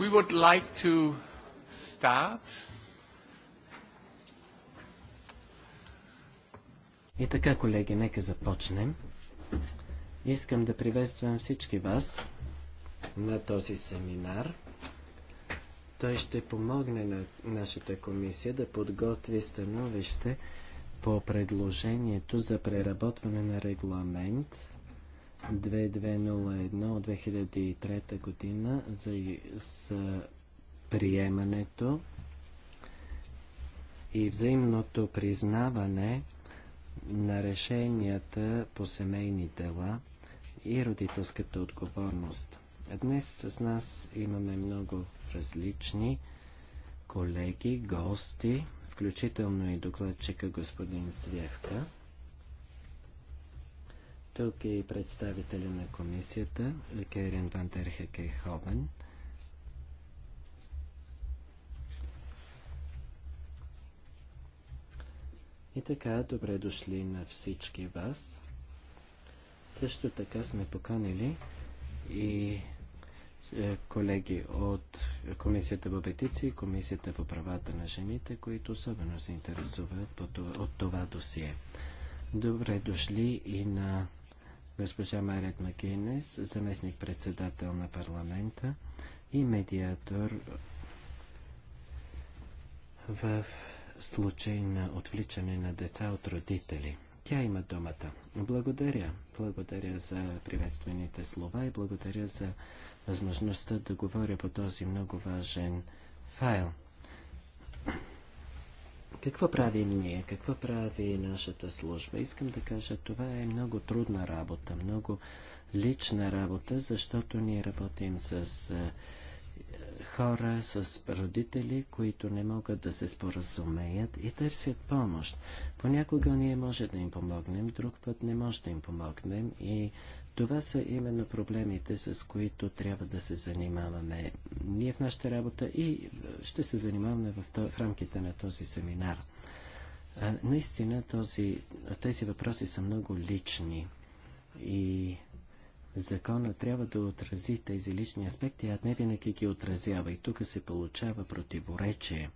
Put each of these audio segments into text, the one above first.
We would like to start. И така, колеги, нека започнем. Искам да приветствам всички вас на този семинар. Той ще помогне на нашата комисия да подготви становище по предложението за преработване на регламент 2201 от 2003 година за, за приемането и взаимното признаване на решенията по семейни дела и родителската отговорност. Днес с нас имаме много различни колеги, гости, включително и докладчика господин Свевка. Тук е и представителя на комисията, Керен Ван Дерхеке Ховен. И така, добре дошли на всички вас. Също така сме поканили и е, колеги от Комисията по петиции, Комисията по правата на жените, които особено се интересуват от това досие. Добре дошли и на госпожа Марет Макенес, заместник-председател на парламента и медиатор в случай на отвличане на деца от родители. Тя има думата. Благодаря. Благодаря за приветствените слова и благодаря за възможността да говоря по този много важен файл. Какво правим ние? Какво прави нашата служба? Искам да кажа, това е много трудна работа, много лична работа, защото ние работим с хора, с родители, които не могат да се споразумеят и търсят помощ. Понякога ние може да им помогнем, друг път не може да им помогнем и това са именно проблемите, с които трябва да се занимаваме ние в нашата работа и ще се занимаваме в, то, в рамките на този семинар. А, наистина този, тези въпроси са много лични и закона трябва да отрази тези лични аспекти, а не винаги ги отразява. И тук се получава противоречие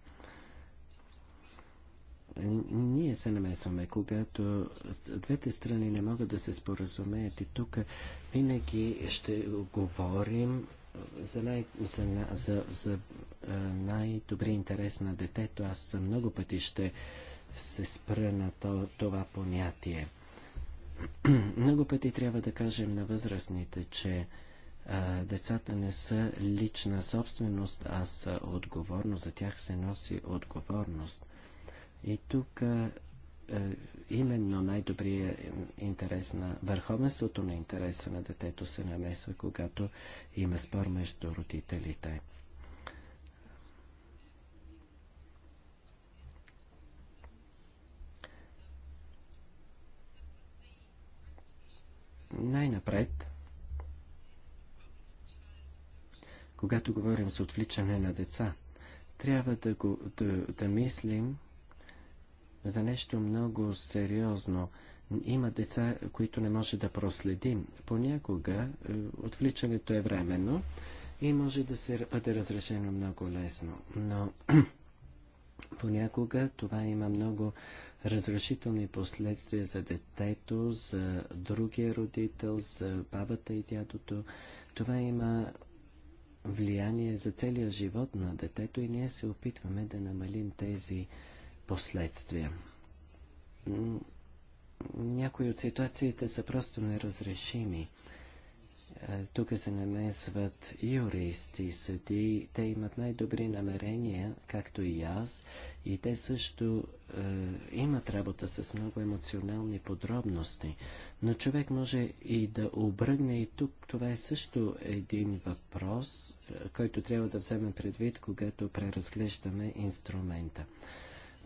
ние се намесваме, когато двете страни не могат да се споразумеят и тук винаги ще говорим за, най, за, за, за най-добри интерес на детето. Аз съм много пъти ще се спра на това понятие. Много пъти трябва да кажем на възрастните, че а, децата не са лична собственост, а са отговорност. За тях се носи отговорност. И тук е, е именно най-добрият интерес на върховенството на интереса на детето се намесва, когато има спор между родителите. Най-напред, когато говорим за отвличане на деца, трябва да, го, да, да мислим за нещо много сериозно. Има деца, които не може да проследим. Понякога е, отвличането е временно и може да се бъде разрешено много лесно. Но понякога това има много разрешителни последствия за детето, за другия родител, за бабата и дядото. Това има влияние за целия живот на детето и ние се опитваме да намалим тези последствия. Някои от ситуациите са просто неразрешими. Е, тук се намесват юристи, съди, те имат най-добри намерения, както и аз, и те също е, имат работа с много емоционални подробности. Но човек може и да обръгне и тук. Това е също един въпрос, е, който трябва да вземем предвид, когато преразглеждаме инструмента.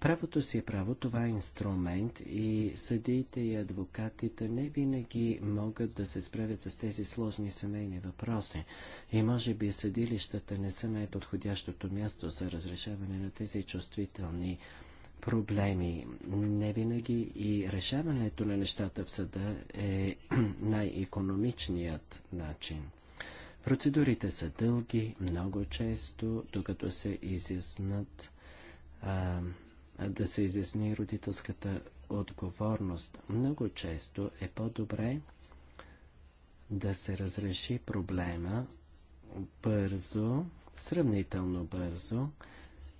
Правото си е право, това е инструмент и съдиите и адвокатите не винаги могат да се справят с тези сложни семейни въпроси. И може би съдилищата не са най-подходящото място за разрешаване на тези чувствителни проблеми. Не винаги и решаването на нещата в съда е най-економичният начин. Процедурите са дълги, много често, докато се изяснат да се изясни родителската отговорност. Много често е по-добре да се разреши проблема бързо, сравнително бързо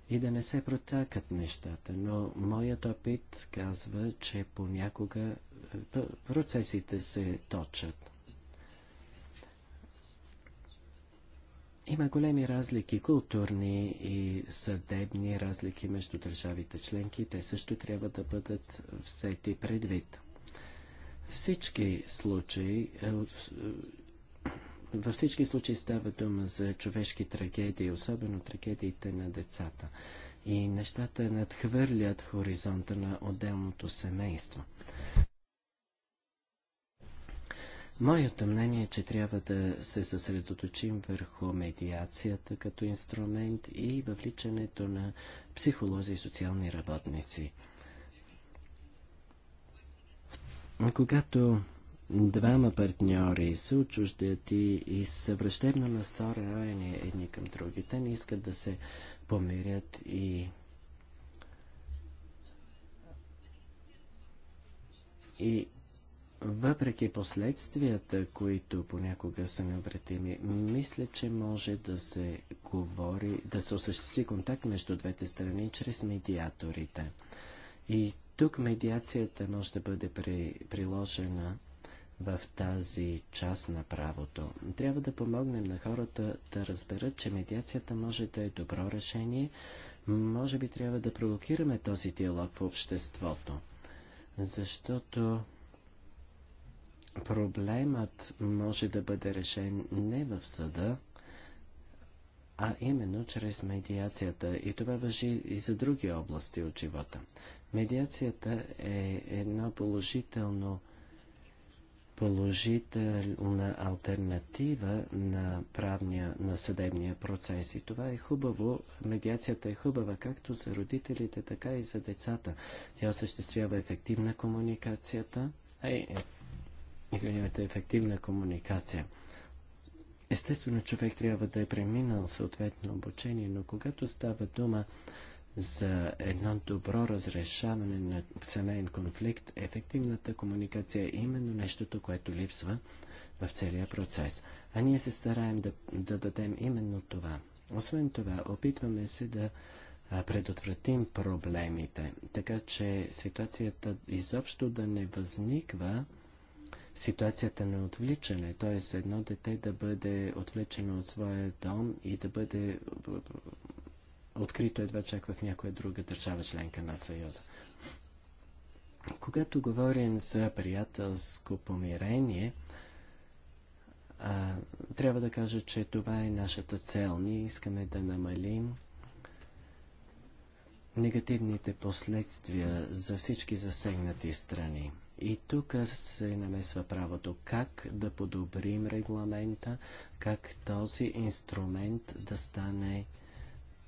и да не се протакат нещата. Но моят опит казва, че понякога процесите се точат. Има големи разлики, културни и съдебни разлики между държавите членки. Те също трябва да бъдат всети предвид. Всички случаи, е, е, във всички случаи става дума за човешки трагедии, особено трагедиите на децата. И нещата надхвърлят хоризонта на отделното семейство. Моето мнение е, че трябва да се съсредоточим върху медиацията като инструмент и въвличането на психолози и социални работници. Когато двама партньори се отчуждят и, и са враждебно настроени едни към други, те не искат да се помирят и и въпреки последствията, които понякога са необратими, мисля, че може да се говори, да се осъществи контакт между двете страни чрез медиаторите. И тук медиацията може да бъде при, приложена в тази част на правото. Трябва да помогнем на хората да разберат, че медиацията може да е добро решение. Може би трябва да провокираме този диалог в обществото, защото проблемът може да бъде решен не в съда, а именно чрез медиацията. И това въжи и за други области от живота. Медиацията е едно положително положителна альтернатива на правния, на съдебния процес. И това е хубаво. Медиацията е хубава както за родителите, така и за децата. Тя осъществява ефективна комуникацията, е. е, извинявайте, ефективна комуникация. Естествено, човек трябва да е преминал съответно обучение, но когато става дума за едно добро разрешаване на семейен конфликт, ефективната комуникация е именно нещото, което липсва в целия процес. А ние се стараем да, да дадем именно това. Освен това, опитваме се да предотвратим проблемите, така че ситуацията изобщо да не възниква ситуацията на отвличане, т.е. едно дете да бъде отвлечено от своя дом и да бъде открито едва чак в някоя друга държава членка на Съюза. Когато говорим за приятелско помирение, а, трябва да кажа, че това е нашата цел. Ние искаме да намалим негативните последствия за всички засегнати страни. И тук се намесва правото как да подобрим регламента, как този инструмент да стане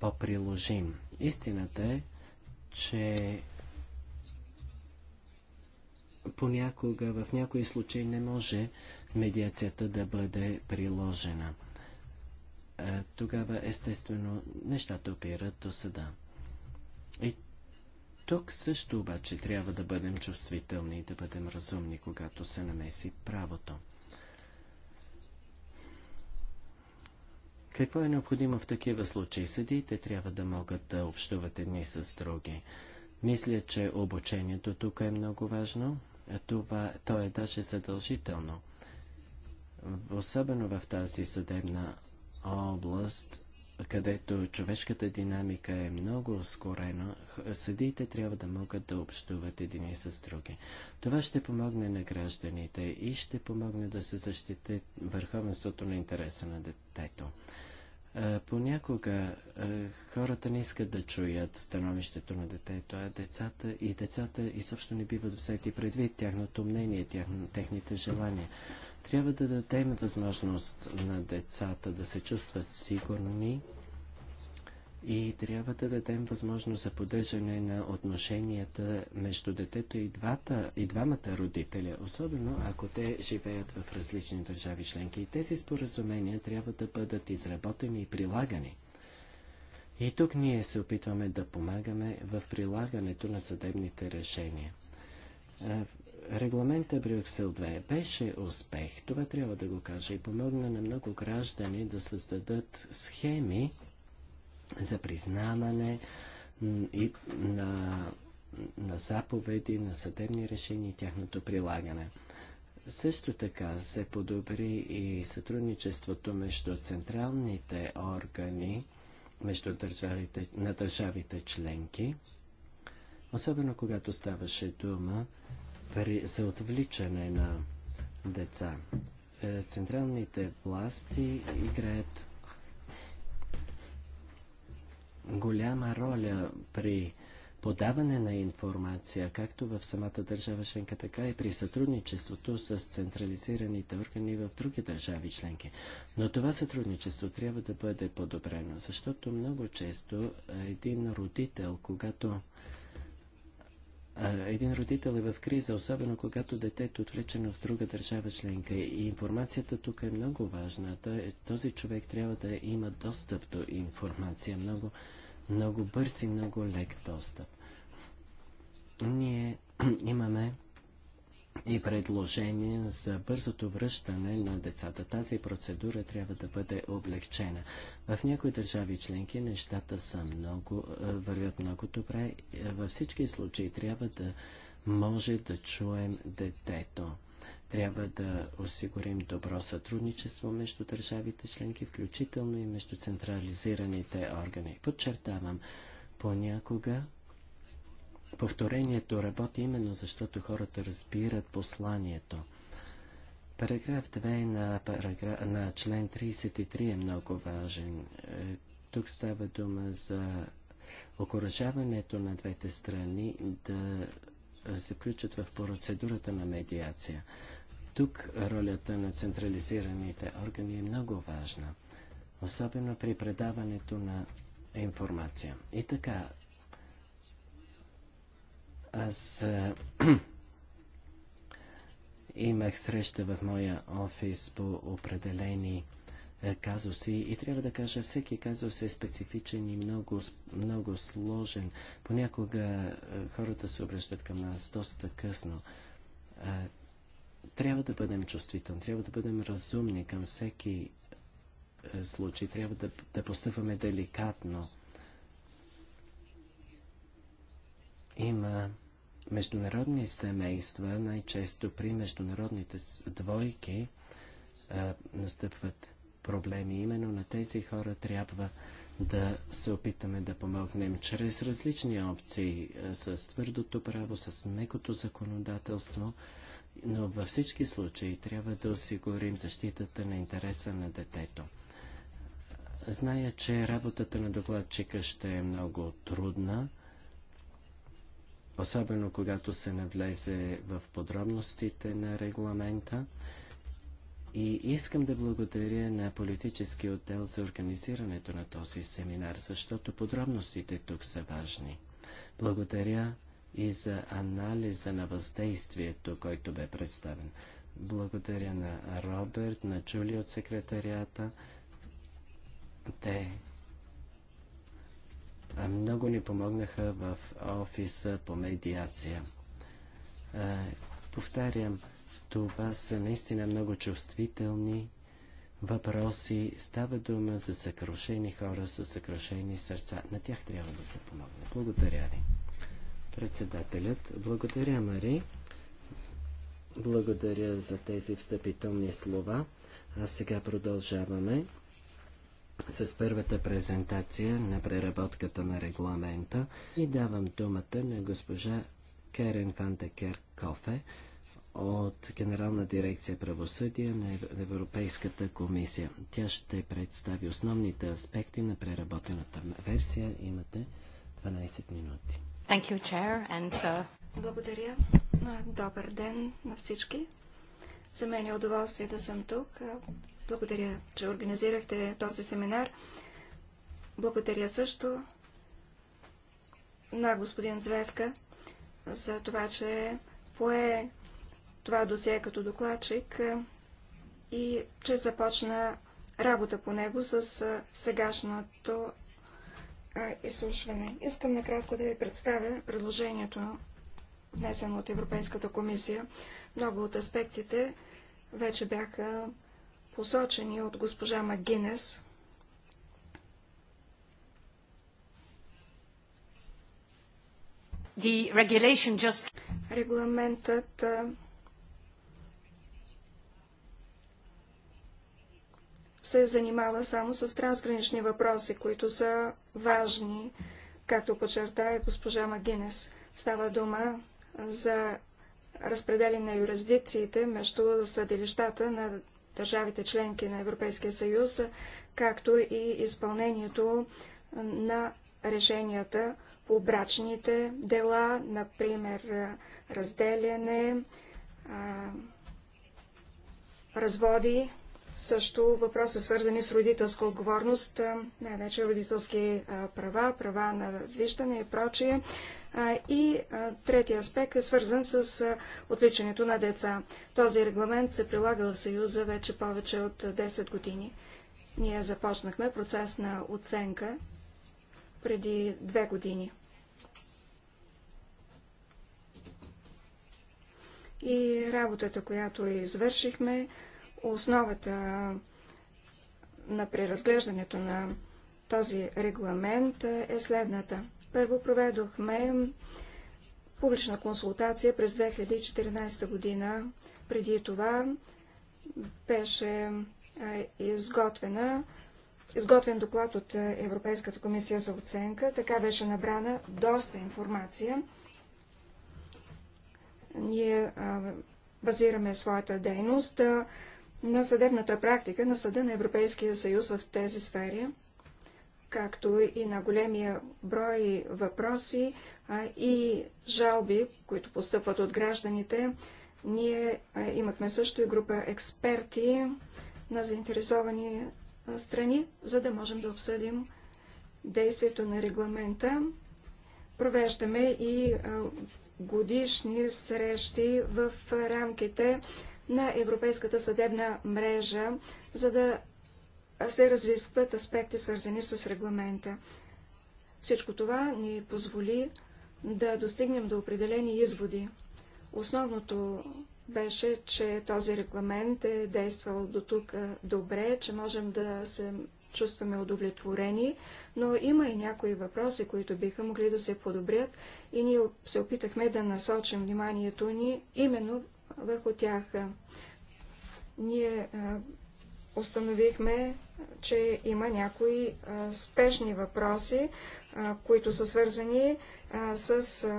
по-приложим. Истината е, че понякога, в някои случаи не може медиацията да бъде приложена. Е, тогава, естествено, нещата опират до съда. И тук също обаче трябва да бъдем чувствителни и да бъдем разумни, когато се намеси правото. Какво е необходимо в такива случаи? Съдиите трябва да могат да общуват едни с други. Мисля, че обучението тук е много важно. а Това, то е даже задължително. Особено в тази съдебна област където човешката динамика е много ускорена, съдиите трябва да могат да общуват едини с други. Това ще помогне на гражданите и ще помогне да се защити върховенството на интереса на детето. Понякога хората не искат да чуят становището на детето, а децата и децата изобщо не биват взети предвид тяхното мнение, тях, техните желания. Трябва да дадем възможност на децата да се чувстват сигурни и трябва да дадем възможност за поддържане на отношенията между детето и, двата, и двамата родителя, особено ако те живеят в различни държави членки. И тези споразумения трябва да бъдат изработени и прилагани. И тук ние се опитваме да помагаме в прилагането на съдебните решения. Е, Регламента Брюксел 2 беше успех, това трябва да го кажа, и помогна на много граждани да създадат схеми за признаване и на, на заповеди, на съдебни решения и тяхното прилагане. Също така се подобри и сътрудничеството между централните органи, между държавите, на държавите членки, особено когато ставаше дума за отвличане на деца. Е, централните власти играят голяма роля при подаване на информация, както в самата държава членка, така и при сътрудничеството с централизираните органи в други държави членки. Но това сътрудничество трябва да бъде подобрено, защото много често един родител, когато един родител е в криза, особено когато детето е отвлечено в друга държава членка. И информацията тук е много важна. Той, този човек трябва да има достъп до информация. Много, много бърз и много лек достъп. Ние имаме и предложения за бързото връщане на децата. Тази процедура трябва да бъде облегчена. В някои държави членки нещата са много, е, вървят много добре. Е, във всички случаи трябва да може да чуем детето. Трябва да осигурим добро сътрудничество между държавите членки, включително и между централизираните органи. Подчертавам, понякога Повторението работи именно защото хората разбират посланието. Параграф 2 на, параграф, на член 33 е много важен. Е, тук става дума за окоръжаването на двете страни да е, се включат в процедурата на медиация. Тук ролята на централизираните органи е много важна, особено при предаването на информация. И така, аз а, э, имах среща в моя офис по определени э, казуси и трябва да кажа, всеки казус е специфичен и много, много сложен. Понякога э, хората се обръщат към нас доста късно. трябва да бъдем чувствителни, трябва да бъдем разумни към всеки случай, трябва да, да постъпваме деликатно. Има международни семейства, най-често при международните двойки, а, настъпват проблеми. Именно на тези хора трябва да се опитаме да помогнем чрез различни опции, с твърдото право, с мекото законодателство, но във всички случаи трябва да осигурим защитата на интереса на детето. Зная, че работата на докладчика ще е много трудна, особено когато се навлезе в подробностите на регламента. И искам да благодаря на политически отдел за организирането на този семинар, защото подробностите тук са важни. Благодаря и за анализа на въздействието, който бе представен. Благодаря на Роберт, на Джули от секретарията. Те много ни помогнаха в офиса по медиация. Повтарям, това са наистина много чувствителни въпроси. Става дума за съкрушени хора, за съкрушени сърца. На тях трябва да се помогне. Благодаря ви. Председателят, благодаря Мари. Благодаря за тези встъпителни слова. А сега продължаваме с първата презентация на преработката на регламента и давам думата на госпожа Керен Фантекер Кофе от Генерална дирекция правосъдие на Европейската комисия. Тя ще представи основните аспекти на преработената версия. Имате 12 минути. Thank you, Chair, and, uh... Благодаря. Добър ден на всички. За мен е удоволствие да съм тук. Благодаря, че организирахте този семинар. Благодаря също на господин Звевка за това, че пое това досие като докладчик е, и че започна работа по него с е, сегашното е, изслушване. Искам накратко да ви представя предложението, внесено от Европейската комисия. Много от аспектите вече бяха посочени от госпожа Магинес. Just... Регламентът се занимава само с трансгранични въпроси, които са важни, както подчертая госпожа Магинес. Става дума за разпределение на юрисдикциите между съдилищата на държавите членки на Европейския съюз, както и изпълнението на решенията по брачните дела, например разделяне, разводи, също въпроса свързани с родителска отговорност, най-вече родителски права, права на виждане и прочие. И третия аспект е свързан с отвличането на деца. Този регламент се прилага в Съюза вече повече от 10 години. Ние започнахме процес на оценка преди две години. И работата, която извършихме, основата на преразглеждането на този регламент е следната – първо проведохме публична консултация през 2014 година. Преди това беше изготвена изготвен доклад от Европейската комисия за оценка. Така беше набрана доста информация. Ние базираме своята дейност на съдебната практика на Съда на Европейския съюз в тези сфери както и на големия брой въпроси и жалби, които постъпват от гражданите. Ние имахме също и група експерти на заинтересовани страни, за да можем да обсъдим действието на регламента. Провеждаме и годишни срещи в рамките на Европейската съдебна мрежа, за да се разискват аспекти, свързани с регламента. Всичко това ни позволи да достигнем до определени изводи. Основното беше, че този регламент е действал до тук добре, че можем да се чувстваме удовлетворени, но има и някои въпроси, които биха могли да се подобрят и ние се опитахме да насочим вниманието ни именно върху тях. Ние установихме, че има някои спешни въпроси, които са свързани с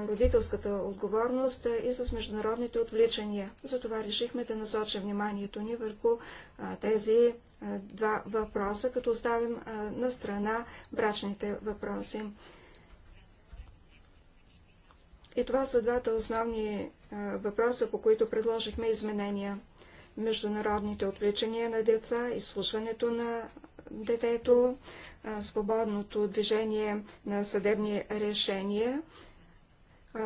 родителската отговорност и с международните отвличания. Затова решихме да насочим вниманието ни върху тези два въпроса, като оставим на страна брачните въпроси. И това са двата основни въпроса, по които предложихме изменения международните отвличания на деца, изслушването на детето, свободното движение на съдебни решения,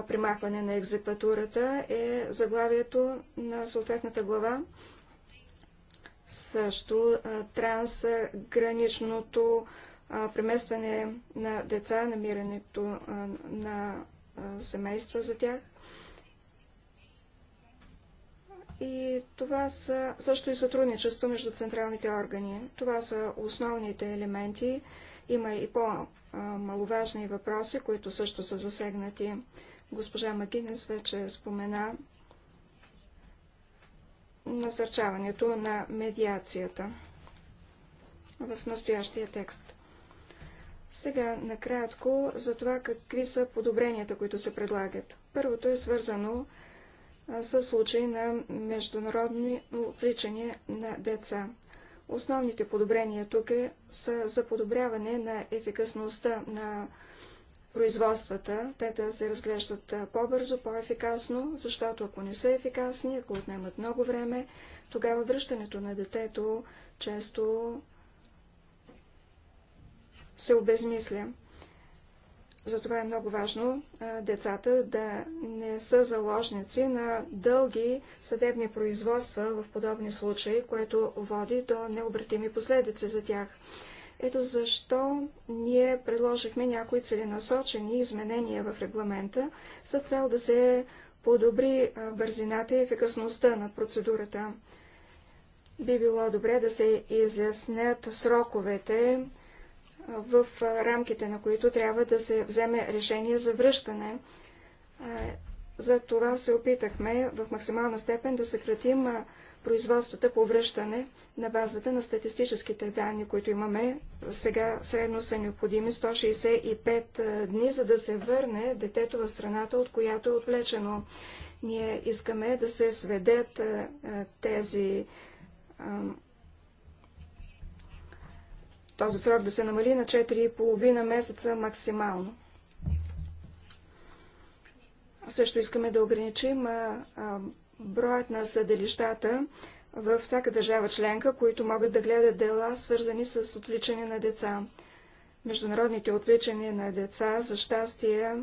примахване на екзекватурата е заглавието на съответната глава. Също трансграничното преместване на деца, намирането на семейства за тях. И това са също и сътрудничество между централните органи. Това са основните елементи. Има и по-маловажни въпроси, които също са засегнати. Госпожа Магинес вече спомена насърчаването на медиацията в настоящия текст. Сега накратко за това какви са подобренията, които се предлагат. Първото е свързано с са случаи на международни отвличания на деца. Основните подобрения тук е, са за подобряване на ефикасността на производствата, те да се разглеждат по-бързо, по-ефикасно, защото ако не са ефикасни, ако отнемат много време, тогава връщането на детето често се обезмисля. Затова е много важно децата да не са заложници на дълги съдебни производства в подобни случаи, което води до необратими последици за тях. Ето защо ние предложихме някои целенасочени изменения в регламента с цел да се подобри бързината и ефикасността на процедурата. Би било добре да се изяснят сроковете в рамките на които трябва да се вземе решение за връщане. За това се опитахме в максимална степен да съкратим производствата по връщане на базата на статистическите данни, които имаме. Сега средно са необходими 165 дни, за да се върне детето в страната, от която е отвлечено. Ние искаме да се сведят тези този срок да се намали на 4,5 месеца максимално. Също искаме да ограничим броят на съделищата във всяка държава членка, които могат да гледат дела, свързани с отвличане на деца. Международните отвличания на деца, за щастие,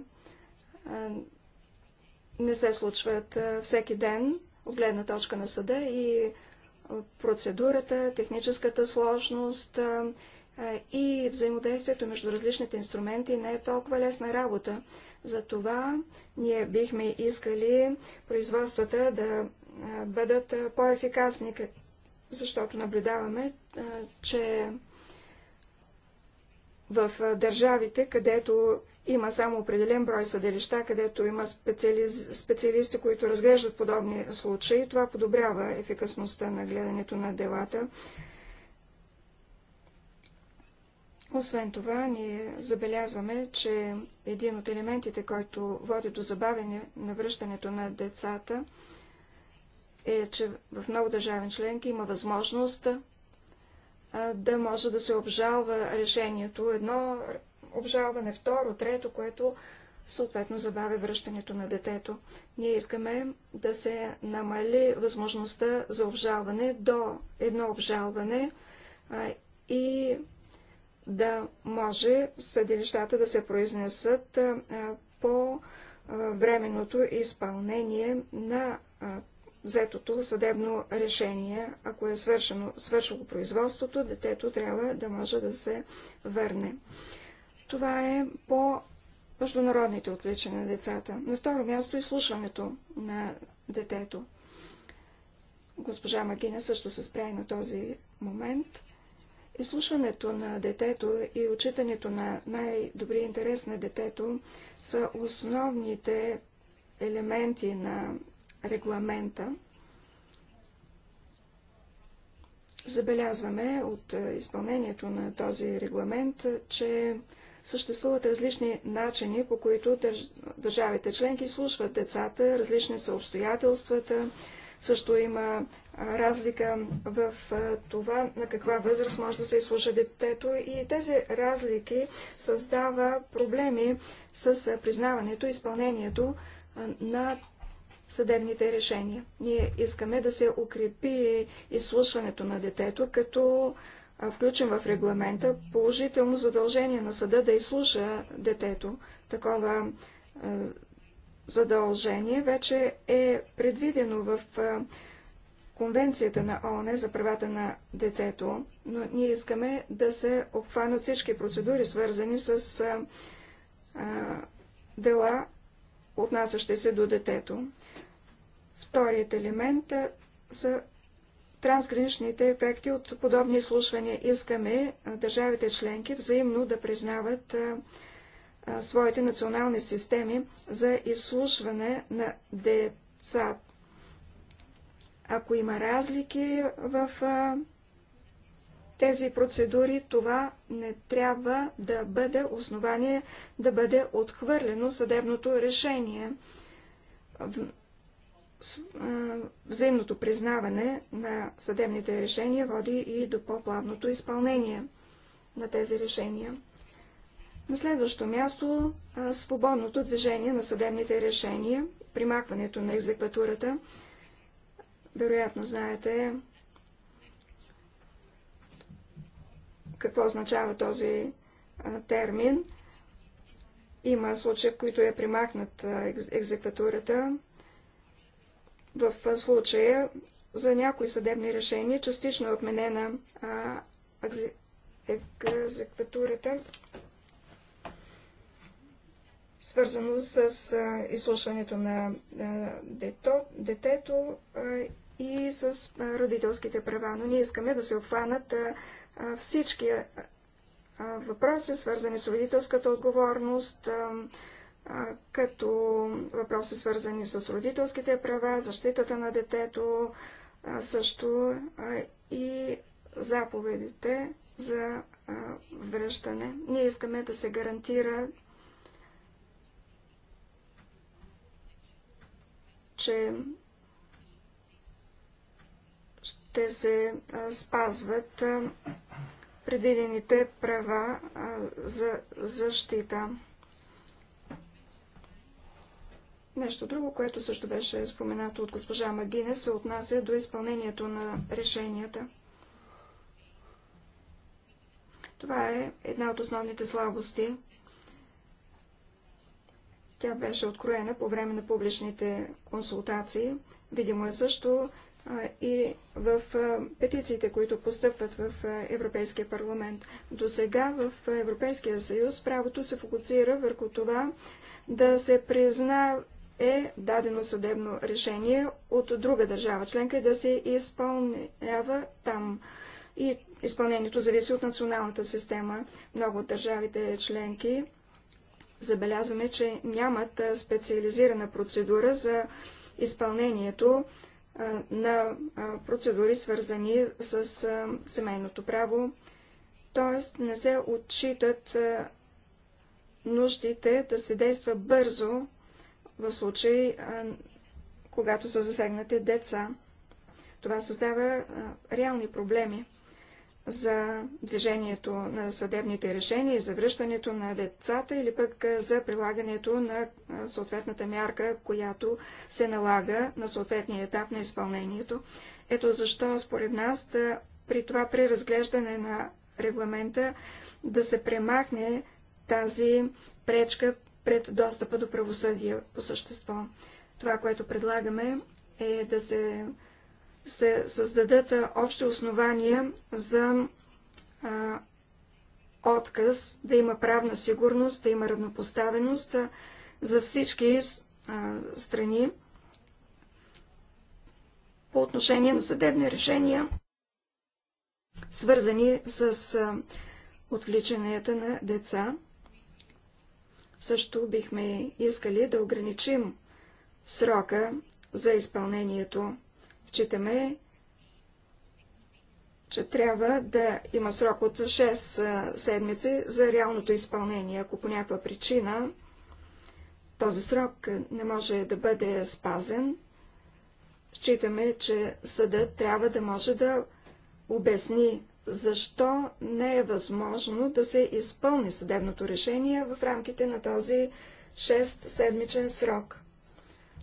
не се случват всеки ден от гледна точка на съда и процедурата, техническата сложност, е, и взаимодействието между различните инструменти не е толкова лесна работа. Затова ние бихме искали производствата да е, бъдат е, по-ефикасни, защото наблюдаваме, че в държавите, където има само определен брой съдилища, където има специали... специалисти, които разглеждат подобни случаи, това подобрява ефикасността на гледането на делата. Освен това, ние забелязваме, че един от елементите, който води до забавяне на връщането на децата, е, че в много държавен членки има възможност да може да се обжалва решението. Едно обжалване, второ, трето, което съответно забавя връщането на детето. Ние искаме да се намали възможността за обжалване до едно обжалване и да може съдилищата да се произнесат по временното изпълнение на взетото съдебно решение. Ако е свършено, свършило производството, детето трябва да може да се върне. Това е по международните отвличания на децата. На второ място е слушването на детето. Госпожа Магина също се спря на този момент – Изслушването на детето и отчитането на най-добрия интерес на детето са основните елементи на регламента. Забелязваме от е, изпълнението на този регламент, че съществуват различни начини, по които държавите членки слушват децата, различни са обстоятелствата, също има разлика в това на каква възраст може да се изслуша детето и тези разлики създава проблеми с признаването и изпълнението на съдебните решения. Ние искаме да се укрепи изслушването на детето, като включим в регламента положително задължение на съда да изслуша детето. Такова задължение вече е предвидено в Конвенцията на ООН за правата на детето, но ние искаме да се обхванат всички процедури, свързани с а, а, дела, отнасящи се до детето. Вторият елемент а, са трансграничните ефекти от подобни изслушвания. Искаме а, държавите членки взаимно да признават а, своите национални системи за изслушване на децата ако има разлики в тези процедури, това не трябва да бъде основание да бъде отхвърлено съдебното решение. Взаимното признаване на съдебните решения води и до по-плавното изпълнение на тези решения. На следващо място свободното движение на съдебните решения, примахването на екзекватурата. Вероятно знаете какво означава този термин. Има случаи, в които е примахнат екзекватурата. В случая за някои съдебни решения частично е отменена екзекватурата, свързано с изслушването на детето и с родителските права. Но ние искаме да се обхванат всички въпроси, свързани с родителската отговорност, като въпроси свързани с родителските права, защитата на детето, също и заповедите за връщане. Ние искаме да се гарантира, че ще се спазват предвидените права за защита. Нещо друго, което също беше споменато от госпожа Магине, се отнася до изпълнението на решенията. Това е една от основните слабости. Тя беше откроена по време на публичните консултации. Видимо е също, и в петициите, които постъпват в Европейския парламент. До сега в Европейския съюз правото се фокусира върху това да се признае дадено съдебно решение от друга държава членка и да се изпълнява там. И изпълнението зависи от националната система. Много от държавите членки забелязваме, че нямат специализирана процедура за изпълнението на процедури, свързани с семейното право, т.е. не се отчитат нуждите да се действа бързо в случай, когато са засегнати деца. Това създава реални проблеми за движението на съдебните решения и за връщането на децата или пък за прилагането на съответната мярка, която се налага на съответния етап на изпълнението. Ето защо според нас да, при това преразглеждане на регламента да се премахне тази пречка пред достъпа до правосъдие по същество. Това, което предлагаме е да се се създадат общи основания за а, отказ, да има правна сигурност, да има равнопоставеност а, за всички а, страни по отношение на съдебни решения, свързани с а, отвличанията на деца. Също бихме искали да ограничим срока за изпълнението Считаме, че трябва да има срок от 6 седмици за реалното изпълнение. Ако по някаква причина този срок не може да бъде спазен, считаме, че съдът трябва да може да обясни защо не е възможно да се изпълни съдебното решение в рамките на този 6-седмичен срок.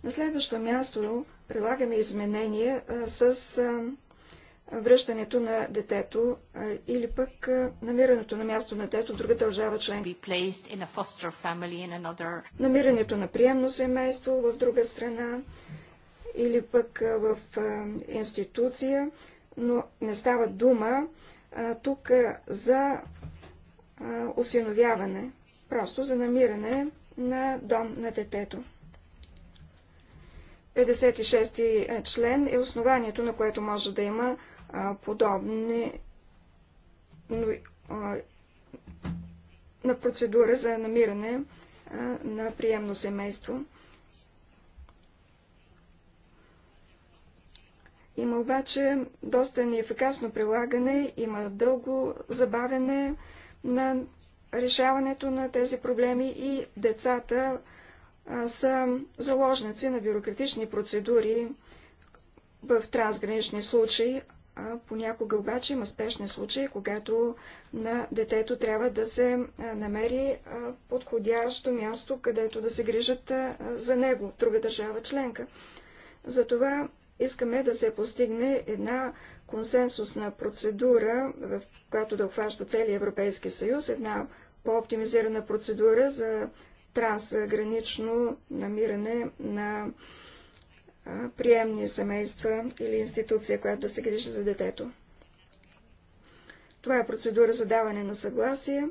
На следващо място прилагаме изменения с връщането на детето или пък намирането на място на детето в друга държава член. Намирането на приемно семейство в друга страна или пък в институция, но не става дума тук за осиновяване, просто за намиране на дом на детето. 56 е, член е основанието, на което може да има подобни на процедура за намиране на приемно семейство. Има обаче доста неефикасно прилагане, има дълго забавяне на решаването на тези проблеми и децата са заложници на бюрократични процедури в трансгранични случаи, а понякога обаче има спешни случаи, когато на детето трябва да се намери подходящо място, където да се грижат за него, друга държава членка. Затова искаме да се постигне една консенсусна процедура, в която да обхваща целия Европейски съюз, една по-оптимизирана процедура за трансгранично намиране на приемни семейства или институция, която да се грижи за детето. Това е процедура за даване на съгласие.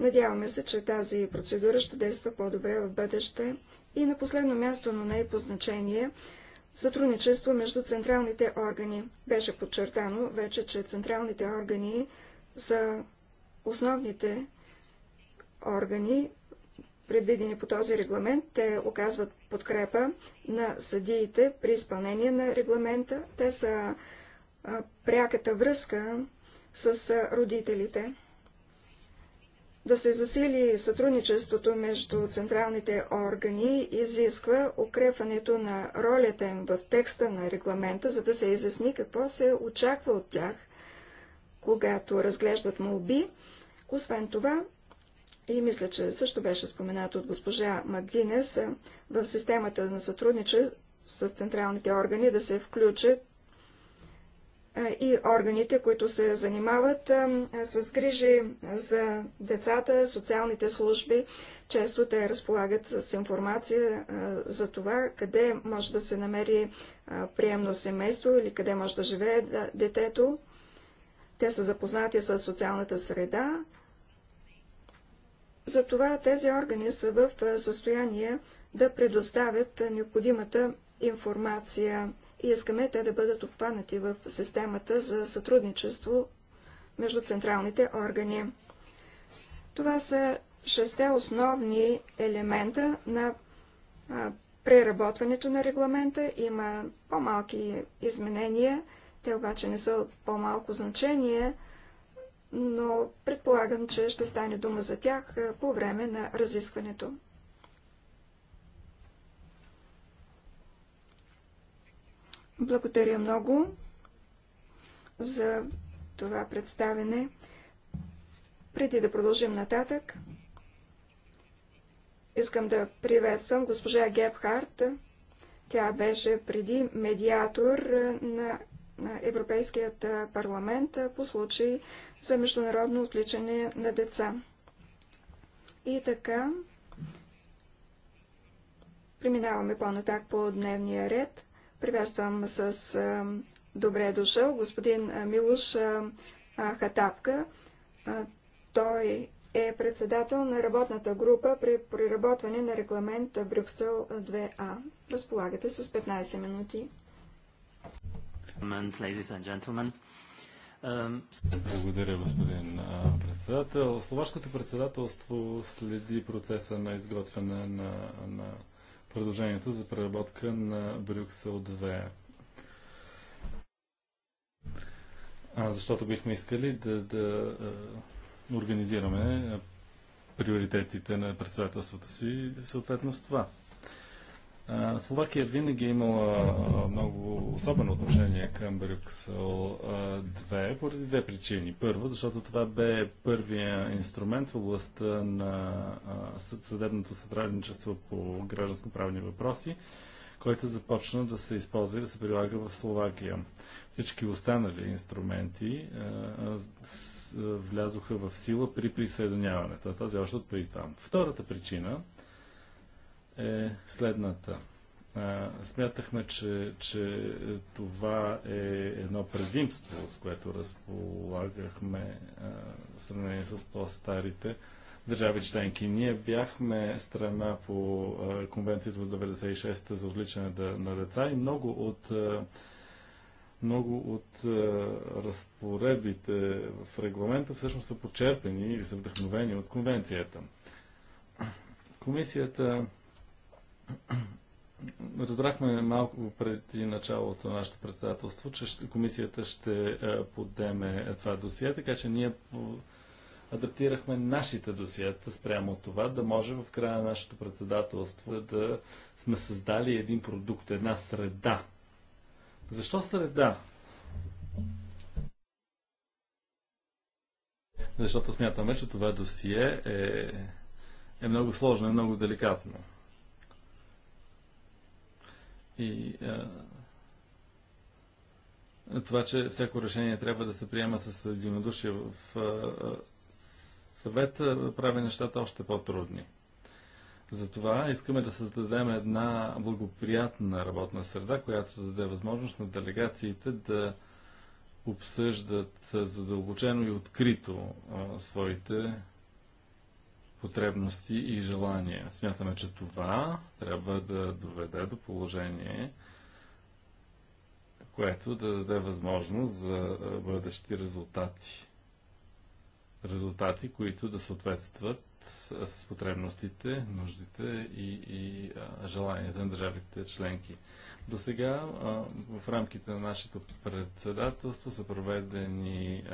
Надяваме се, че тази процедура ще действа по-добре в бъдеще. И на последно място, но не и по значение, сътрудничество между централните органи. Беше подчертано вече, че централните органи са основните органи предвидени по този регламент, те оказват подкрепа на съдиите при изпълнение на регламента. Те са пряката връзка с родителите. Да се засили сътрудничеството между централните органи изисква укрепването на ролята им в текста на регламента, за да се изясни какво се очаква от тях, когато разглеждат молби. Освен това, и мисля, че също беше споменато от госпожа Магинес е, в системата на сътрудничество с централните органи да се включат е, и органите, които се занимават е, с грижи за децата, социалните служби. Често те разполагат с информация за това, къде може да се намери приемно семейство или къде може да живее детето. Те са запознати с социалната среда затова тези органи са в състояние да предоставят необходимата информация и искаме те да бъдат обхванати в системата за сътрудничество между централните органи. Това са шесте основни елемента на преработването на регламента. Има по-малки изменения, те обаче не са от по-малко значение, но предполагам, че ще стане дума за тях е, по време на разискването. Благодаря много за това представене. Преди да продължим нататък, искам да приветствам госпожа Гебхарт. Тя беше преди медиатор на Европейският парламент по случай за международно отличане на деца. И така, преминаваме по-натак по дневния ред. Приветствам с добре дошъл господин Милуш Хатапка. той е председател на работната група при приработване на регламент Брюксел 2А. Разполагате с 15 минути. Благодаря, господин председател. Словашкото председателство следи процеса на изготвяне на, на предложението за преработка на Брюксел 2. А, защото бихме искали да, да организираме приоритетите на председателството си съответно с това. Словакия винаги е имала много особено отношение към Брюксел 2 поради две причини. Първо, защото това бе първия инструмент в областта на съдебното сътрудничество по гражданско-правни въпроси, който започна да се използва и да се прилага в Словакия. Всички останали инструменти влязоха в сила при присъединяването, този е още от преди това. Втората причина – е следната. А, смятахме, че, че това е едно предимство, с което разполагахме а, в сравнение с по-старите държави членки. Ние бяхме страна по а, конвенцията от 96-та за отличане на деца и много от много от разпоредбите в регламента всъщност са почерпени или са вдъхновени от конвенцията. Комисията Разбрахме малко преди началото на нашето председателство, че комисията ще е, подеме е, това досие, така че ние адаптирахме нашите досиета спрямо от това, да може в края на нашето председателство да сме създали един продукт, една среда. Защо среда? Защото смятаме, че това досие е, е много сложно и много деликатно. И а, това, че всяко решение трябва да се приема с единодушие в а, съвета, прави нещата още по-трудни. Затова искаме да създадем една благоприятна работна среда, която даде възможност на делегациите да обсъждат задълбочено и открито а, своите потребности и желания. Смятаме, че това трябва да доведе до положение, което да даде възможност за бъдещи резултати. Резултати, които да съответстват с потребностите, нуждите и, и желанията на държавите членки. До сега в рамките на нашето председателство са проведени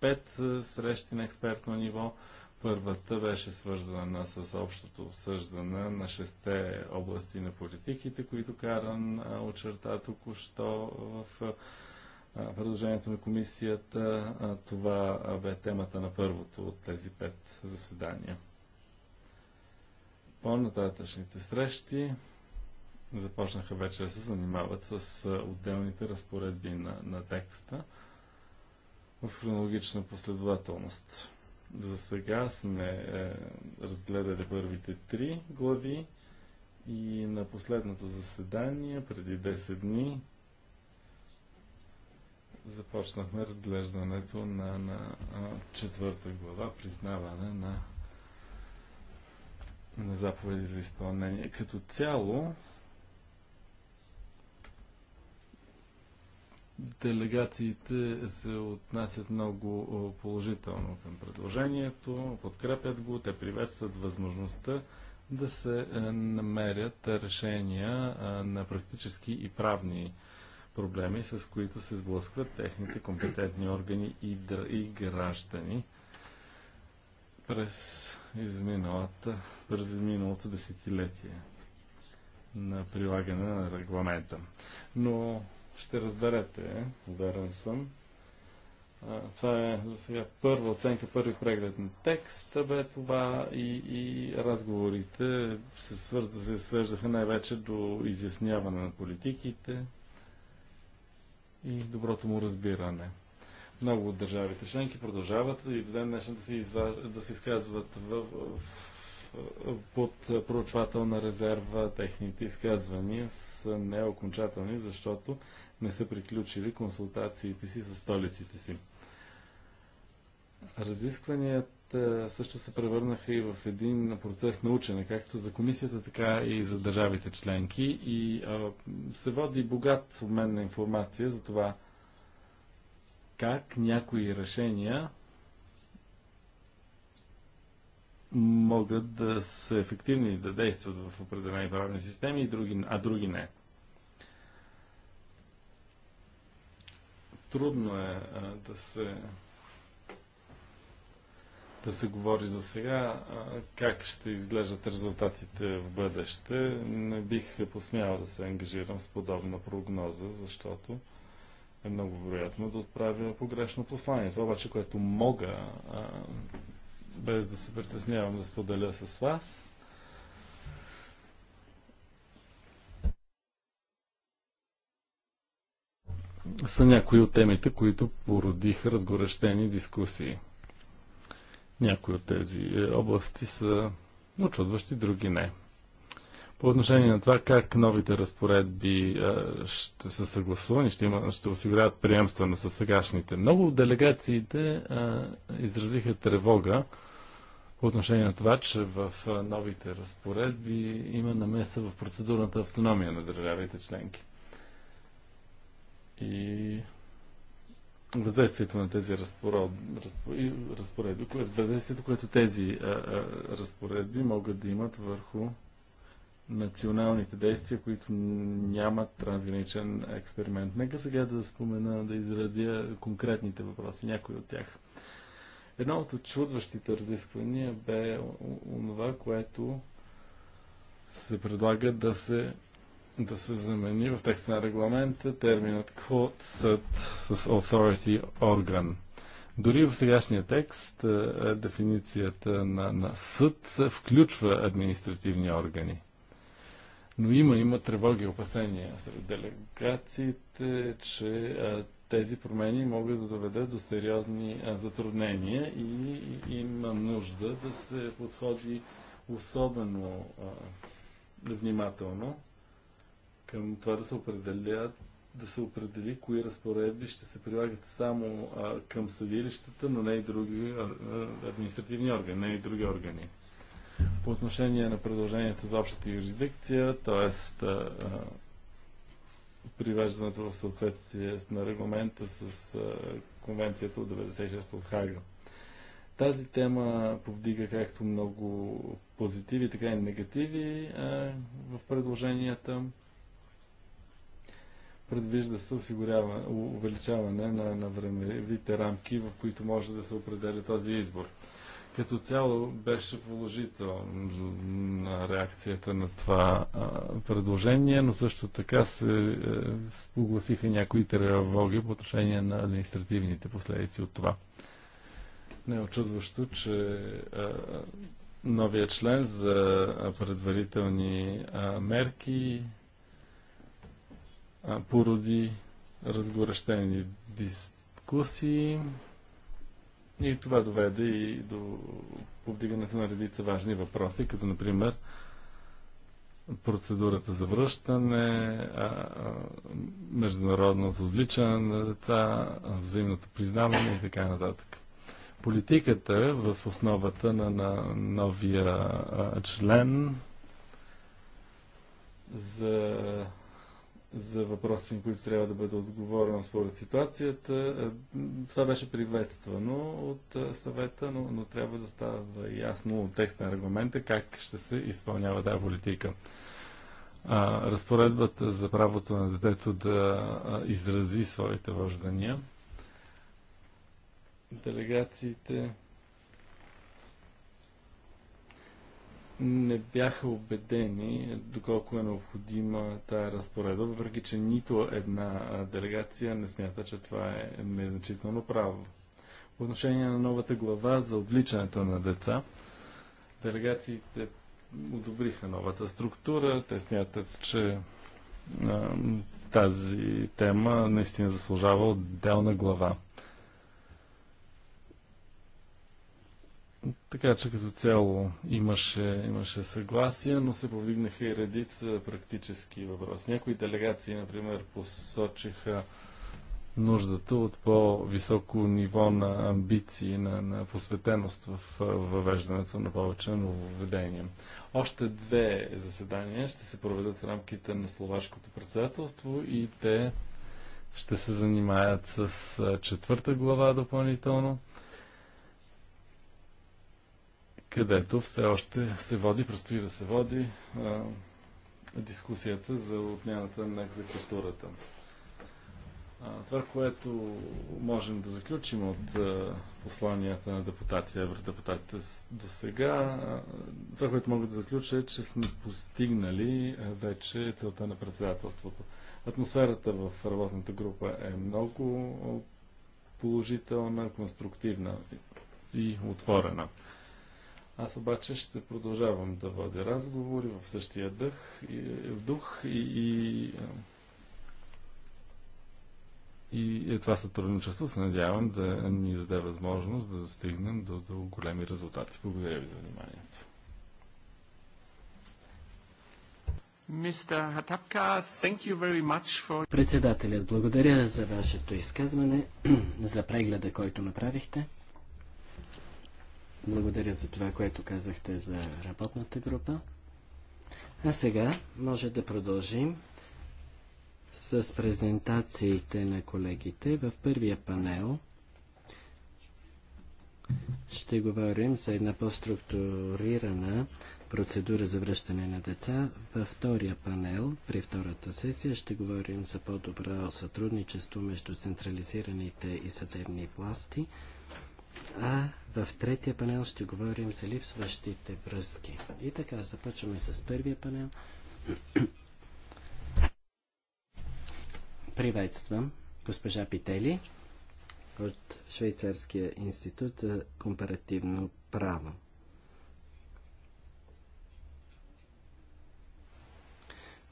пет срещи на експертно ниво. Първата беше свързана с общото обсъждане на шесте области на политиките, които Каран очерта току-що в предложението на комисията. Това бе темата на първото от тези пет заседания. По-нататъчните срещи започнаха вече да се занимават с отделните разпоредби на, на текста в хронологична последователност. За сега сме е, разгледали първите три глави и на последното заседание, преди 10 дни, започнахме разглеждането на, на четвърта глава, признаване на, на заповеди за изпълнение. Като цяло, Делегациите се отнасят много положително към предложението, подкрепят го, те приветстват възможността да се е, намерят решения е, на практически и правни проблеми, с които се сблъскват техните компетентни органи и, и граждани през изминалата, през изминалото десетилетие на прилагане на регламента. Но ще разберете, уверен съм. това е за сега първа оценка, първи преглед на текста бе това и, и разговорите се, свърза, се свеждаха най-вече до изясняване на политиките и доброто му разбиране. Много от държавите членки продължават и до ден днешен да се, изва, да се изказват в, в, в, под проучвателна резерва. Техните изказвания са неокончателни, защото не са приключили консултациите си с столиците си. Разискванията също се превърнаха и в един процес на учене, както за комисията, така и за държавите членки. И а, се води богат обмен на информация за това как някои решения могат да са ефективни да действат в определени правни системи, а други не. Трудно е а, да се да се говори за сега а, как ще изглеждат резултатите в бъдеще. Не бих е посмял да се ангажирам с подобна прогноза, защото е много вероятно да отправя погрешно послание. Това обаче, което мога, а, без да се притеснявам да споделя с вас, са някои от темите, които породиха разгорещени дискусии. Някои от тези е, области са очудващи, други не. По отношение на това как новите разпоредби е, ще са съгласувани, ще, има, ще осигуряват приемствена с сегашните. Много от делегациите е, изразиха тревога по отношение на това, че в новите разпоредби има намеса в процедурната автономия на държавите членки и въздействието на тези разпоредби, разпоредби въздействието, което тези разпоредби могат да имат върху националните действия, които нямат трансграничен експеримент. Нека сега да спомена, да изредя конкретните въпроси, някои от тях. Едно от очудващите разисквания бе онова, което се предлага да се да се замени в текста на регламента терминът court съд с authority орган. Дори в сегашния текст е, е, дефиницията на, на съд включва административни органи. Но има, има тревоги и опасения сред делегациите, че а, е, тези промени могат да доведат до сериозни а, затруднения и, и има нужда да се подходи особено а, внимателно към това да се определят да се определи кои разпоредби ще се прилагат само а, към съдилищата, но не и други а, административни органи, не и други органи. По отношение на предложението за общата юрисдикция, т.е. привеждането в съответствие на регламента с а, конвенцията от 96 от Хага. Тази тема повдига както много позитиви, така и негативи а, в предложенията. Предвижда се осигурява, увеличаване на, на времевите рамки, в които може да се определя този избор. Като цяло беше положителна реакцията на това предложение, но също така се е, огласиха някои тревоги по отношение на административните последици от това. Не е очудващо, че новия член за предварителни мерки породи разгорещени дискусии и това доведе и до повдигането на редица важни въпроси, като например процедурата за връщане, международното отвличане на деца, взаимното признаване и така нататък. Политиката е в основата на, на новия член за за въпроси, на които трябва да бъде отговорено според ситуацията. Е, това беше приветствано от е, съвета, но, но трябва да става ясно от текст на регламента как ще се изпълнява тази политика. разпоредбата за правото на детето да изрази своите въждания. Делегациите не бяха убедени доколко е необходима тая разпоредба, въпреки че нито една делегация не смята, че това е незначително право. По отношение на новата глава за отличането на деца, делегациите одобриха новата структура. Те смятат, че тази тема наистина заслужава отделна глава. Така че като цяло имаше, имаше съгласие, но се повдигнаха и редица практически въпроси. Някои делегации, например, посочиха нуждата от по-високо ниво на амбиции, на, на посветеност в въвеждането на повече нововведения. Още две заседания ще се проведат в рамките на словашкото председателство и те ще се занимаят с четвърта глава допълнително където все още се води, предстои да се води а, дискусията за отмяната на екзекутурата. А, това, което можем да заключим от а, посланията на депутатите, евродепутатите до сега, това, което мога да заключа е, че сме постигнали вече целта на председателството. Атмосферата в работната група е много положителна, конструктивна и отворена. Аз обаче ще продължавам да водя разговори в същия дъх, и, е, в дух и, и, е, и, и е това сътрудничество се надявам да ни даде възможност да достигнем до, до големи резултати. Благодаря ви за вниманието. Председателят, благодаря за вашето изказване, за прегледа, който направихте. Благодаря за това, което казахте за работната група. А сега може да продължим с презентациите на колегите. В първия панел ще говорим за една по-структурирана процедура за връщане на деца. Във втория панел, при втората сесия, ще говорим за по-добро сътрудничество между централизираните и съдебни власти. А в третия панел ще говорим за липсващите връзки. И така, започваме с първия панел. Приветствам госпожа Пители от Швейцарския институт за компаративно право.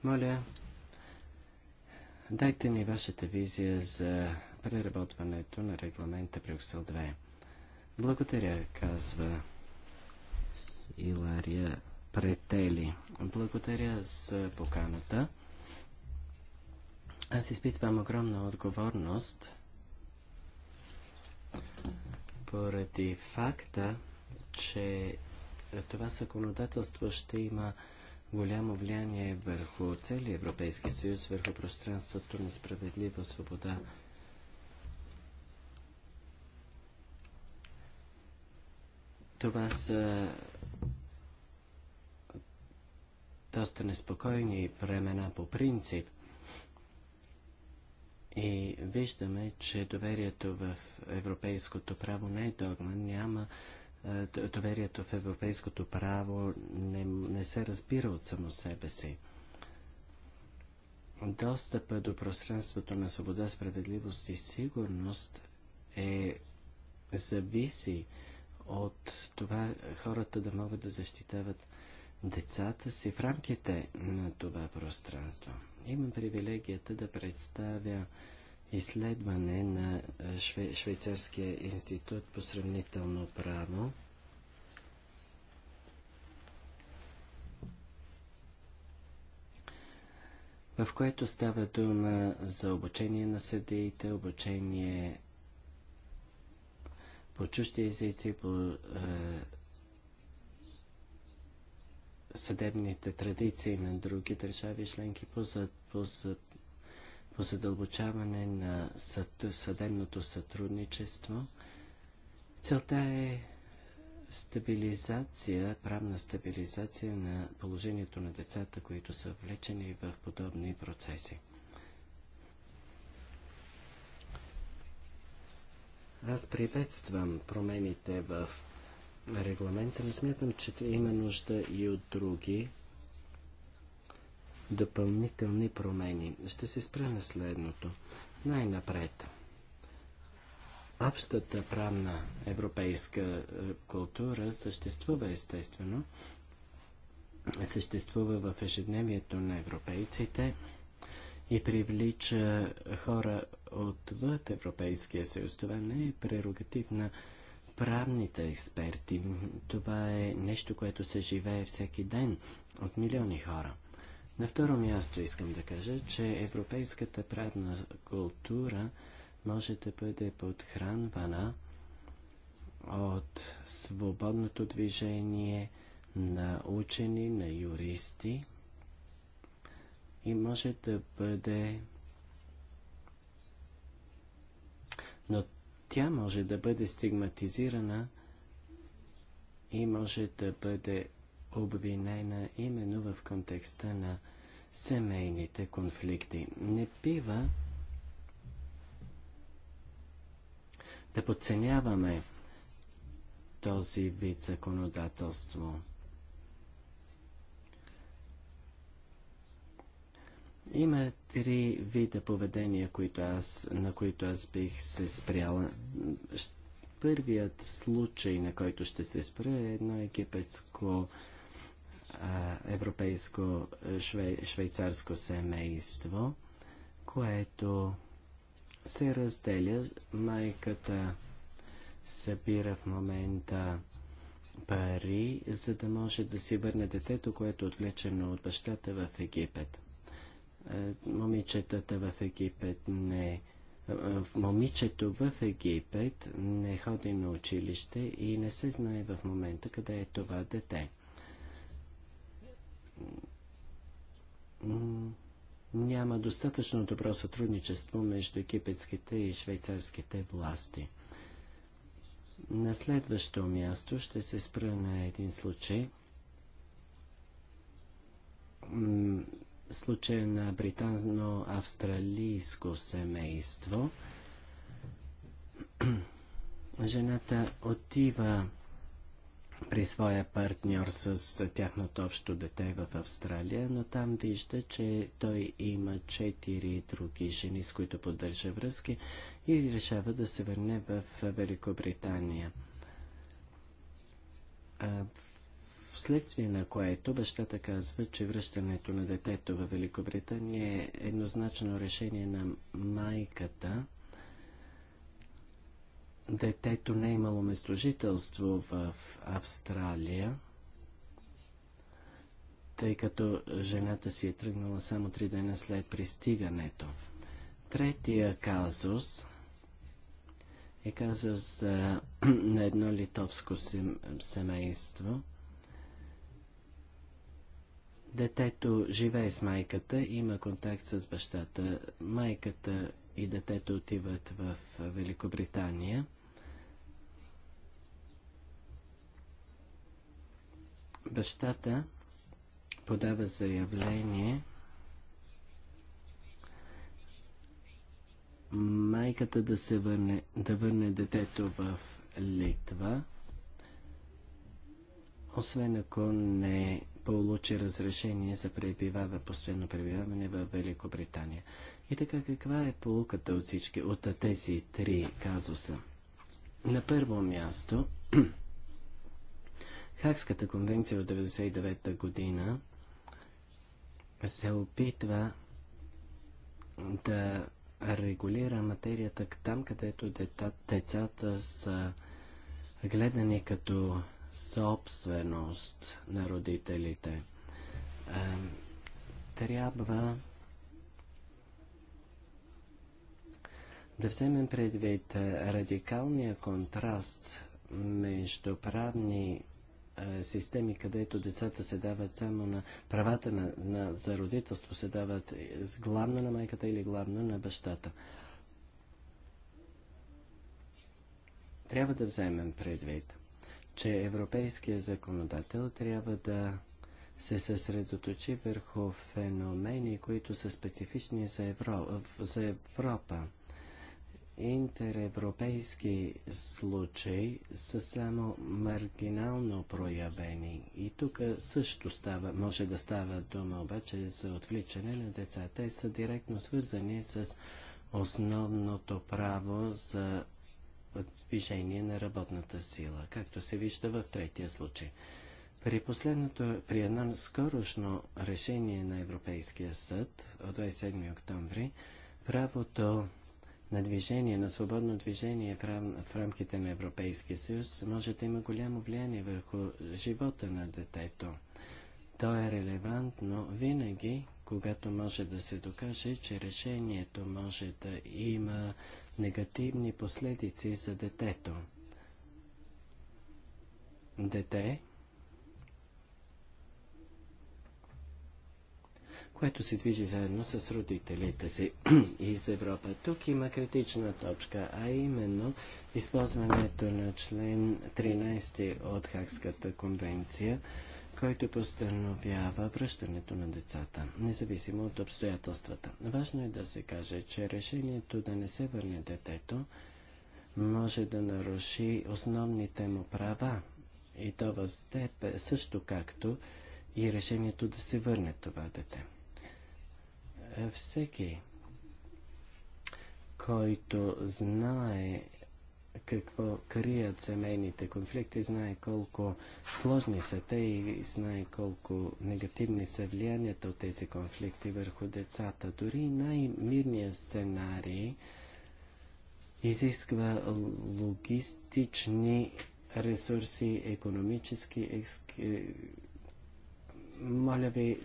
Моля, дайте ни вашата визия за преработването на регламента Брюксел 2. Благодаря, казва Илария Претели. Благодаря за поканата. Аз изпитвам огромна отговорност поради факта, че това законодателство ще има голямо влияние върху целия Европейски съюз, върху пространството на справедлива свобода, Това са доста неспокойни времена по принцип. И виждаме, че доверието в европейското право не е догма, няма доверието в европейското право не, не се разбира от само себе си. Достъпа до пространството на свобода, справедливост и сигурност е зависи от това хората да могат да защитават децата си в рамките на това пространство. Имам привилегията да представя изследване на Шве... Швейцарския институт по сравнително право. в което става дума за обучение на съдиите, обучение по чужди езици, по е, съдебните традиции на други държави членки, по, за, по, за, по задълбочаване на съд, съдебното сътрудничество. Целта е стабилизация, правна стабилизация на положението на децата, които са влечени в подобни процеси. Аз приветствам промените в регламента, но смятам, че има нужда и от други допълнителни промени. Ще се спра на следното. Най-напред. Общата правна европейска е, култура съществува естествено, съществува в ежедневието на европейците – и привлича хора отвъд Европейския съюз. Това не е прерогатив на правните експерти. Това е нещо, което се живее всеки ден от милиони хора. На второ място искам да кажа, че европейската правна култура може да бъде подхранвана от свободното движение на учени, на юристи, и може да бъде но тя може да бъде стигматизирана и може да бъде обвинена именно в контекста на семейните конфликти. Не бива да подценяваме този вид законодателство. Има три вида поведения, които аз, на които аз бих се спряла. Първият случай, на който ще се спра, е едно египетско европейско швей, швейцарско семейство, което се разделя. Майката събира в момента пари, за да може да си върне детето, което е отвлечено от бащата в Египет. Е, момичетата в Египет не е, е, момичето в Египет не ходи на училище и не се знае в момента къде е това дете. Няма достатъчно добро сътрудничество между египетските и швейцарските власти. На следващо място ще се спра на един случай случая на британно-австралийско семейство. Жената отива при своя партньор с тяхното общо дете в Австралия, но там вижда, че той има четири други жени, с които поддържа връзки и решава да се върне в Великобритания вследствие на което бащата казва, че връщането на детето в Великобритания е еднозначно решение на майката. Детето не е имало местожителство в Австралия, тъй като жената си е тръгнала само три дена след пристигането. Третия казус е казус на едно литовско семейство – Детето живее с майката, има контакт с бащата. Майката и детето отиват в Великобритания. Бащата подава заявление. Майката да се върне, да върне детето в Литва, освен ако не получи разрешение за пребиваване, постоянно пребиваване в Великобритания. И така, каква е полуката от всички, от тези три казуса? На първо място, Хакската конвенция от 99-та година се опитва да регулира материята там, където децата са гледани като собственост на родителите. Е, трябва да вземем предвид радикалния контраст между правни е, системи, където децата се дават само на правата на, на, за родителство, се дават главно на майката или главно на бащата. Трябва да вземем предвид – че европейският законодател трябва да се съсредоточи върху феномени, които са специфични за, Евро... за Европа. Интеревропейски случаи са само маргинално проявени и тук също става, може да става дума обаче за отвличане на деца. Те са директно свързани с основното право за движение на работната сила, както се вижда в третия случай. При последното, при едно скорошно решение на Европейския съд от 27 октомври, правото на движение, на свободно движение в, в рамките на Европейския съюз може да има голямо влияние върху живота на детето. То е релевантно винаги, когато може да се докаже, че решението може да има негативни последици за детето. Дете, което се движи заедно с родителите си из Европа. Тук има критична точка, а именно използването на член 13 от Хакската конвенция – който постановява връщането на децата, независимо от обстоятелствата. Важно е да се каже, че решението да не се върне детето може да наруши основните му права и то в степен също както и решението да се върне това дете. Е, всеки, който знае какво крият семейните конфликти, знае колко сложни са те и знае колко негативни са влиянията от тези конфликти върху децата. Дори най-мирният сценарий изисква логистични ресурси, економически. Е, моля ви,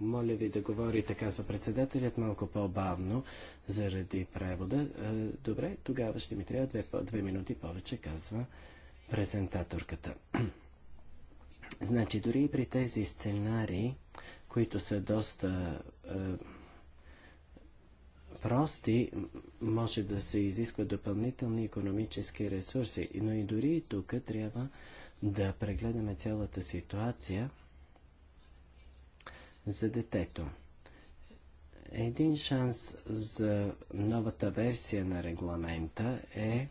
моля ви да говорите, казва председателят, малко по-бавно заради превода. Добре, тогава ще ми трябва две, две минути повече, казва презентаторката. значи, дори и при тези сценарии, които са доста е, прости, може да се изискват допълнителни економически ресурси. Но и дори и тук трябва да прегледаме цялата ситуация – за детето. Един шанс за новата версия на регламента е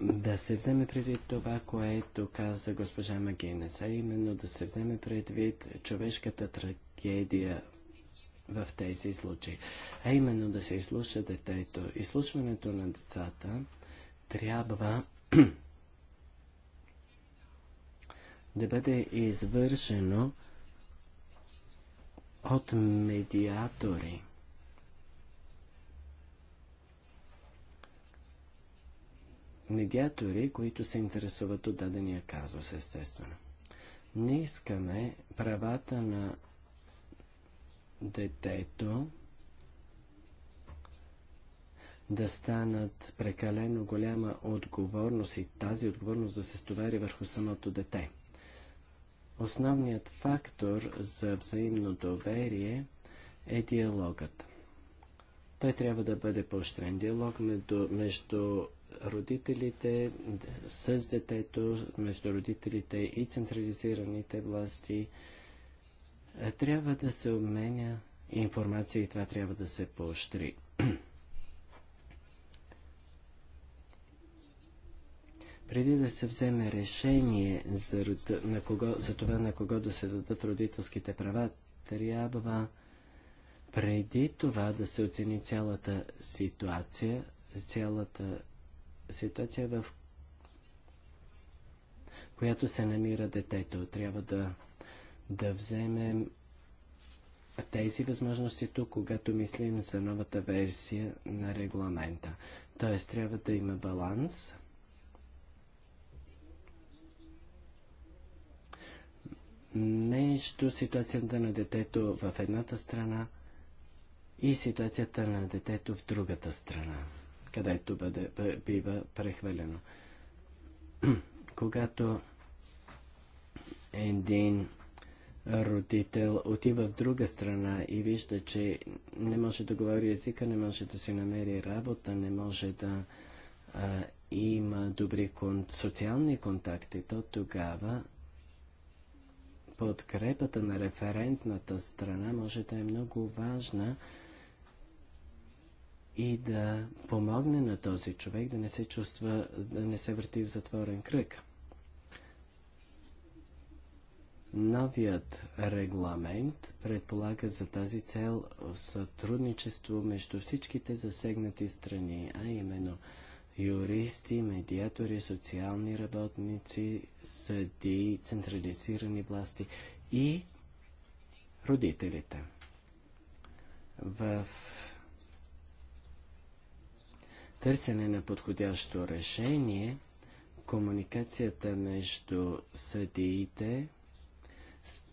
да се вземе предвид това, което каза госпожа Магинес, а именно да се вземе предвид човешката трагедия в тези случаи, а именно да се изслуша детето. Изслушването на децата трябва да бъде извършено от медиатори. Медиатори, които се интересуват от дадения казус, естествено. Не искаме правата на детето да станат прекалено голяма отговорност и тази отговорност да се стовари върху самото дете – Основният фактор за взаимно доверие е диалогът. Той трябва да бъде поощрен диалог между, между родителите с детето, между родителите и централизираните власти. Трябва да се обменя информация и това трябва да се поощри. преди да се вземе решение за, на кого, за това на кого да се дадат родителските права, трябва преди това да се оцени цялата ситуация, цялата ситуация в която се намира детето. Трябва да, да вземем тези възможности тук, когато мислим за новата версия на регламента. Т.е. трябва да има баланс – между ситуацията на детето в едната страна и ситуацията на детето в другата страна, където бъде, бива прехвелено. Когато един родител отива в друга страна и вижда, че не може да говори езика, не може да си намери работа, не може да а, има добри кон- социални контакти, то тогава подкрепата на референтната страна може да е много важна и да помогне на този човек да не се чувства, да не се върти в затворен кръг. Новият регламент предполага за тази цел сътрудничество между всичките засегнати страни, а именно – юристи, медиатори, социални работници, съдии, централизирани власти и родителите. В търсене на подходящо решение, комуникацията между съдиите,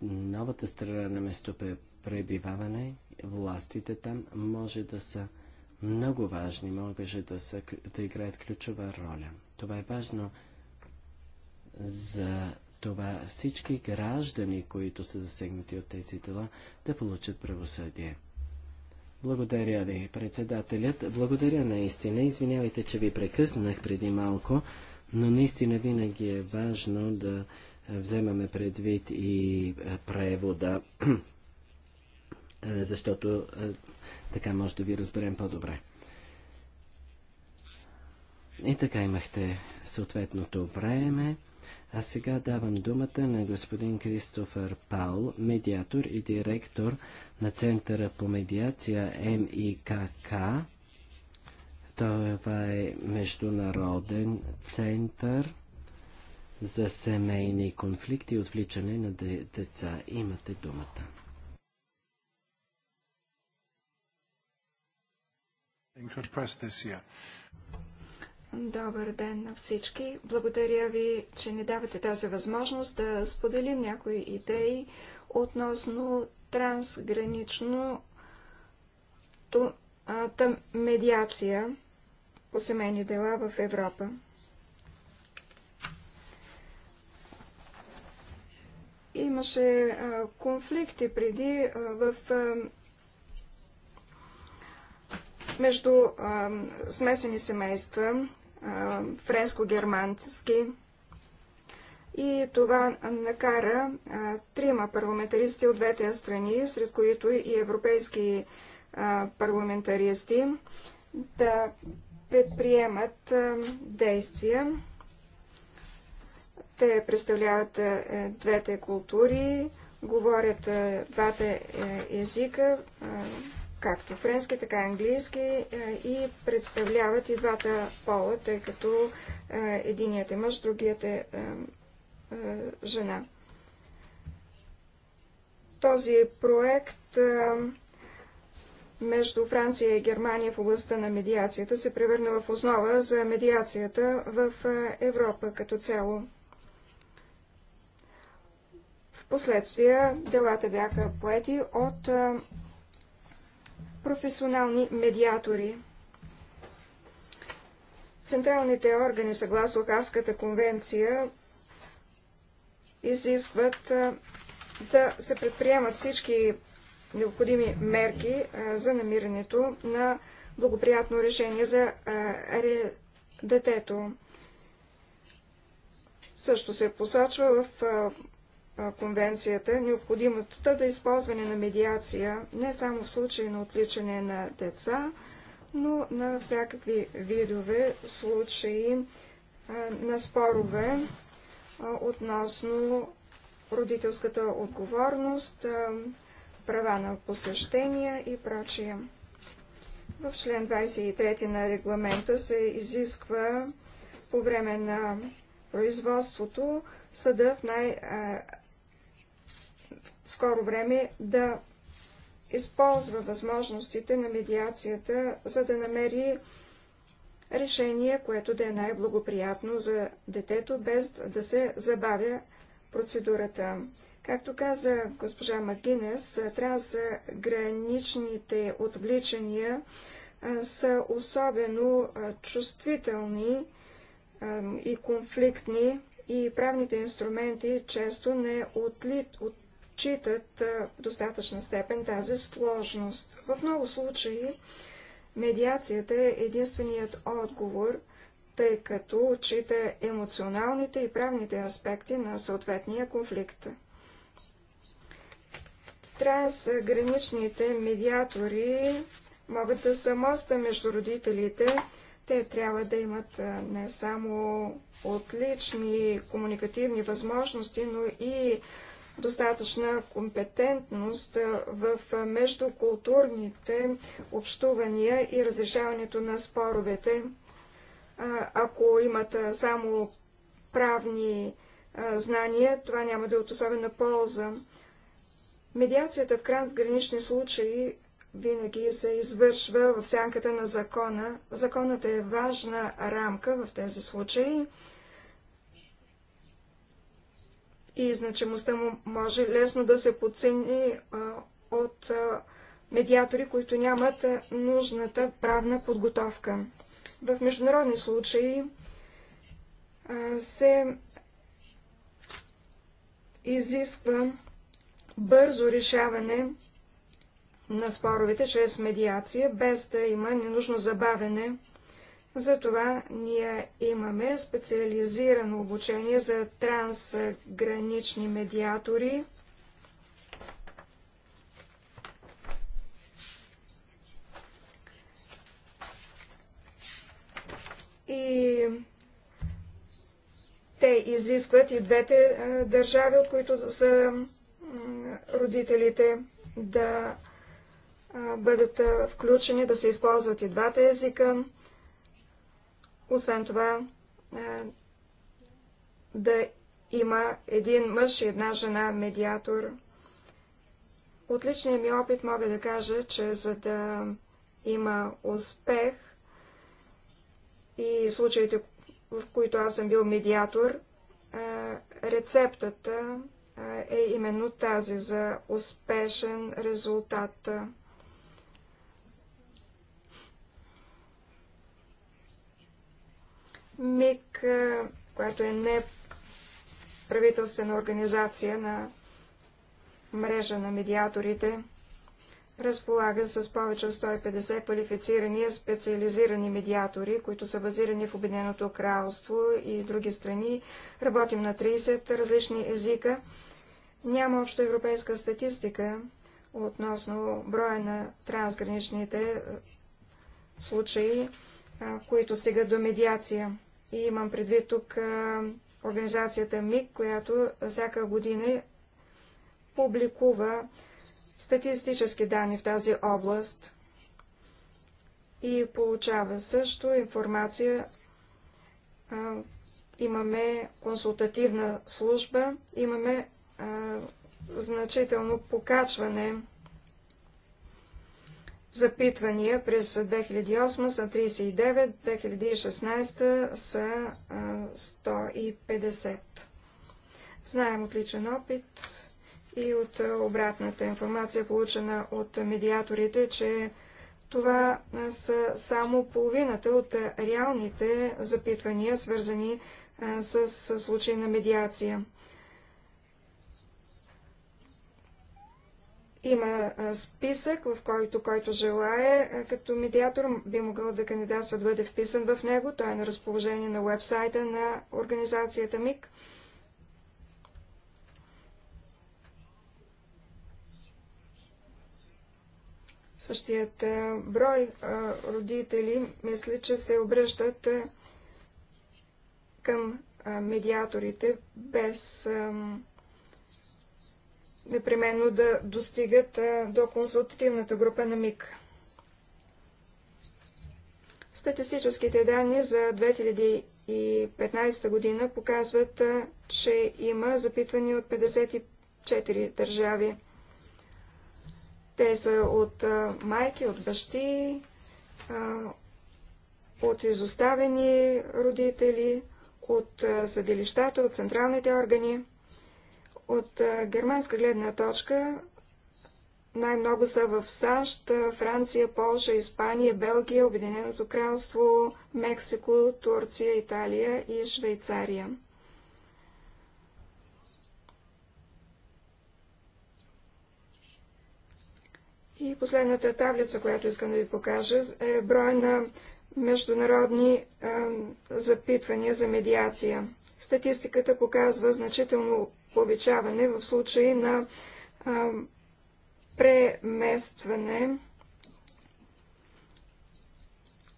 новата страна на местопребиваване, властите там може да са много важни, могаше да, са, да играят ключова роля. Това е важно за това всички граждани, които са засегнати от тези дела, да получат правосъдие. Благодаря ви, председателят. Благодаря наистина. Извинявайте, че ви прекъснах преди малко, но наистина винаги е важно да вземаме предвид и превода. Е, защото е, така може да ви разберем по-добре. И така имахте съответното време. А сега давам думата на господин Кристофър Паул, медиатор и директор на Центъра по медиация МИКК. Това е международен център за семейни конфликти и отвличане на деца. Имате думата. Добър ден на всички. Благодаря ви, че ни давате тази възможност да споделим някои идеи относно трансгранично медиация по семейни дела в Европа. Имаше конфликти преди в между а, смесени семейства, френско-германски. И това накара а, трима парламентаристи от двете страни, сред които и европейски а, парламентаристи, да предприемат а, действия. Те представляват е, двете култури, говорят двата е, езика, както френски, така и английски е, и представляват и двата пола, тъй като е, единият е мъж, другият е, е жена. Този проект между Франция и Германия в областта на медиацията се превърна в основа за медиацията в Европа като цяло. Впоследствие делата бяха поети от професионални медиатори. Централните органи, съгласно Хаската конвенция, изискват да се предприемат всички необходими мерки за намирането на благоприятно решение за детето. Също се посочва в конвенцията е необходимостта да използване на медиация не само в случай на отвличане на деца, но на всякакви видове случаи на спорове относно родителската отговорност, права на посещения и прочие. В член 23 на регламента се изисква по време на производството съда в най- скоро време да използва възможностите на медиацията, за да намери решение, което да е най-благоприятно за детето, без да се забавя процедурата. Както каза госпожа Магинес, трансграничните отвличания са особено чувствителни и конфликтни и правните инструменти често не отлит, от отчитат в достатъчна степен тази сложност. В много случаи медиацията е единственият отговор, тъй като отчита емоционалните и правните аспекти на съответния конфликт. Трансграничните медиатори могат да са моста между родителите. Те трябва да имат не само отлични комуникативни възможности, но и достатъчна компетентност в междукултурните общувания и разрешаването на споровете. Ако имат само правни знания, това няма да е от особена полза. Медиацията в трансгранични случаи винаги се извършва в сянката на закона. Законът е важна рамка в тези случаи, и значимостта му може лесно да се подцени от медиатори, които нямат нужната правна подготовка. В международни случаи се изисква бързо решаване на споровете чрез медиация, без да има ненужно забавене затова ние имаме специализирано обучение за трансгранични медиатори. И те изискват и двете държави, от които са родителите да бъдат включени, да се използват и двата езика. Освен това, е, да има един мъж и една жена медиатор. От личния ми опит мога да кажа, че за да има успех и случаите, в които аз съм бил медиатор, е, рецептата е, е именно тази за успешен резултат. МИК, която е не правителствена организация на мрежа на медиаторите, разполага с повече от 150 квалифицирани специализирани медиатори, които са базирани в Обединеното кралство и други страни. Работим на 30 различни езика. Няма общо европейска статистика относно броя на трансграничните случаи, които стигат до медиация. И имам предвид тук организацията МИК, която всяка година публикува статистически данни в тази област и получава също информация. А, имаме консултативна служба, имаме а, значително покачване запитвания през 2008 са 39, 2016 са 150. Знаем отличен опит и от обратната информация, получена от медиаторите, че това са само половината от реалните запитвания, свързани с случай на медиация. Има списък, в който който желая, като медиатор би могъл да кандидатства да бъде вписан в него. Той е на разположение на вебсайта на организацията МИК. Същият брой родители мисля, че се обръщат към медиаторите без непременно да достигат до консултативната група на МИК. Статистическите данни за 2015 година показват, че има запитвани от 54 държави. Те са от майки, от бащи, от изоставени родители, от съдилищата, от централните органи. От германска гледна точка най-много са в САЩ, Франция, Полша, Испания, Белгия, Обединеното кралство, Мексико, Турция, Италия и Швейцария. И последната таблица, която искам да ви покажа, е брой на международни а, запитвания за медиация. Статистиката показва значително повечаване в случаи на а, преместване.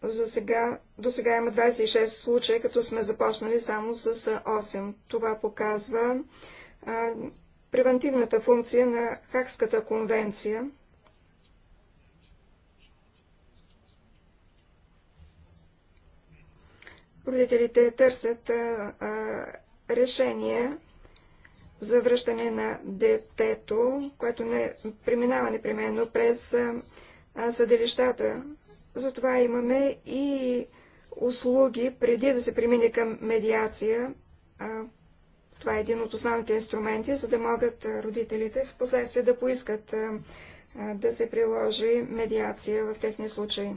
За сега, до сега има 26 случая, като сме започнали само с 8. Това показва а, превентивната функция на Хакската конвенция Родителите търсят а, а, решение за връщане на детето, което не преминава непременно през а, съдилищата. Затова имаме и услуги преди да се премине към медиация. А, това е един от основните инструменти, за да могат родителите в последствие да поискат а, да се приложи медиация в техния случай.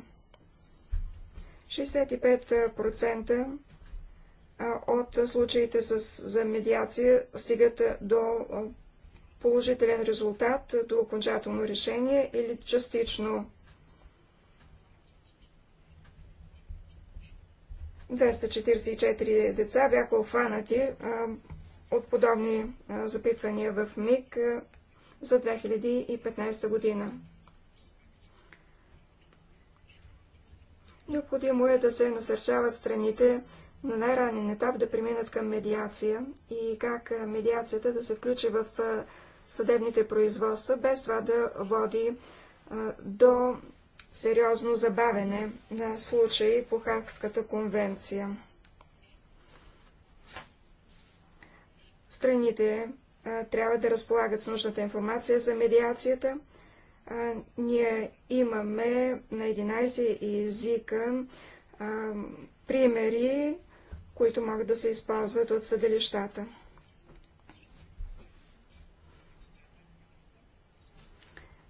65% от случаите за медиация стигат до положителен резултат, до окончателно решение или частично 244 деца бяха обхванати от подобни запитвания в МИГ за 2015 година. Необходимо е да се насърчават страните на най-ранен етап да преминат към медиация и как медиацията да се включи в съдебните производства, без това да води до сериозно забавене на случаи по Хагската конвенция. Страните трябва да разполагат с нужната информация за медиацията, ние имаме на 11 езика а, примери, които могат да се използват от съдилищата.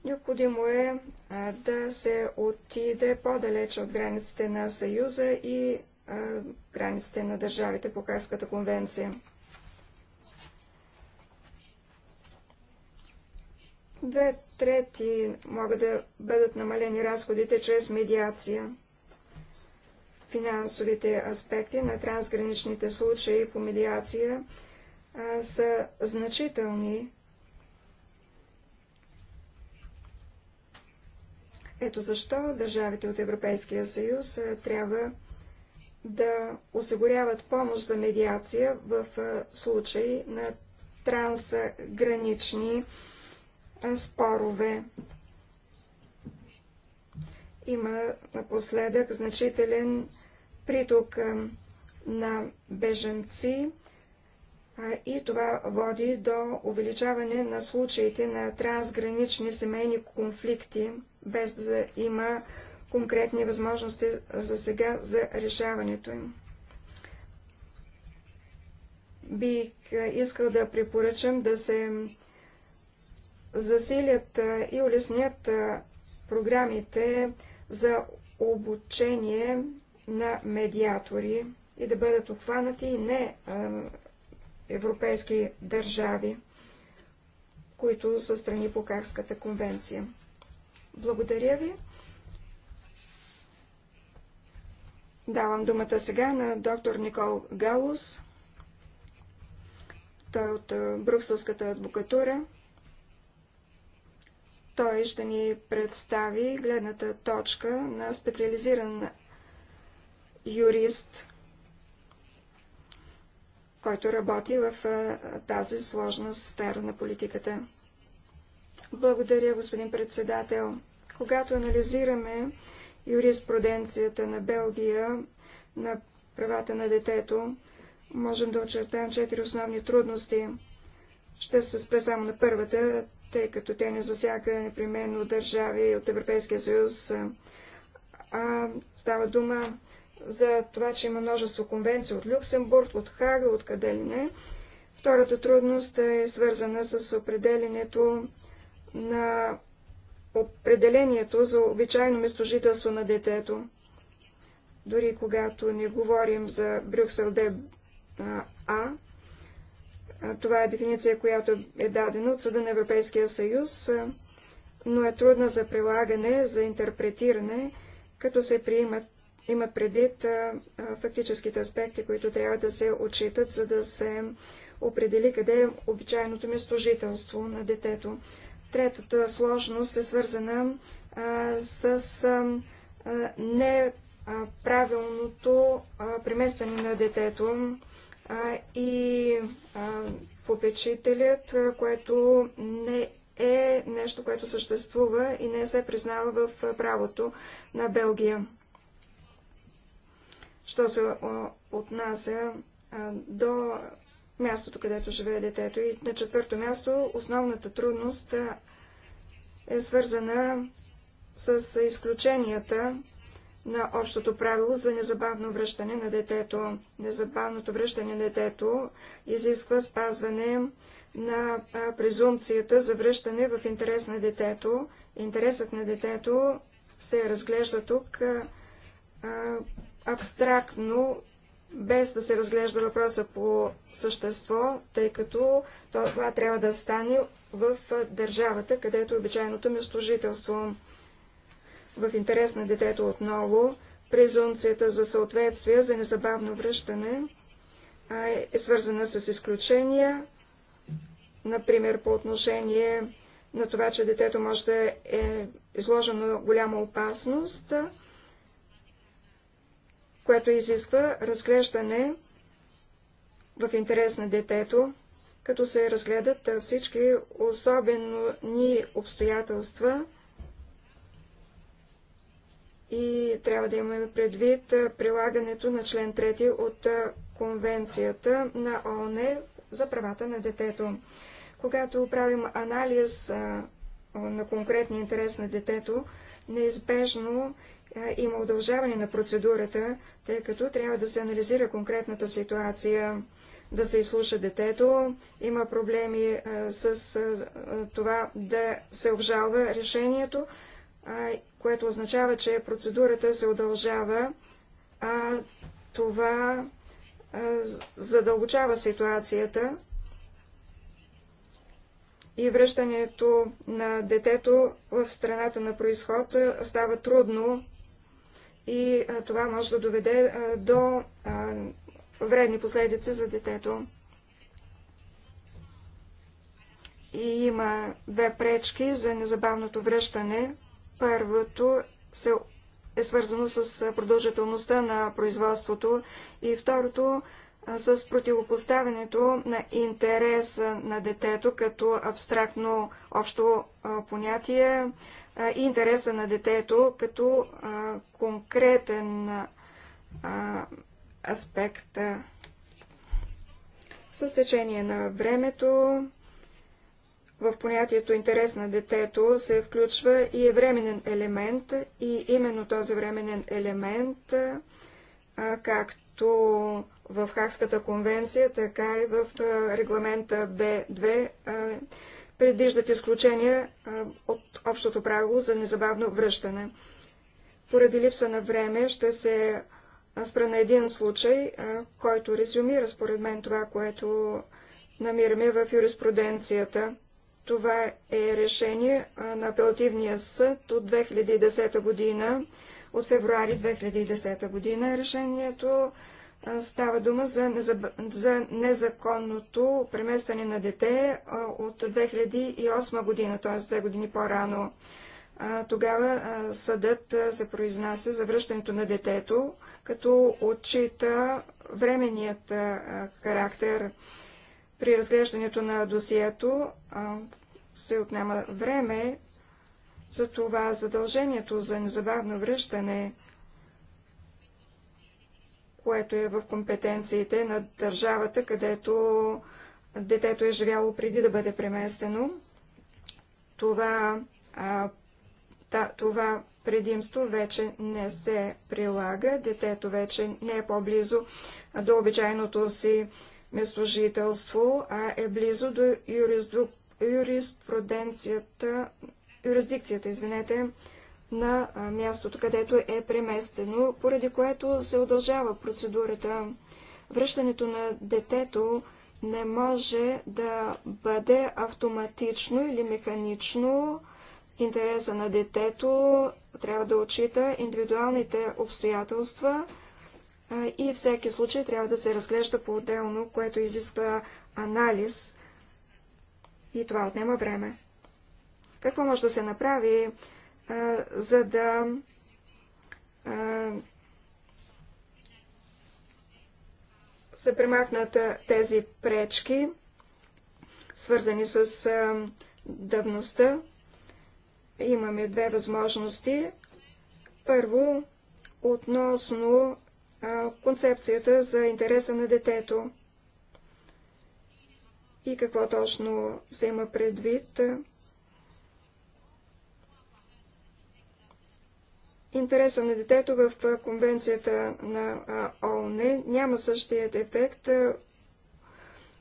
Необходимо е а, да се отиде по-далече от границите на Съюза и а, границите на държавите по Кайската конвенция. Две трети могат да бъдат намалени разходите чрез медиация. Финансовите аспекти на трансграничните случаи по медиация а, са значителни. Ето защо държавите от Европейския съюз а, трябва да осигуряват помощ за медиация в а, случаи на трансгранични спорове. Има напоследък значителен приток на беженци и това води до увеличаване на случаите на трансгранични семейни конфликти, без да има конкретни възможности за сега за решаването им. Бих искал да препоръчам да се засилят и улеснят програмите за обучение на медиатори и да бъдат обхванати и не европейски държави, които са страни по Карската конвенция. Благодаря ви. Давам думата сега на доктор Никол Галус. Той е от Брюкселската адвокатура. Той ще ни представи гледната точка на специализиран юрист, който работи в тази сложна сфера на политиката. Благодаря, господин председател. Когато анализираме юриспруденцията на Белгия на правата на детето, можем да очертаем четири основни трудности. Ще се спре само на първата тъй като те не засяга непременно държави от Европейския съюз. А, става дума за това, че има множество конвенции от Люксембург, от Хага, от къде ли не. Втората трудност е свързана с определението на определението за обичайно местожителство на детето. Дори когато не говорим за Брюксел Д. А, това е дефиниция, която е дадена от Съда на Европейския съюз, но е трудна за прилагане, за интерпретиране, като се приемат имат предвид а, а, фактическите аспекти, които трябва да се отчитат, за да се определи къде е обичайното местожителство на детето. Третата сложност е свързана а, с а, неправилното а, преместване на детето и попечителят, което не е нещо, което съществува и не се признава в правото на Белгия. Що се отнася до мястото, където живее детето. И на четвърто място основната трудност е свързана с изключенията на общото правило за незабавно връщане на детето. Незабавното връщане на детето изисква спазване на презумпцията за връщане в интерес на детето. Интересът на детето се разглежда тук абстрактно, без да се разглежда въпроса по същество, тъй като това трябва да стане в държавата, където е обичайното местожителство в интерес на детето отново, презумцията за съответствие за незабавно връщане е свързана с изключения, например по отношение на това, че детето може да е изложено голяма опасност, което изисква разглеждане в интерес на детето, като се разгледат всички особени обстоятелства, и трябва да имаме предвид прилагането на член 3 от Конвенцията на ООН за правата на детето. Когато правим анализ на конкретния интерес на детето, неизбежно има удължаване на процедурата, тъй като трябва да се анализира конкретната ситуация, да се изслуша детето, има проблеми с това да се обжалва решението, което означава, че процедурата се удължава, а това задълбочава ситуацията и връщането на детето в страната на происход става трудно и това може да доведе до вредни последици за детето. И има две пречки за незабавното връщане Първото се е свързано с продължителността на производството и второто с противопоставянето на интереса на детето като абстрактно общо понятие и интереса на детето като конкретен аспект. С течение на времето в понятието интерес на детето се включва и временен елемент, и именно този временен елемент, както в Хагската конвенция, така и в регламента Б2, предвиждат изключения от общото правило за незабавно връщане. Поради липса на време ще се спра на един случай, който резюмира според мен това, което намираме в юриспруденцията – това е решение на апелативния съд от 2010 година, от февруари 2010 година. Е решението става дума за, незаб... за незаконното преместване на дете от 2008 година, т.е. две години по-рано. Тогава съдът се произнася за връщането на детето, като отчита временният характер при разглеждането на досието се отнема време, за това задължението за незабавно връщане, което е в компетенциите на държавата, където детето е живяло преди да бъде преместено, това, а, та, това предимство вече не се прилага. Детето вече не е по-близо до обичайното си местожителство, а е близо до юриспруденцията, юрисдикцията, извинете, на мястото, където е преместено, поради което се удължава процедурата. Връщането на детето не може да бъде автоматично или механично. Интереса на детето трябва да отчита индивидуалните обстоятелства – и всеки случай трябва да се разглежда по-отделно, което изисква анализ и това отнема време. Какво може да се направи, а, за да а, се премахнат тези пречки, свързани с а, давността? Имаме две възможности. Първо, относно концепцията за интереса на детето и какво точно се има предвид. Интереса на детето в конвенцията на ООН няма същият ефект,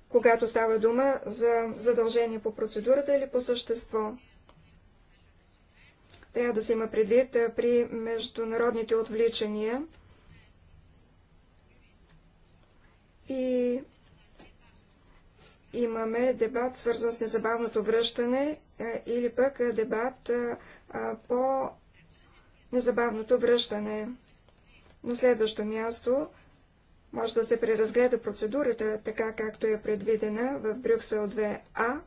когато става дума за задължение по процедурата или по същество. Трябва да се има предвид при международните отвличания – И имаме дебат, свързан с незабавното връщане е, или пък е, дебат е, по незабавното връщане. На следващо място може да се преразгледа процедурата, така както е предвидена в Брюксел 2А.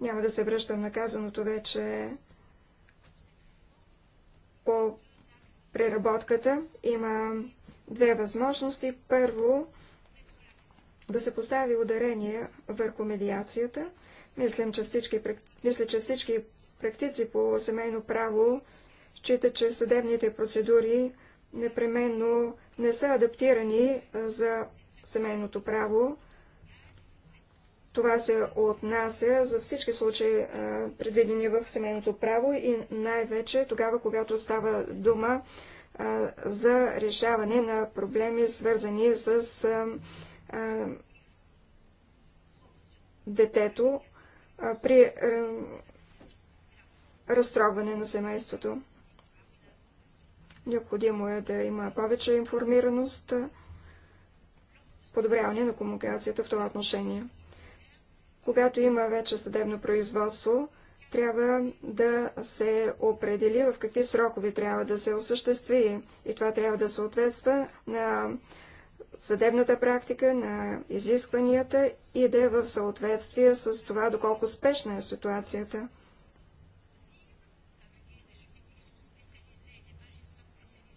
Няма да се връщам на казаното вече по преработката. Има две възможности. Първо, да се постави ударение върху медиацията. Мислям, че всички, мисля, че всички практици по семейно право считат, че съдебните процедури непременно не са адаптирани за семейното право. Това се отнася за всички случаи, предвидени в семейното право и най-вече тогава, когато става дума за решаване на проблеми, свързани с детето при а, разстройване на семейството. Необходимо е да има повече информираност, подобряване на комуникацията в това отношение. Когато има вече съдебно производство, трябва да се определи в какви срокове трябва да се осъществи и това трябва да съответства на съдебната практика, на изискванията и да е в съответствие с това, доколко спешна е ситуацията.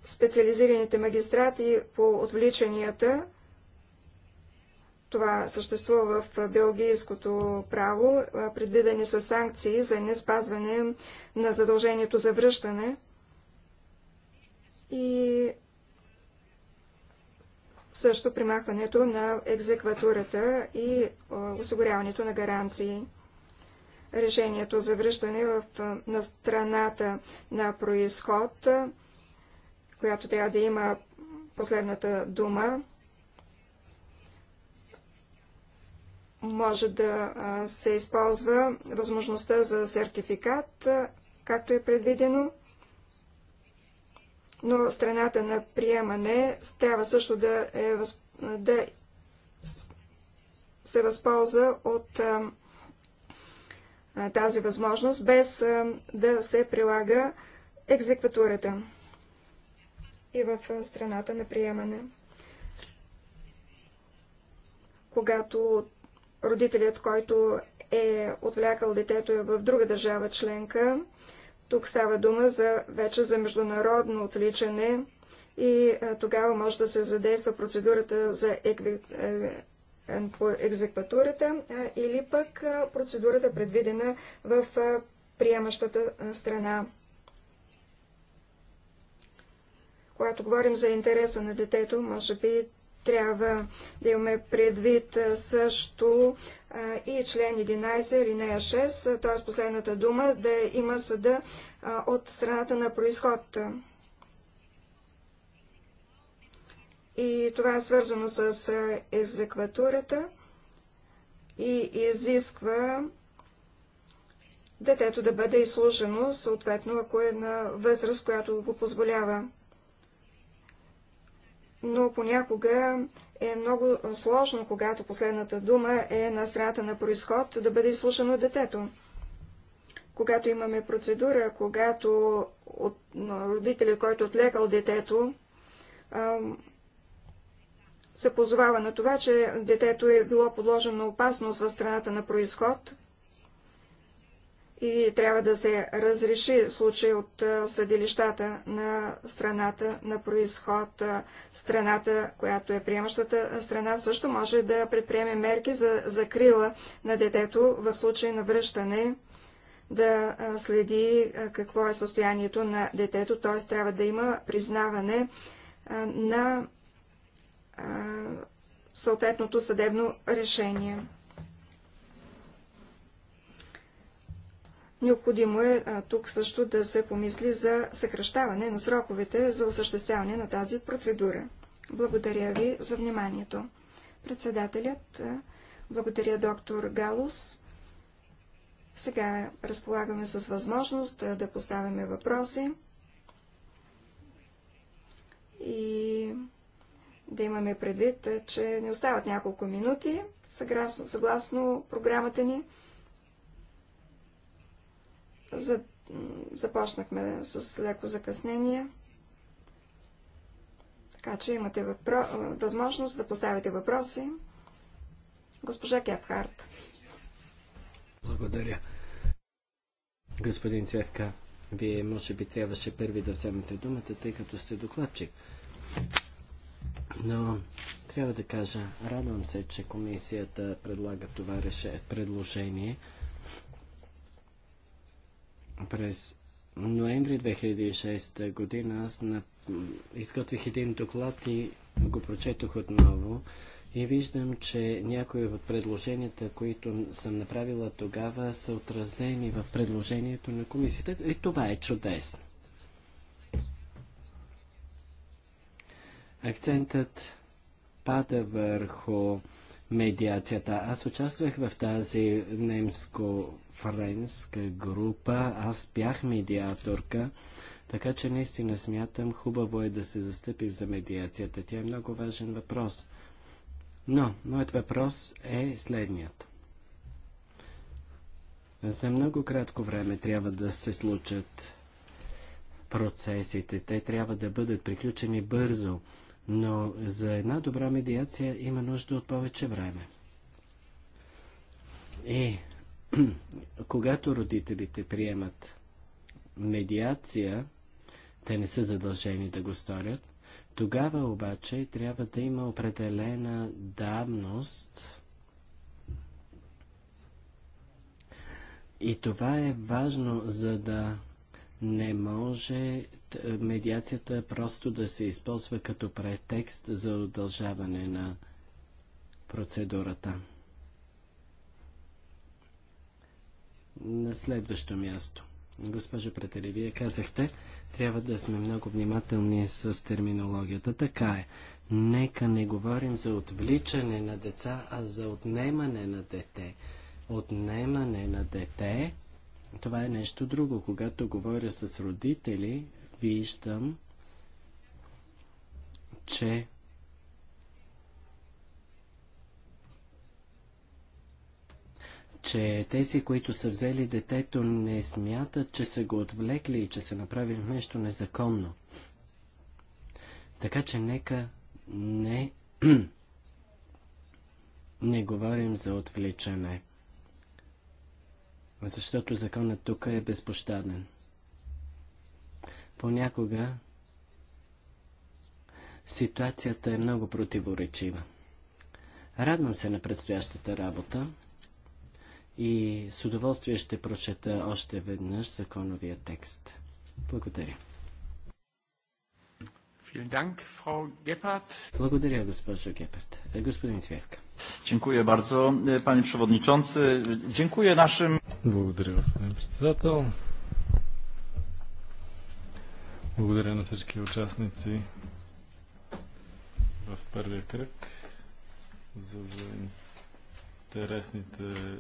Специализираните магистрати по отвличанията, това съществува в белгийското право, предвидени са санкции за неспазване на задължението за връщане и също примахването на екзекватурата и осигуряването на гаранции. Решението за връщане в, на страната на происход, която трябва да има последната дума, може да се използва възможността за сертификат, както е предвидено но страната на приемане трябва също да, е, да се възползва от а, тази възможност, без а, да се прилага екзекватурата и в страната на приемане. Когато родителят, който е отвлякал детето е в друга държава членка, тук става дума за, вече за международно отличане и а, тогава може да се задейства процедурата за екви... Е, е, по екзекватурата а, или пък а, процедурата предвидена в а, приемащата а, страна. Когато говорим за интереса на детето, може би трябва да имаме предвид също и член 11, линия 6, т.е. последната дума, да има съда от страната на происход. И това е свързано с екзекватурата и изисква детето да бъде изслужено, съответно, ако е на възраст, която го позволява но понякога е много сложно, когато последната дума е на страната на происход, да бъде изслушано детето. Когато имаме процедура, когато от, родителя, който отлекал детето, се позовава на това, че детето е било подложено на опасност в страната на происход – и трябва да се разреши случай от съдилищата на страната на происход. Страната, която е приемащата страна, също може да предприеме мерки за закрила на детето в случай на връщане да следи какво е състоянието на детето, т.е. трябва да има признаване на съответното съдебно решение. Необходимо е а, тук също да се помисли за съкръщаване на сроковете за осъществяване на тази процедура. Благодаря ви за вниманието. Председателят, благодаря доктор Галус. Сега разполагаме с възможност да поставяме въпроси и да имаме предвид, че не остават няколко минути, съгласно програмата ни. За... Започнахме с леко закъснение. Така че имате въпро... възможност да поставите въпроси. Госпожа Кепхарт. Благодаря. Господин Цвевка, вие може би трябваше първи да вземете думата, тъй като сте докладчик. Но трябва да кажа, радвам се, че комисията предлага това реше... предложение – през ноември 2006 година аз изготвих един доклад и го прочетох отново и виждам, че някои от предложенията, които съм направила тогава, са отразени в предложението на комисията. И това е чудесно. Акцентът пада върху медиацията. Аз участвах в тази немско френска група. Аз бях медиаторка, така че наистина смятам хубаво е да се застъпим за медиацията. Тя е много важен въпрос. Но, моят въпрос е следният. За много кратко време трябва да се случат процесите. Те трябва да бъдат приключени бързо, но за една добра медиация има нужда от повече време. И когато родителите приемат медиация, те не са задължени да го сторят, тогава обаче трябва да има определена давност и това е важно, за да не може е, медиацията просто да се използва като претекст за удължаване на процедурата. На следващо място. Госпожо Претели, вие казахте, трябва да сме много внимателни с терминологията. Така е. Нека не говорим за отвличане на деца, а за отнемане на дете. Отнемане на дете, това е нещо друго. Когато говоря с родители, виждам, че че тези, които са взели детето, не смятат, че са го отвлекли и че са направили нещо незаконно. Така че нека не, не говорим за отвличане, защото законът тук е безпощаден. Понякога ситуацията е много противоречива. Радвам се на предстоящата работа и с удоволствие ще прочета още веднъж законовия текст. Благодаря. Благодаря, госпожо Гепард. Господин Цвевка. Дякую bardzo, пани przewodniczący. Дякую нашим... Благодаря, господин председател. Благодаря на всички участници в първия кръг за, за интересните е,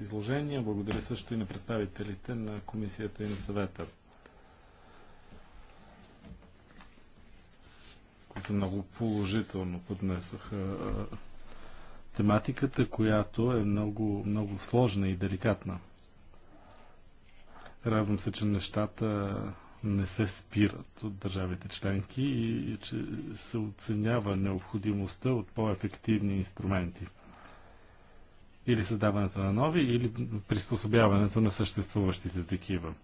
изложения. Благодаря също и на представителите на комисията и на съвета, които много положително поднесоха е, тематиката, която е много, много сложна и деликатна. Радвам се, че нещата не се спират от държавите членки и че се оценява необходимостта от по-ефективни инструменти – или създаването на нови, или приспособяването на съществуващите такива.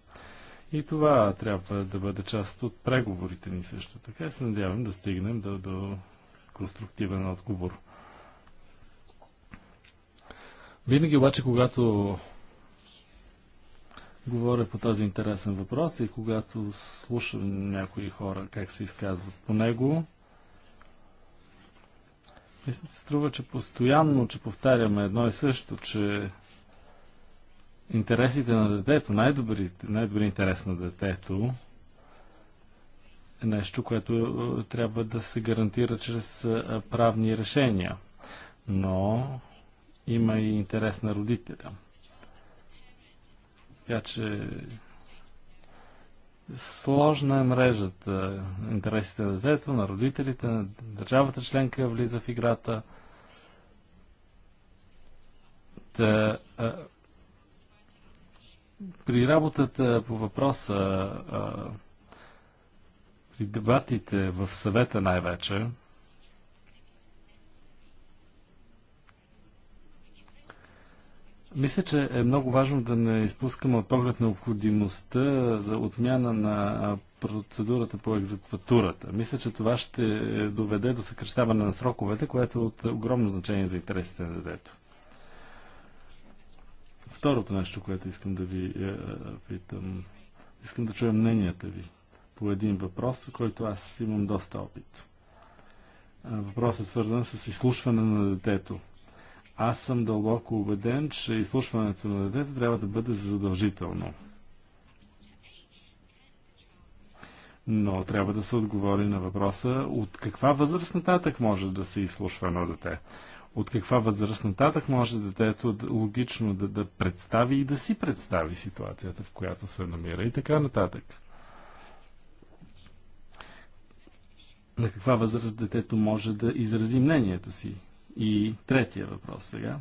И това трябва да бъде част от преговорите ни също така. се надявам да стигнем до, до конструктивен отговор. Винаги обаче, когато говоря по този интересен въпрос и когато слушам някои хора как се изказват по него, мисля, се струва, че постоянно, че повтаряме едно и също, че интересите на детето, най-добрият най интерес на детето е нещо, което е, трябва да се гарантира чрез е, правни решения. Но има и интерес на родителя. Така че Сложна е мрежата. Интересите на детето, на родителите, на държавата членка влиза в играта. Та, а, при работата по въпроса, а, при дебатите в съвета най-вече, Мисля, че е много важно да не изпускаме от поглед необходимостта за отмяна на процедурата по екзекватурата. Мисля, че това ще доведе до съкрещаване на сроковете, което е от огромно значение за интересите на детето. Второто нещо, което искам да ви е, е питам, искам да чуя мненията ви по един въпрос, който аз имам доста опит. Въпросът е свързан с изслушване на детето аз съм дълбоко убеден, че изслушването на детето трябва да бъде задължително. Но трябва да се отговори на въпроса от каква възраст нататък може да се изслушва едно дете. От каква възраст нататък може детето логично да, да представи и да си представи ситуацията, в която се намира и така нататък. На каква възраст детето може да изрази мнението си и третия въпрос сега.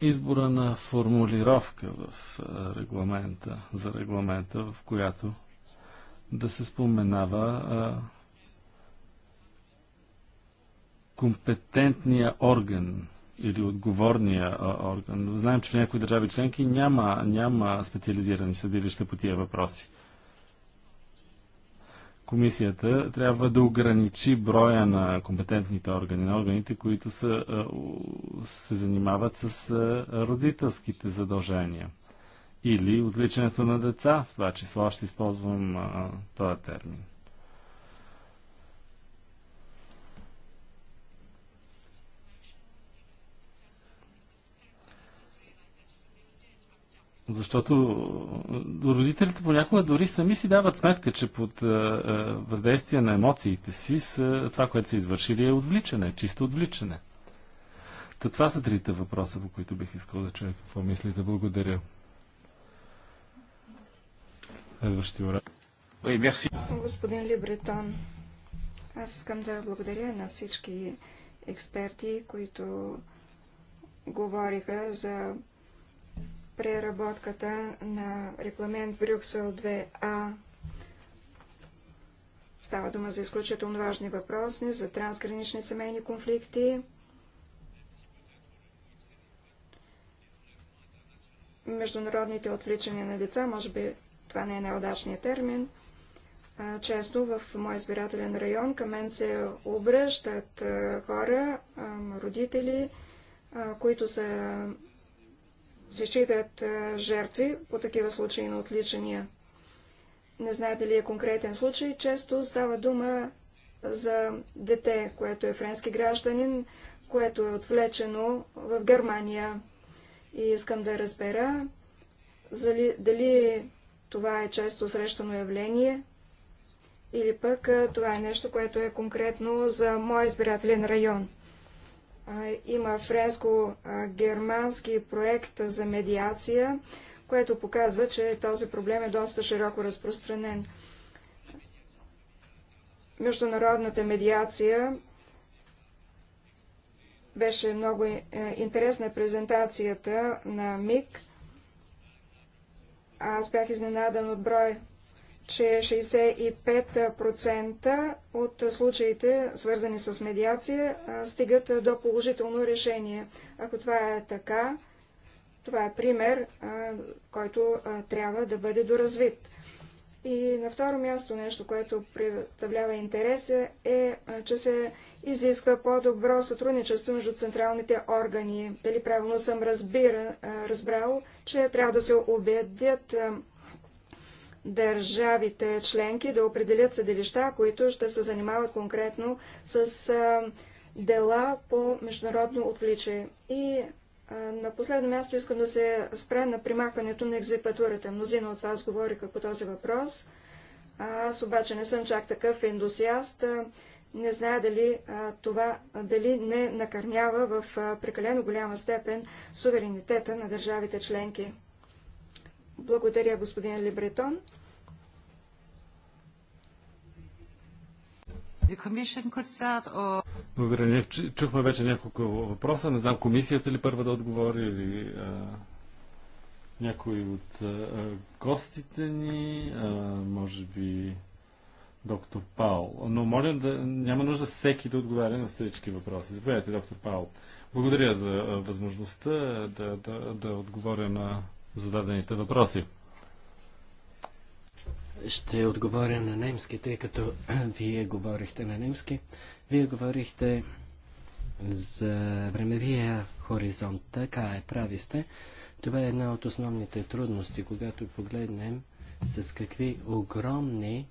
избора на формулировка в регламента, за регламента, в която да се споменава а, компетентния орган или отговорния а, орган. Знаем, че в някои държави членки няма, няма специализирани съдилища по тия въпроси комисията трябва да ограничи броя на компетентните органи, на органите, които са, се занимават с родителските задължения или отличането на деца, в това число ще използвам този термин. Защото е, родителите понякога дори сами си дават сметка, че под е, е, въздействие на емоциите си това, което са извършили е отвличане, чисто отвличане. Та това са трите въпроса, по които бих искал да чуя какво мислите. Благодаря. Следващи ура. Господин Либретон, аз искам да благодаря на всички експерти, които говориха за преработката на регламент Брюксел 2А. Става дума за изключително важни въпроси, за трансгранични семейни конфликти, международните отвличания на деца, може би това не е най термин. Често в моят избирателен район към мен се обръщат хора, родители, които са се считат жертви по такива случаи на отличания. Не знаете ли е конкретен случай. Често става дума за дете, което е френски гражданин, което е отвлечено в Германия. И искам да разбера зали, дали това е често срещано явление или пък това е нещо, което е конкретно за моя избирателен район има френско-германски проект за медиация, което показва, че този проблем е доста широко разпространен. Международната медиация беше много е, интересна презентацията на МИК. Аз бях изненадан от брой че 65% от случаите, свързани с медиация, стигат до положително решение. Ако това е така, това е пример, който трябва да бъде доразвит. И на второ място нещо, което представлява интерес е, че се изисква по-добро сътрудничество между централните органи. Дали правилно съм разбира, разбрал, че трябва да се убедят държавите членки да определят съдилища, които ще се занимават конкретно с дела по международно отвличие. И на последно място искам да се спре на примахването на екзипатурата. Мнозина от вас говориха по този въпрос. Аз обаче не съм чак такъв ендусиаст. Не зная дали а, това дали не накърнява в а, прекалено голяма степен суверенитета на държавите членки. Благодаря, господин Либретон. Or... Благодаря. Чухме вече няколко въпроса. Не знам комисията ли първа да отговори или а, някой от а, гостите ни, а, може би доктор Паул. Но моля да няма нужда всеки да отговаря на всички въпроси. Заповядайте, доктор Паул. Благодаря за а, възможността да, да, да отговоря на зададените въпроси. Ще отговоря на немски, тъй като вие говорихте на немски. Вие говорихте за времевия хоризонт. Така е, прави сте. Това е една от основните трудности, когато погледнем с какви огромни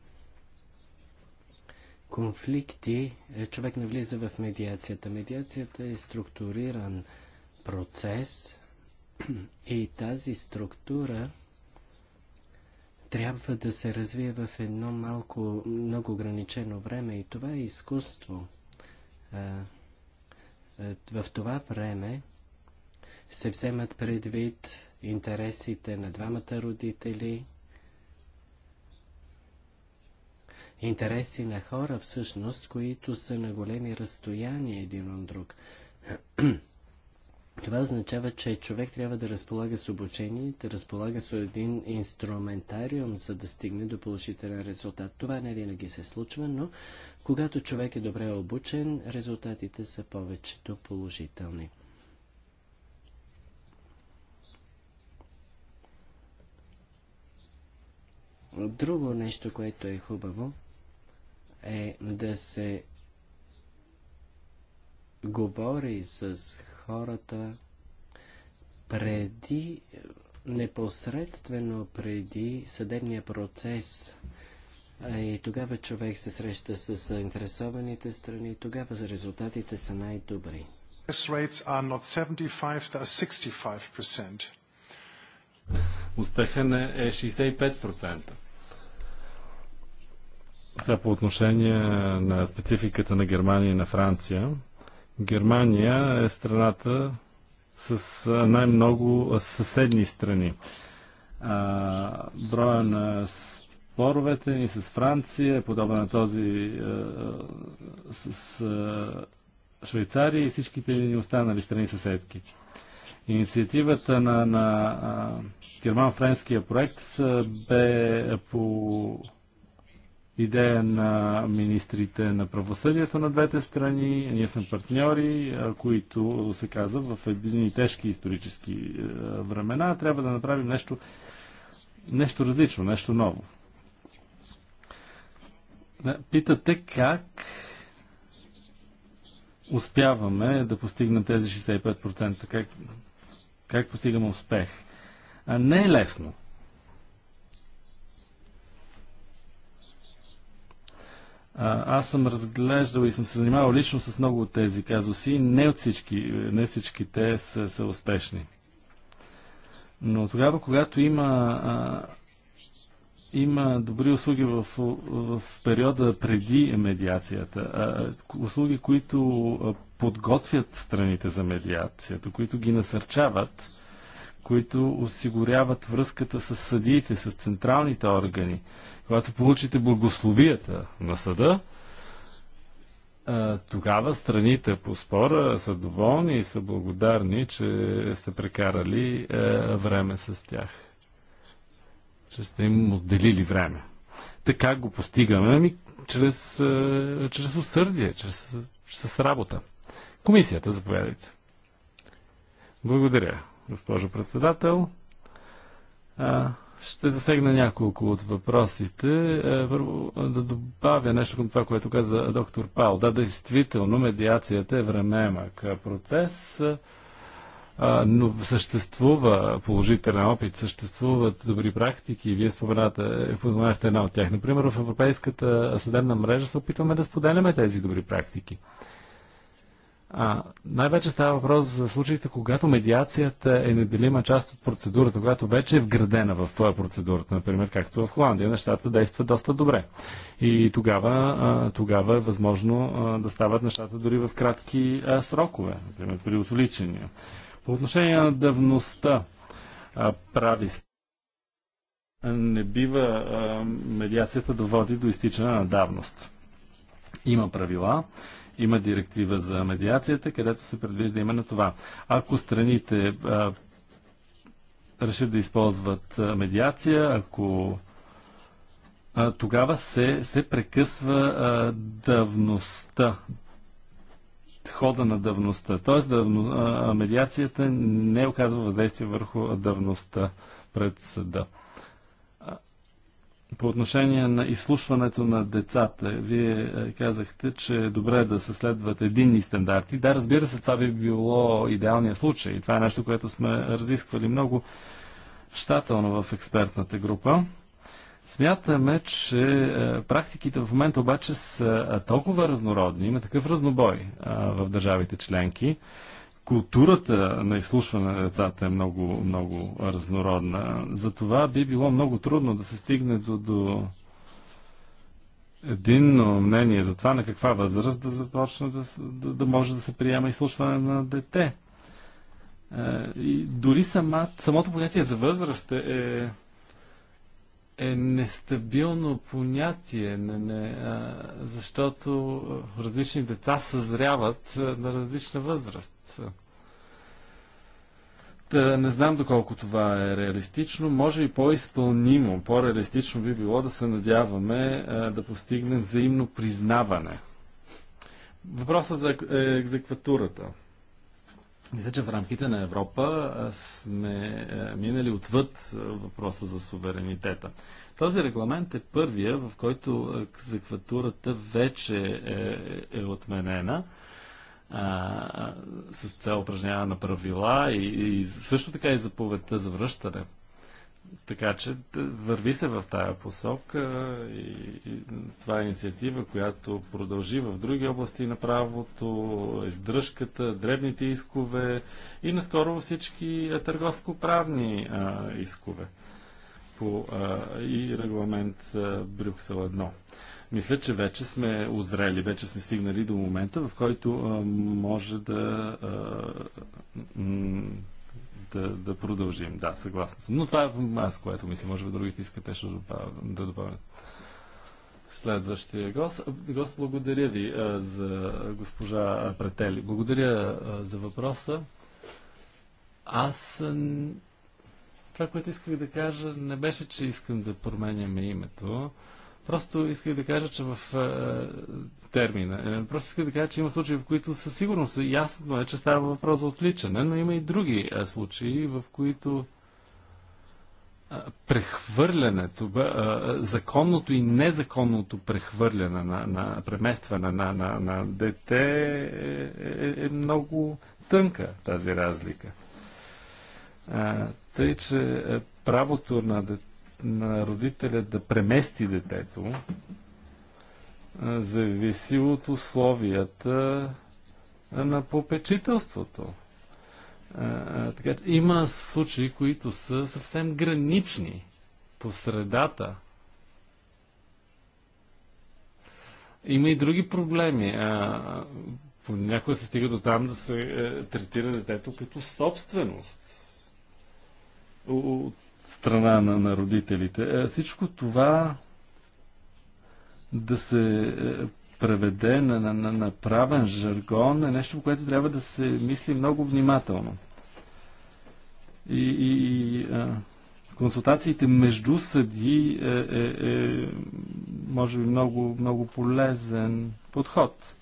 конфликти е, човек навлиза в медиацията. Медиацията е структуриран процес и тази структура трябва да се развие в едно малко, много ограничено време и това е изкуство. В това време се вземат предвид интересите на двамата родители, интереси на хора всъщност, които са на големи разстояния един от друг. Това означава, че човек трябва да разполага с обучение, да разполага с един инструментариум, за да стигне до положителен резултат. Това не винаги се случва, но когато човек е добре обучен, резултатите са повечето положителни. Друго нещо, което е хубаво, е да се говори с хората преди, непосредствено преди съдебния процес. И тогава човек се среща с заинтересованите страни и тогава резултатите са най-добри. Успеха не е 65%. Това по отношение на спецификата на Германия и на Франция. Германия е страната с най-много съседни страни. А, броя на споровете ни с Франция е подобен на този а, с а, Швейцария и всичките ни останали страни съседки. Инициативата на, на герман-френския проект бе по идея на министрите на правосъдието на двете страни. Ние сме партньори, които се каза в едни тежки исторически е, времена. Трябва да направим нещо, нещо различно, нещо ново. Е, питате как успяваме да постигнем тези 65%, как, как постигаме успех. А не е лесно. А, аз съм разглеждал и съм се занимавал лично с много от тези казуси. Не, от всички, не всички те са, са успешни. Но тогава, когато има, а, има добри услуги в, в периода преди медиацията, а, услуги, които подготвят страните за медиацията, които ги насърчават, които осигуряват връзката с съдиите, с централните органи. Когато получите благословията на съда, тогава страните по спора са доволни и са благодарни, че сте прекарали е, време с тях. Че сте им отделили време. Така го постигаме ми чрез, е, чрез усърдие, чрез, с работа. Комисията, заповядайте. Благодаря госпожо председател. А, ще засегна няколко от въпросите. Първо да добавя нещо към това, което каза доктор Пал. Да, действително, медиацията е времемък процес, но съществува положителен опит, съществуват добри практики. Вие споменахте една от тях. Например, в Европейската съдебна мрежа се опитваме да споделяме тези добри практики най-вече става въпрос за случаите, когато медиацията е неделима част от процедурата, която вече е вградена в процедурата, например, както в Холандия, нещата действат доста добре. И тогава, а, тогава е възможно а, да стават нещата дори в кратки а, срокове, например, при усоличения. По отношение на давността, прави не бива медиацията да води до изтичане на давност. Има правила има директива за медиацията, където се предвижда именно това. Ако страните а, решат да използват медиация, ако а, тогава се, се прекъсва а, давността, хода на давността. Т.е. Давно, а, медиацията не оказва въздействие върху давността пред съда. По отношение на изслушването на децата, вие е, казахте, че е добре да се следват единни стандарти. Да, разбира се, това би било идеалният случай. Това е нещо, което сме разисквали много щателно в експертната група. Смятаме, че е, практиките в момента обаче са е, толкова разнородни, има такъв разнобой в държавите членки, културата на изслушване на децата е много, много разнородна. Затова би било много трудно да се стигне до, до единно мнение за това на каква възраст да започне да, да, да може да се приема изслушване на дете. Е, и дори сама, самото понятие за възраст е е нестабилно понятие, не, не, а, защото различни деца съзряват а, на различна възраст. Та, не знам доколко това е реалистично. Може и по-изпълнимо, по-реалистично би било да се надяваме а, да постигнем взаимно признаване. Въпросът за екзекватурата. Мисля, че в рамките на Европа сме минали отвъд въпроса за суверенитета. Този регламент е първия, в който екзекватурата вече е, е отменена а, с цел упражняване на правила и, и също така и заповедта за връщане така че върви се в тая посока и, и това е инициатива, която продължи в други области на правото, издръжката, дребните искове и наскоро всички търговско-правни искове по, а, и регламент а, Брюксел 1. Мисля, че вече сме озрели, вече сме стигнали до момента, в който а, може да да, да продължим. Да, съгласен съм. Но това е аз, което мисля. Може би другите искат нещо да добавят. Следващия гост. Гост, благодаря ви а, за госпожа Претели. Благодаря а, за въпроса. Аз това, което исках да кажа, не беше, че искам да променяме името. Просто исках да кажа, че в термина. Е, просто иска да кажа, че има случаи, в които със сигурност е ясно е, че става въпрос за отвличане, но има и други е, случаи, в които прехвърлянето, законното и незаконното прехвърляне на, на преместване на, на, на дете е, е, е много тънка тази разлика. Тъй, че правото на, дете, на родителя да премести детето зависи от условията на попечителството. Така че има случаи, които са съвсем гранични по средата. Има и други проблеми. Понякога се стига до там да се е, третира детето като собственост от страна на, на родителите. Е, всичко това да се е, преведе на, на, на, на правен жаргон е нещо, което трябва да се мисли много внимателно. И, и а, консултациите между съди е, е, е може би много, много полезен подход.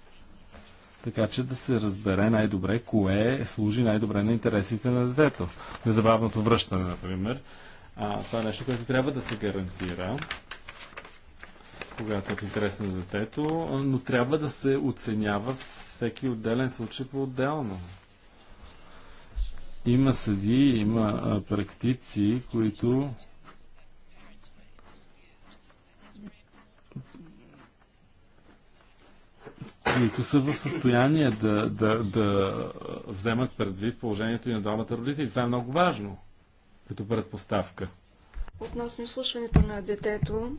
Така че да се разбере най-добре кое служи най-добре на интересите на детето. Незабавното връщане, например. А, това е нещо, което трябва да се гарантира когато е в интерес на детето, но трябва да се оценява всеки отделен случай по-отделно. Има съди, има практици, които които са в състояние да, да, да вземат предвид положението и на двамата родители. Това е много важно като предпоставка. Относно изслушването на детето,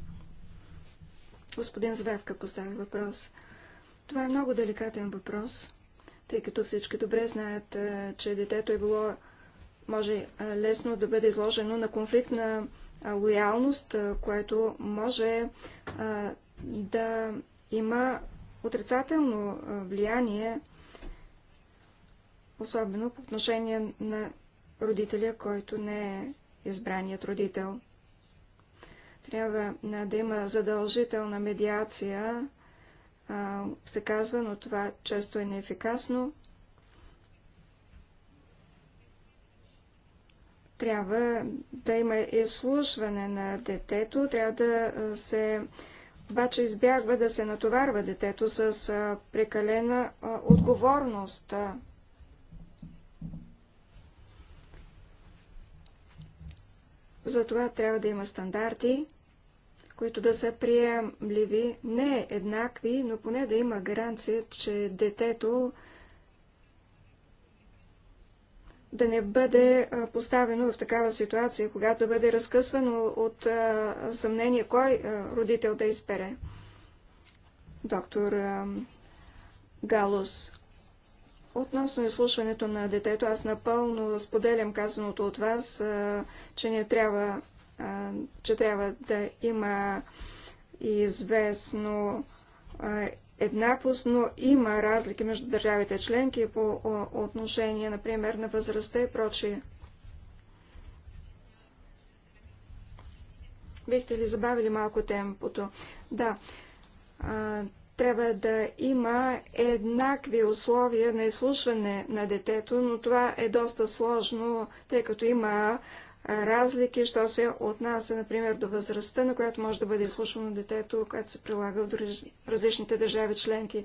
Господин Звевка постави въпрос. Това е много деликатен въпрос, тъй като всички добре знаят, е, че детето е било, може е, лесно да бъде изложено на конфликт на е, лоялност, което може да има отрицателно влияние, особено по отношение на родителя, който не е избраният родител. Трябва да има задължителна медиация, се казва, но това често е неефикасно. Трябва да има изслушване на детето, трябва да се обаче избягва да се натоварва детето с прекалена отговорност. Затова трябва да има стандарти, които да са приемливи, не еднакви, но поне да има гаранция, че детето да не бъде поставено в такава ситуация, когато бъде разкъсвано от съмнение кой родител да изпере. Доктор Галус. Относно изслушването на детето, аз напълно споделям казаното от вас, че не трябва че трябва да има известно еднаквост, но има разлики между държавите членки по отношение, например, на възрастта и прочие. Бихте ли забавили малко темпото? Да. трябва да има еднакви условия на изслушване на детето, но това е доста сложно, тъй като има разлики, що се отнася, например, до възрастта, на която може да бъде изслушвано детето, което се прилага в различните държави членки.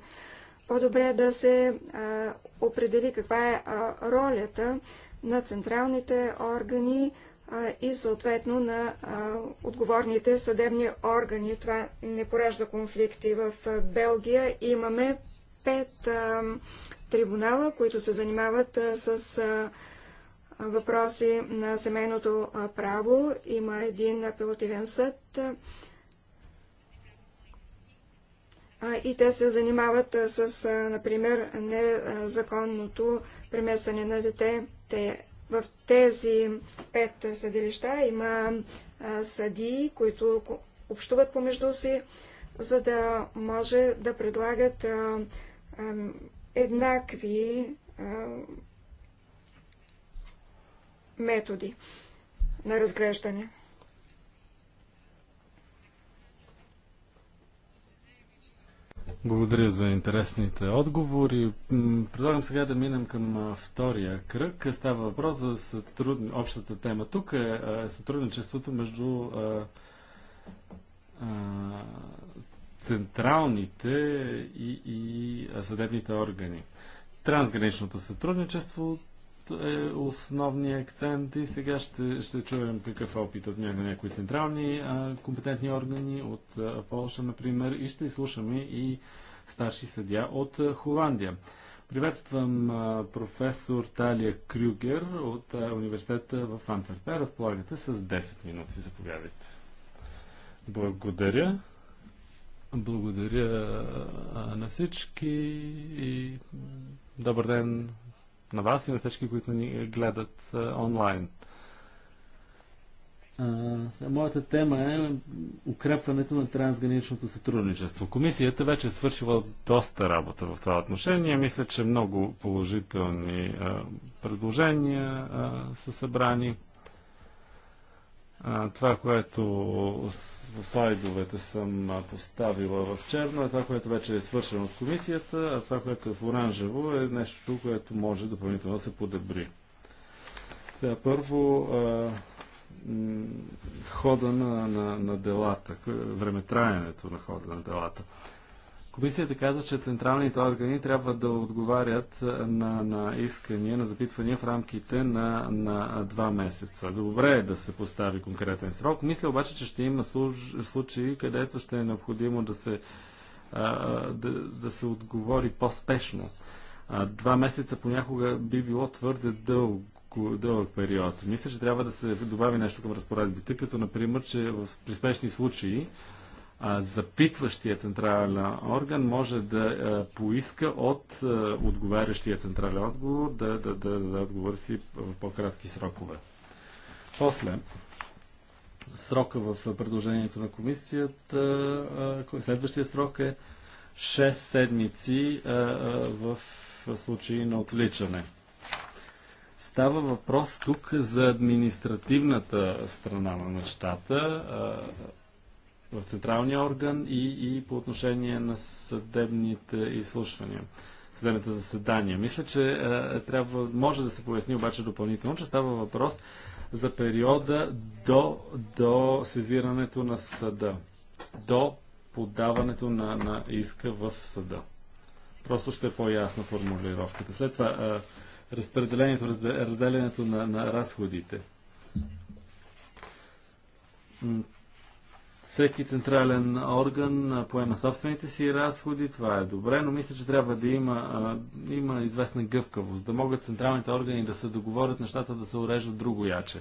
По-добре е да се а, определи каква е а, ролята на централните органи а, и съответно на а, отговорните съдебни органи. Това не поражда конфликти. В Белгия имаме пет а, трибунала, които се занимават а, с. А, въпроси на семейното право. Има един апелативен съд и те се занимават с, например, незаконното преместване на дете. Те, в тези пет съдилища има съдии, които общуват помежду си, за да може да предлагат еднакви методи на разглеждане. Благодаря за интересните отговори. Предлагам сега да минем към втория кръг. Става въпрос за сътруд... общата тема. Тук е, е сътрудничеството между е, централните и, и съдебните органи. Трансграничното сътрудничество е основния акцент и сега ще, ще чуем какъв е опит от някои, някои централни а, компетентни органи от а, Полша, например, и ще изслушаме и старши съдя от а, Холандия. Приветствам а, професор Талия Крюгер от а, университета в Антверпен. Разполагате с 10 минути. Заповядайте. Благодаря. Благодаря а, на всички и добър ден на вас и на всички, които ни гледат е, онлайн. Моята тема е укрепването на трансграничното сътрудничество. Комисията вече е свършила доста работа в това отношение. Мисля, че много положителни а, е, предложения а, е, са събрани. А, това, което в слайдовете съм поставила в черно, е това, което вече е свършено от комисията, а това, което е в оранжево, е нещо, което може допълнително да се подобри. Сега, първо, а, хода на, на, на делата, времетраенето на хода на делата. А, Комисията каза, че централните органи трябва да отговарят на, на искания, на запитвания в рамките на, на два месеца. Добре е да се постави конкретен срок. Мисля обаче, че ще има случаи, където ще е необходимо да се, да, да се отговори по-спешно. два месеца понякога би било твърде дълго дълъг период. Мисля, че трябва да се добави нещо към разпоредбите, като например, че в приспешни случаи запитващия централен орган може да е, поиска от е, отговарящия централен отговор да, да, да, да отговор си в по-кратки срокове. После, срока в предложението на комисията, е, следващия срок е 6 седмици в случай на отвличане. Става въпрос тук за административната страна на нещата в централния орган и, и по отношение на съдебните изслушвания, съдебните заседания. Мисля, че е, трябва, може да се поясни обаче допълнително, че става въпрос за периода до, до сезирането на съда, до подаването на, на иска в съда. Просто ще е по-ясна формулировката. След това е, разпределението, разделянето на, на разходите всеки централен орган поема собствените си разходи, това е добре, но мисля, че трябва да има, а, има известна гъвкавост, да могат централните органи да се договорят нещата да се уреждат друго яче.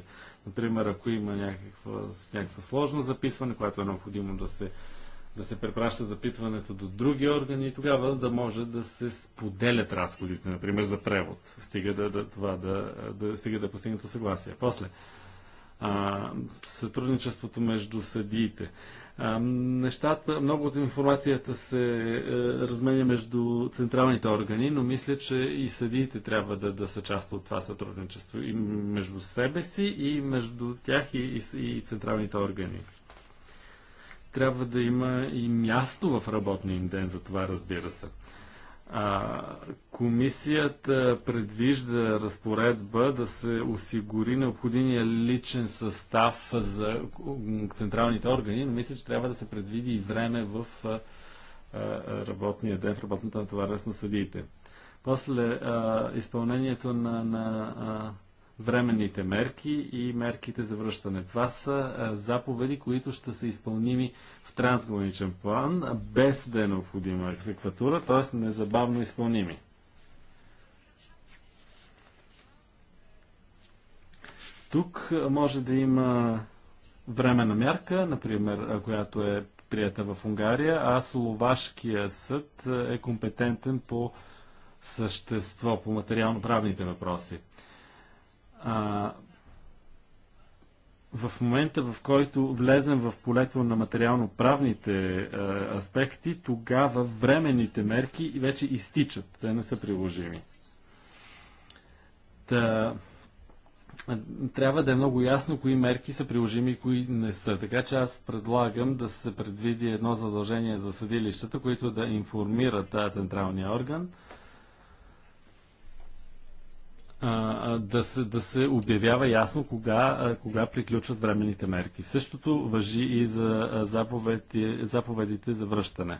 Например, ако има някаква, някаква сложно записване, което е необходимо да се, да се препраща запитването до други органи, тогава да може да се споделят разходите, например, за превод, стига да, да, това, да, да, стига да постигнато съгласие. После, а, сътрудничеството между съдиите. А, нещата, много от информацията се а, е, разменя между централните органи, но мисля, че и съдиите трябва да, да са част от това сътрудничество и между себе си, и между тях и, и, и централните органи. Трябва да има и място в работния им ден за това, разбира се. А, комисията предвижда разпоредба да се осигури необходимия личен състав за централните органи, но мисля, че трябва да се предвиди и време в а, работния ден, в работната натовареност на съдиите. После а, изпълнението на, на временните мерки и мерките за връщане. Това са заповеди, които ще са изпълними в трансграничен план, без да е необходима екзекватура, т.е. незабавно изпълними. Тук може да има времена мярка, например, която е прията в Унгария, а Словашкия съд е компетентен по същество, по материално-правните въпроси. А, в момента, в който влезем в полето на материално-правните е, аспекти, тогава временните мерки вече изтичат. Те не са приложими. Та, трябва да е много ясно кои мерки са приложими и кои не са. Така че аз предлагам да се предвиди едно задължение за съдилищата, които да информират тази централния орган – да, се, да се обявява ясно кога, кога приключват временните мерки. същото въжи и за заповеди, заповедите за връщане.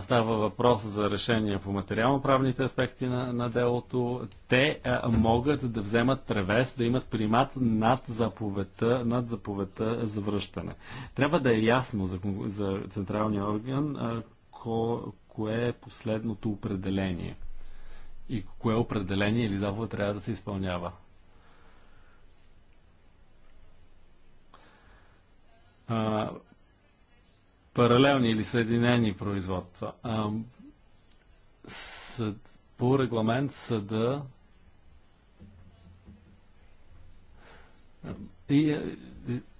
става въпрос за решение по материално-правните аспекти на, на делото. Те а, могат да вземат превес, да имат примат над заповедта, над заповедта за връщане. Трябва да е ясно за, за централния орган а, ко, кое е последното определение и кое определение или заповед трябва да се изпълнява. А, паралелни или съединени производства. А, съд, по регламент съда и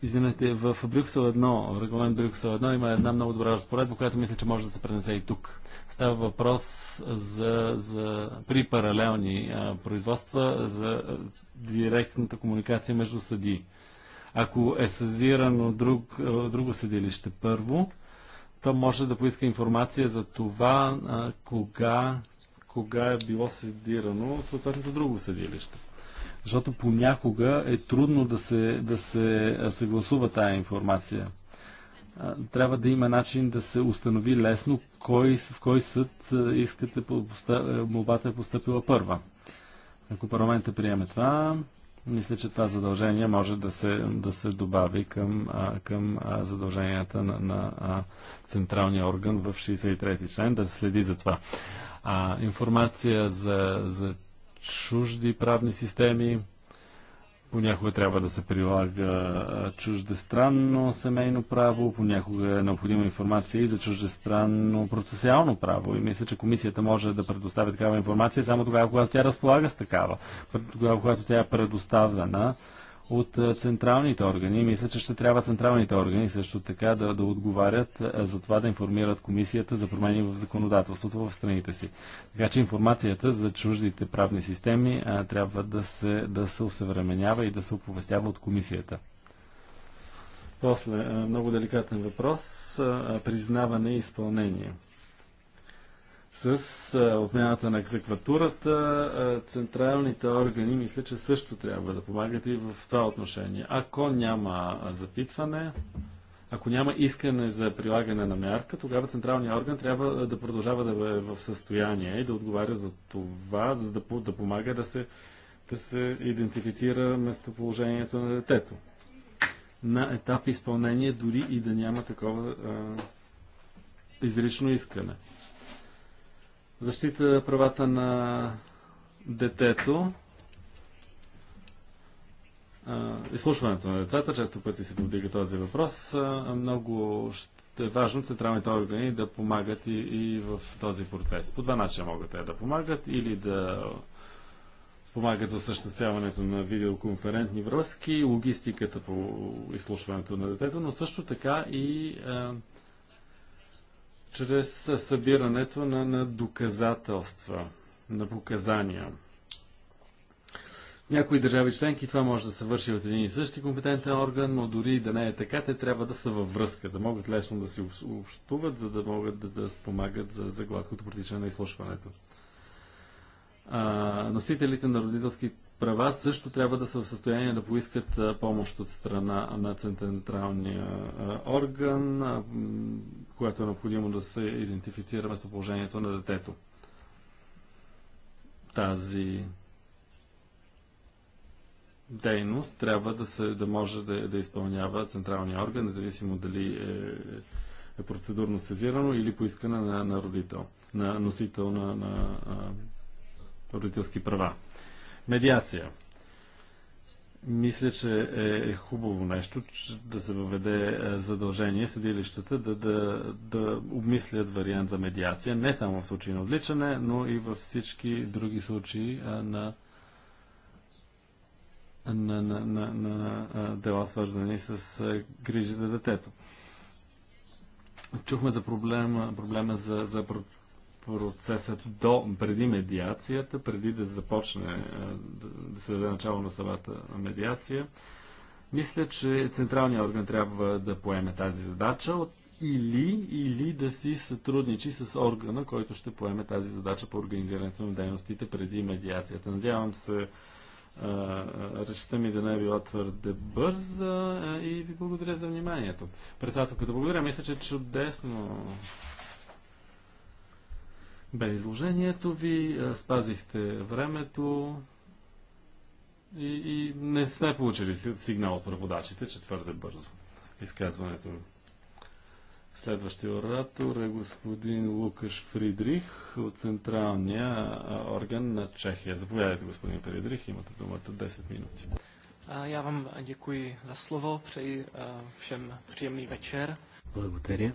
извинете, в Брюксел 1, регламент Брюксел 1 има една много добра разпоредба, която мисля, че може да се пренесе и тук. Става въпрос за, за при паралелни а, производства за директната комуникация между съдии. Ако е съзирано друг, друго съдилище първо, то може да поиска информация за това а, кога, кога е било съдирано съответното друго съдилище защото понякога е трудно да се, да се съгласува тая информация. Трябва да има начин да се установи лесно кой, в кой съд искате, молбата е поступила първа. Ако парламентът приеме това, мисля, че това задължение може да се, да се добави към, към задълженията на, на централния орган в 63 ти член да следи за това. А, информация за, за чужди правни системи. Понякога трябва да се прилага чуждестранно семейно право, понякога е необходима информация и за чуждестранно процесуално право. И мисля, че комисията може да предостави такава информация само тогава, когато тя разполага с такава, тогава, когато тя е предоставена от централните органи. Мисля, че ще трябва централните органи също така да, да отговарят за това да информират комисията за промени в законодателството в страните си. Така че информацията за чуждите правни системи а, трябва да се, да се усъвременява и да се оповестява от комисията. После, много деликатен въпрос признаване и изпълнение. С а, отмяната на екзекватурата, а, централните органи мисля, че също трябва да помагат и в това отношение. Ако няма запитване, ако няма искане за прилагане на мярка, тогава централният орган трябва да продължава да е в състояние и да отговаря за това, за да, да помага да се, да се идентифицира местоположението на детето. На етап изпълнение дори и да няма такова а, изрично искане защита правата на детето. Изслушването на децата, често пъти се повдига този въпрос. Много ще е важно централните органи да помагат и, и в този процес. По два начина могат те да помагат или да спомагат за осъществяването на видеоконферентни връзки, логистиката по изслушването на детето, но също така и а, чрез събирането на, на доказателства, на показания. В някои държави членки това може да се върши от един и същи компетентен орган, но дори и да не е така, те трябва да са във връзка, да могат лесно да си общуват, за да могат да, да спомагат за, за гладкото протичане на изслушването. А, носителите на родителски права също трябва да са в състояние да поискат помощ от страна на централния орган, което е необходимо да се идентифицира местоположението на детето. Тази дейност трябва да, се, да може да, да изпълнява централния орган, независимо дали е, е процедурно сезирано или поискане на, на родител, на носител на, на, на родителски права. Медиация. Мисля, че е хубаво нещо че да се въведе задължение съдилищата да, да, да обмислят вариант за медиация, не само в случай на отличане, но и във всички други случаи на, на, на, на, на дела, свързани с грижи за детето. Чухме за проблема, проблема за, за процесът до, преди медиацията, преди да започне е, да се даде начало на самата медиация. Мисля, че централният орган трябва да поеме тази задача или, или да си сътрудничи с органа, който ще поеме тази задача по организирането на дейностите преди медиацията. Надявам се, е, е, речта ми да не е била твърде бърза и ви благодаря за вниманието. Председателката, благодаря. Мисля, че чудесно бе изложението ви, спазихте времето и, и не сме получили сигнал от преводачите, че твърде бързо изказването ми. Следващия оратор е господин Лукаш Фридрих от Централния орган на Чехия. Заповядайте, господин Фридрих, имате думата 10 минути. Я вам дякую за слово, přeji всем příjemný вечер. Благодаря.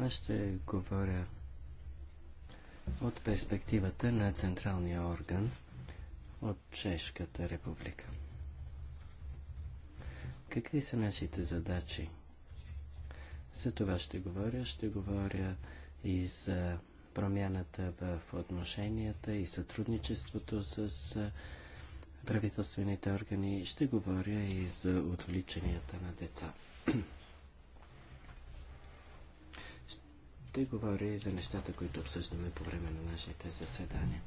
Аз ще говоря от перспективата на централния орган от Чешката република. Какви са нашите задачи? За това ще говоря. Ще говоря и за промяната в отношенията и сътрудничеството с правителствените органи. Ще говоря и за отвличанията на деца. ще говори за нещата, които обсъждаме по време на нашите заседания.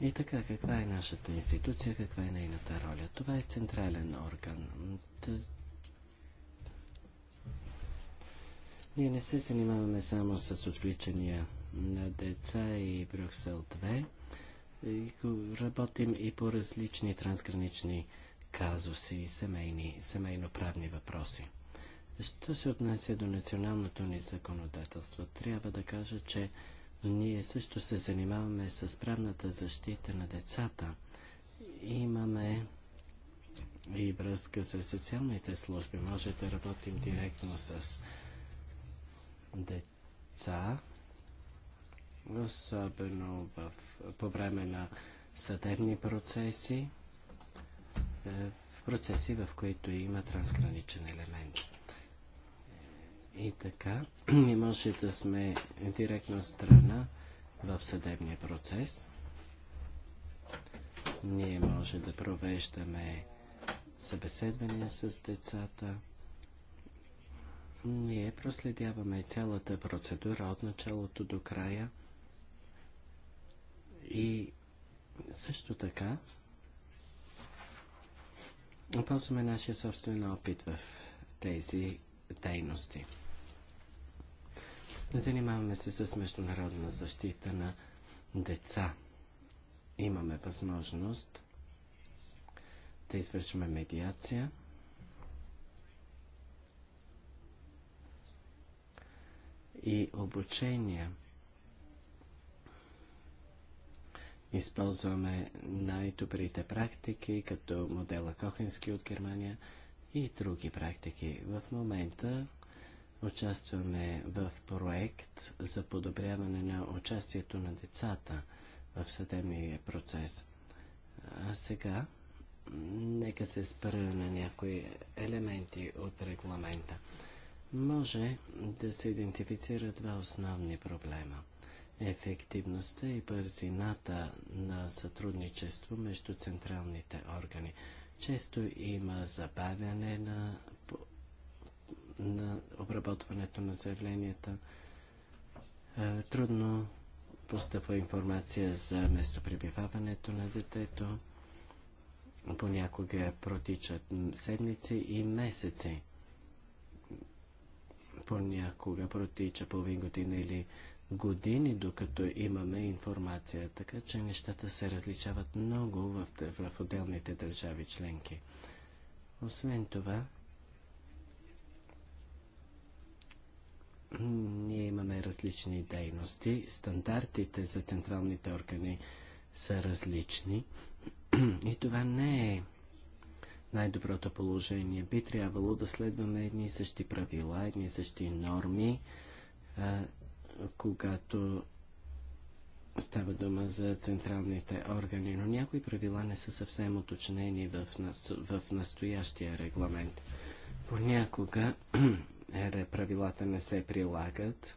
И така, каква е нашата институция, каква е нейната роля? Това е централен орган. Ние не се занимаваме само с отвличания на деца и Брюксел 2. И работим и по различни трансгранични казуси и семейни, семейно-правни въпроси. Що се отнася до националното ни законодателство, трябва да кажа, че ние също се занимаваме с правната защита на децата. Имаме и връзка с социалните служби. Може да работим директно с деца, особено в, по време на съдебни процеси, в е, процеси, в които има трансграничен елемент. И така, не може да сме директна страна в съдебния процес. Ние може да провеждаме събеседвания с децата. Ние проследяваме цялата процедура от началото до края. И също така ползваме нашия собствен опит в тези дейности. Занимаваме се с международна защита на деца. Имаме възможност да извършваме медиация. и обучение. Използваме най-добрите практики, като модела Кохенски от Германия и други практики. В момента Участваме в проект за подобряване на участието на децата в съдебния процес. А сега нека се спра на някои елементи от регламента. Може да се идентифицират два основни проблема. Ефективността и бързината на сътрудничество между централните органи. Често има забавяне на на обработването на заявленията. Е, трудно постъпва информация за местопребиваването на детето. Понякога протичат седмици и месеци. Понякога протича половин година или години, докато имаме информация, така че нещата се различават много в, в отделните държави членки. Освен това, ние имаме различни дейности. Стандартите за централните органи са различни. И това не е най-доброто положение. Би трябвало да следваме едни същи правила, едни същи норми, а, когато става дума за централните органи, но някои правила не са съвсем уточнени в, нас, в настоящия регламент. Понякога е, правилата не се прилагат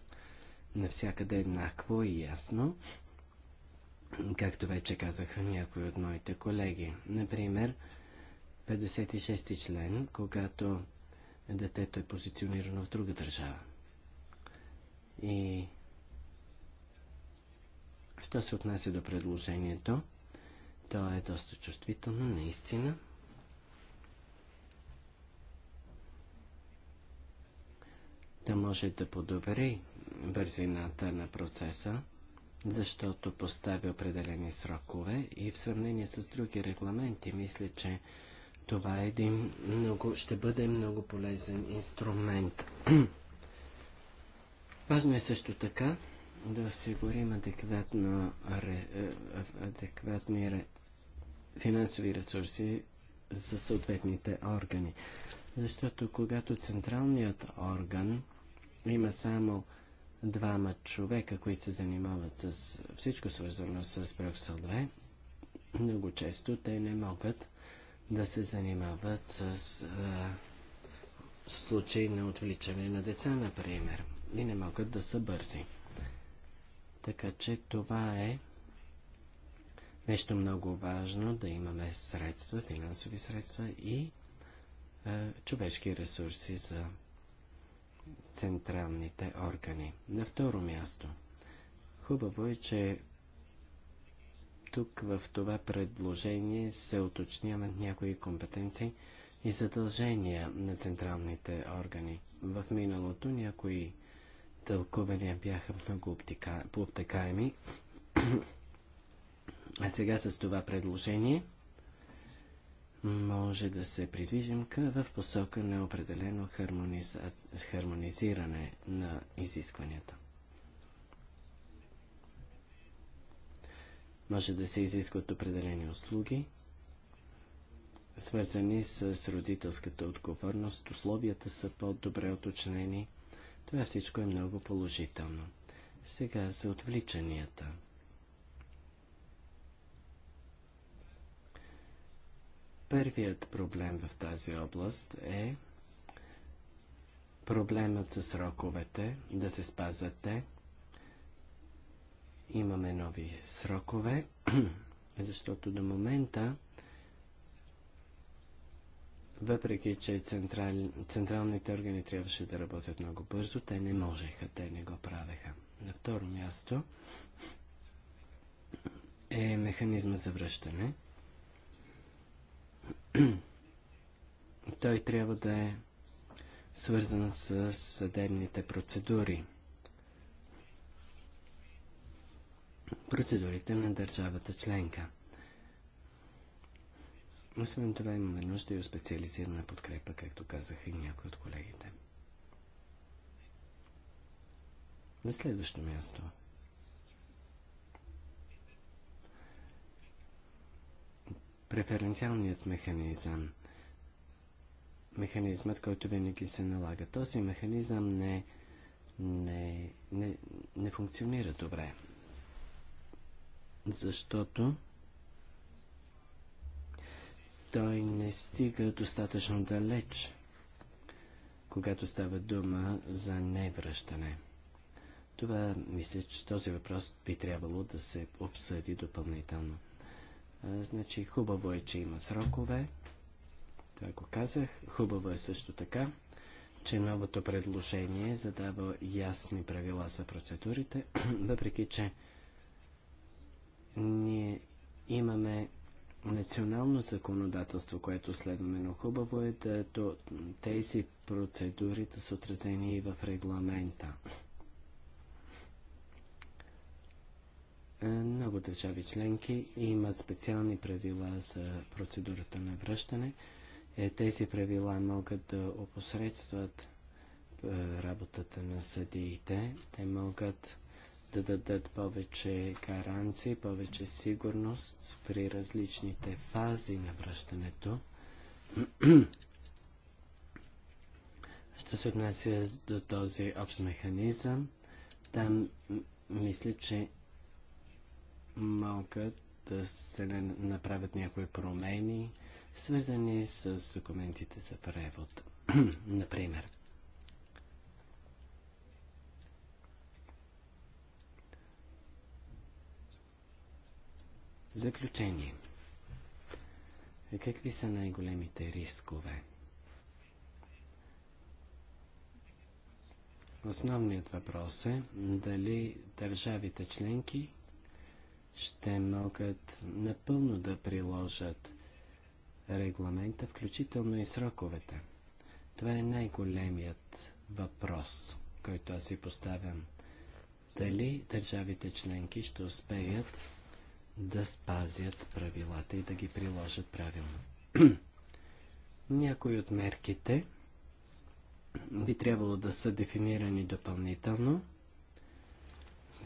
навсякъде е еднакво и ясно. Както вече казаха някои от моите колеги. Например, 56 ти член, когато детето е позиционирано в друга държава. И що се отнася до предложението, то е доста чувствително, наистина. да може да подобри бързината на процеса, защото поставя определени срокове и в сравнение с други регламенти, мисля, че това е един много, ще бъде много полезен инструмент. Важно е също така да осигурим адекватно, е, адекватни финансови ресурси за съответните органи. Защото когато централният орган има само двама човека, които се занимават с всичко свързано с Брюксел 2. Много често те не могат да се занимават с а, случаи на отвличане на деца, например. И не могат да са бързи. Така че това е нещо много важно, да имаме средства, финансови средства и а, човешки ресурси за централните органи. На второ място. Хубаво е, че тук в това предложение се уточняват някои компетенции и задължения на централните органи. В миналото някои тълкувания бяха много обтекаеми, а сега с това предложение – може да се придвижим в посока на определено хармониз... хармонизиране на изискванията. Може да се изискват определени услуги, свързани с родителската отговорност, условията са по-добре оточнени. Това всичко е много положително. Сега за отвличанията – Първият проблем в тази област е проблемът с сроковете, да се те. Имаме нови срокове, защото до момента, въпреки че централ, централните органи трябваше да работят много бързо, те не можеха, те не го правеха. На второ място е механизма за връщане – той трябва да е свързан с съдебните процедури. Процедурите на държавата членка. Освен това имаме нужда и специализирана подкрепа, както казаха и някои от колегите. На следващо място – преференциалният механизъм. Механизмът, който винаги се налага. Този механизъм не, не, не, не функционира добре. Защото той не стига достатъчно далеч, когато става дума за невръщане. Това мисля, че този въпрос би трябвало да се обсъди допълнително. Значи хубаво е, че има срокове. Това го казах. Хубаво е също така, че новото предложение задава ясни правила за процедурите, въпреки че ние имаме национално законодателство, което следваме, но хубаво е да, то, тези процедури да са отразени и в регламента. Е, много държави членки имат специални правила за процедурата на връщане. Е, тези правила могат да опосредстват е, работата на съдиите. Те могат да дадат повече гаранции, повече сигурност при различните фази на връщането. Що се отнася до този общ механизъм, там мисля, че малка, да се направят някои промени, свързани с документите за превод. Например, Заключение. Какви са най-големите рискове? Основният въпрос е дали държавите членки ще могат напълно да приложат регламента, включително и сроковете. Това е най-големият въпрос, който аз си поставям. Дали държавите членки ще успеят да спазят правилата и да ги приложат правилно. Някои от мерките би трябвало да са дефинирани допълнително –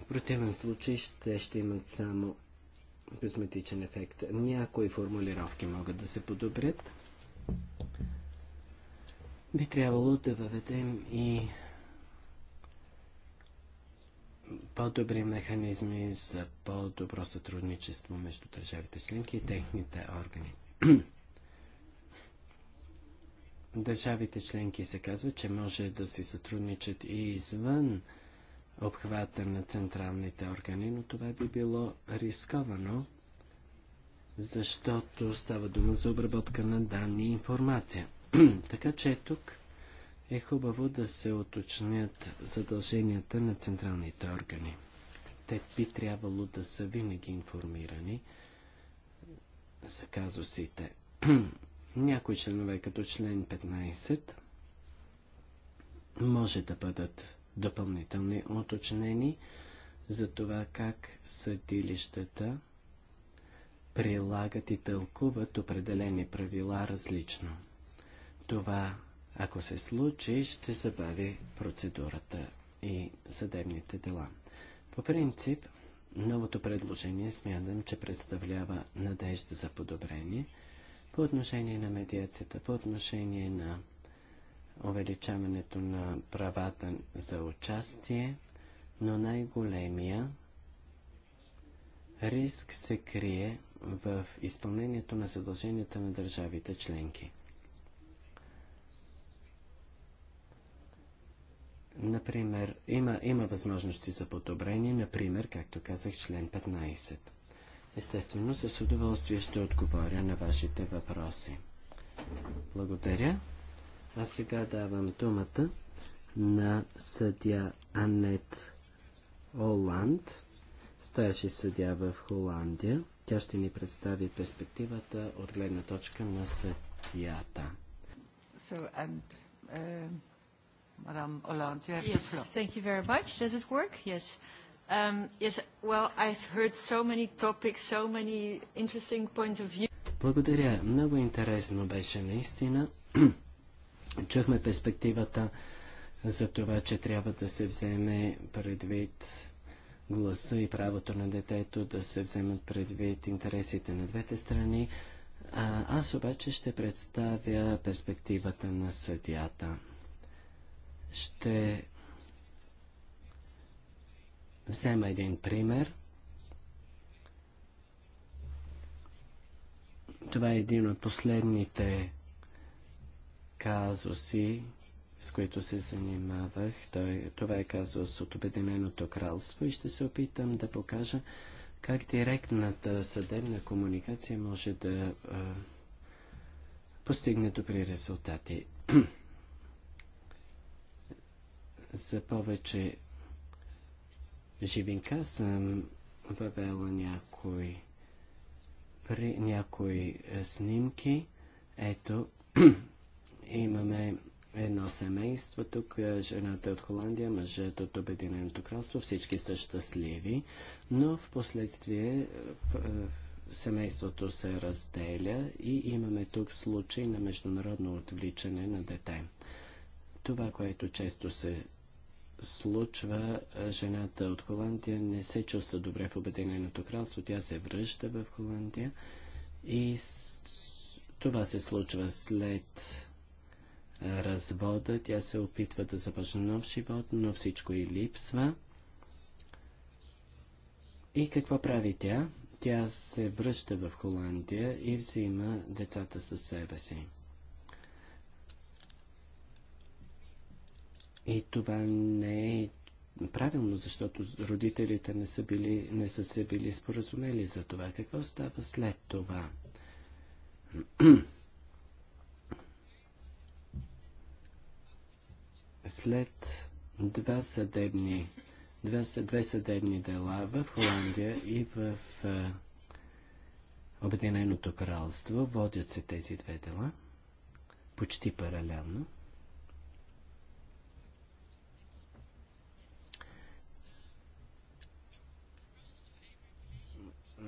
противен случай ще, ще имат само козметичен ефект. Някои формулировки могат да се подобрят. Би трябвало да въведем и по-добри механизми за по-добро сътрудничество между държавите членки и техните органи. Държавите членки се казват, че може да си сътрудничат и извън обхвата на централните органи, но това би било рисковано, защото става дума за обработка на данни и информация. така че тук е хубаво да се уточнят задълженията на централните органи. Те би трябвало да са винаги информирани за казусите. Някои членове, като член 15, може да бъдат допълнителни уточнени за това как съдилищата прилагат и тълкуват определени правила различно. Това, ако се случи, ще забави процедурата и съдебните дела. По принцип, новото предложение смятам, че представлява надежда за подобрение по отношение на медиацията, по отношение на увеличаването на правата за участие, но най-големия риск се крие в изпълнението на задълженията на държавите членки. Например, има, има възможности за подобрение, например, както казах, член 15. Естествено, с удоволствие ще отговоря на вашите въпроси. Благодаря. А сега давам думата на съдя Анет Оланд, старши съдя в Холандия. Тя ще ни представи перспективата от гледна точка на съдията. So, and, uh, Madame Hollande, you have yes, the floor. Thank you very much. Does it work? Yes. Um, yes, well, I've heard so many topics, so many interesting points of view. Благодаря. Много интересно беше наистина. Чухме перспективата за това, че трябва да се вземе предвид гласа и правото на детето, да се вземат предвид интересите на двете страни. А, аз обаче ще представя перспективата на съдията. Ще взема един пример. Това е един от последните казуси, с които се занимавах. Той, това е казус от Обединеното кралство и ще се опитам да покажа как директната съдебна комуникация може да а, постигне добри резултати. За повече живинка съм въвела някои, при, някои снимки. Ето, Имаме едно семейство тук, е, жената е от Холандия, мъжът от Обединеното кралство, всички са щастливи, но в последствие е, е, семейството се разделя и имаме тук случай на международно отвличане на дете. Това, което често се случва, жената от Холандия не се чувства добре в Обединеното кралство, тя се връща в Холандия и това се случва след развода. Тя се опитва да започне нов живот, но всичко и липсва. И какво прави тя? Тя се връща в Холандия и взима децата със себе си. И това не е правилно, защото родителите не са, били, не са се били споразумели за това. Какво става след това? След два съдебни, два, две съдебни дела в Холандия и в е, Обединеното кралство водят се тези две дела почти паралелно.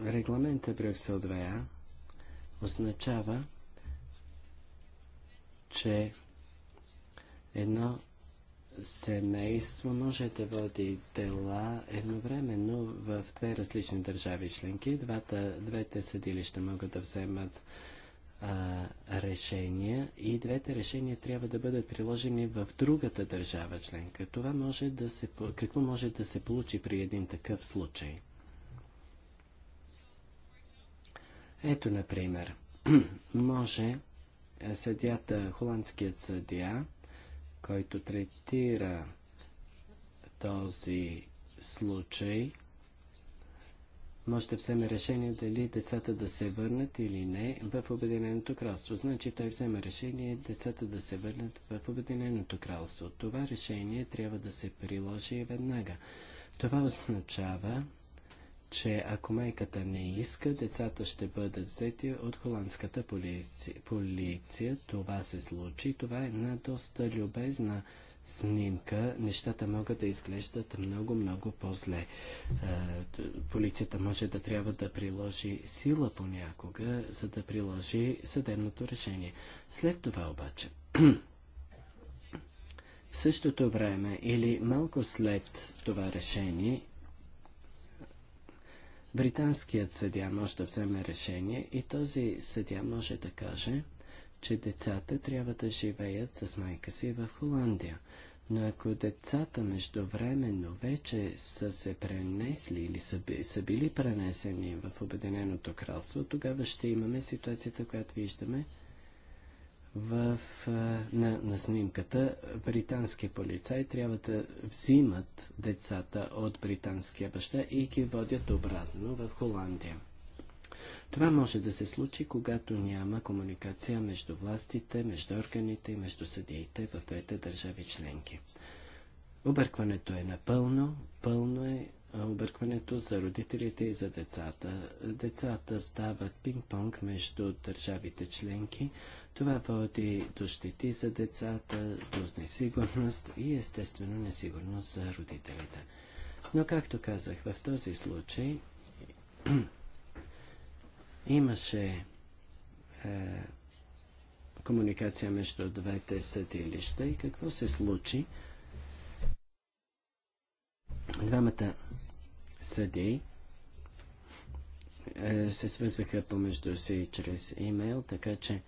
Регламента Брюксел 2А означава, че едно семейство може да води дела едновременно в две различни държави членки. Двата, двете съдилища могат да вземат а, решения и двете решения трябва да бъдат приложени в другата държава членка. Това може да се, какво може да се получи при един такъв случай? Ето, например, може съдята, холандският съдия, който третира този случай, може да вземе решение дали децата да се върнат или не в Обединеното кралство. Значи той взема решение децата да се върнат в Обединеното кралство. Това решение трябва да се приложи веднага. Това означава, че ако майката не иска, децата ще бъдат взети от холандската полиция. полиция. Това се случи. Това е една доста любезна снимка. Нещата могат да изглеждат много-много по-зле. Е, полицията може да трябва да приложи сила понякога, за да приложи съдебното решение. След това обаче, в същото време или малко след това решение британският съдя може да вземе решение и този съдя може да каже, че децата трябва да живеят с майка си в Холандия. Но ако децата междувременно вече са се пренесли или са, са били пренесени в Обединеното кралство, тогава ще имаме ситуацията, която виждаме в, на, на снимката британски полицаи трябва да взимат децата от британския баща и ги водят обратно в Холандия. Това може да се случи, когато няма комуникация между властите, между органите и между съдиите в двете държави членки. Объркването е напълно, пълно е объркването за родителите и за децата. Децата стават пинг-понг между държавите членки. Това води до щети за децата, до несигурност и естествено несигурност за родителите. Но както казах, в този случай имаше е, комуникация между двете съдилища и какво се случи? Двамата Съди. Е, се свързаха помежду си чрез имейл, така че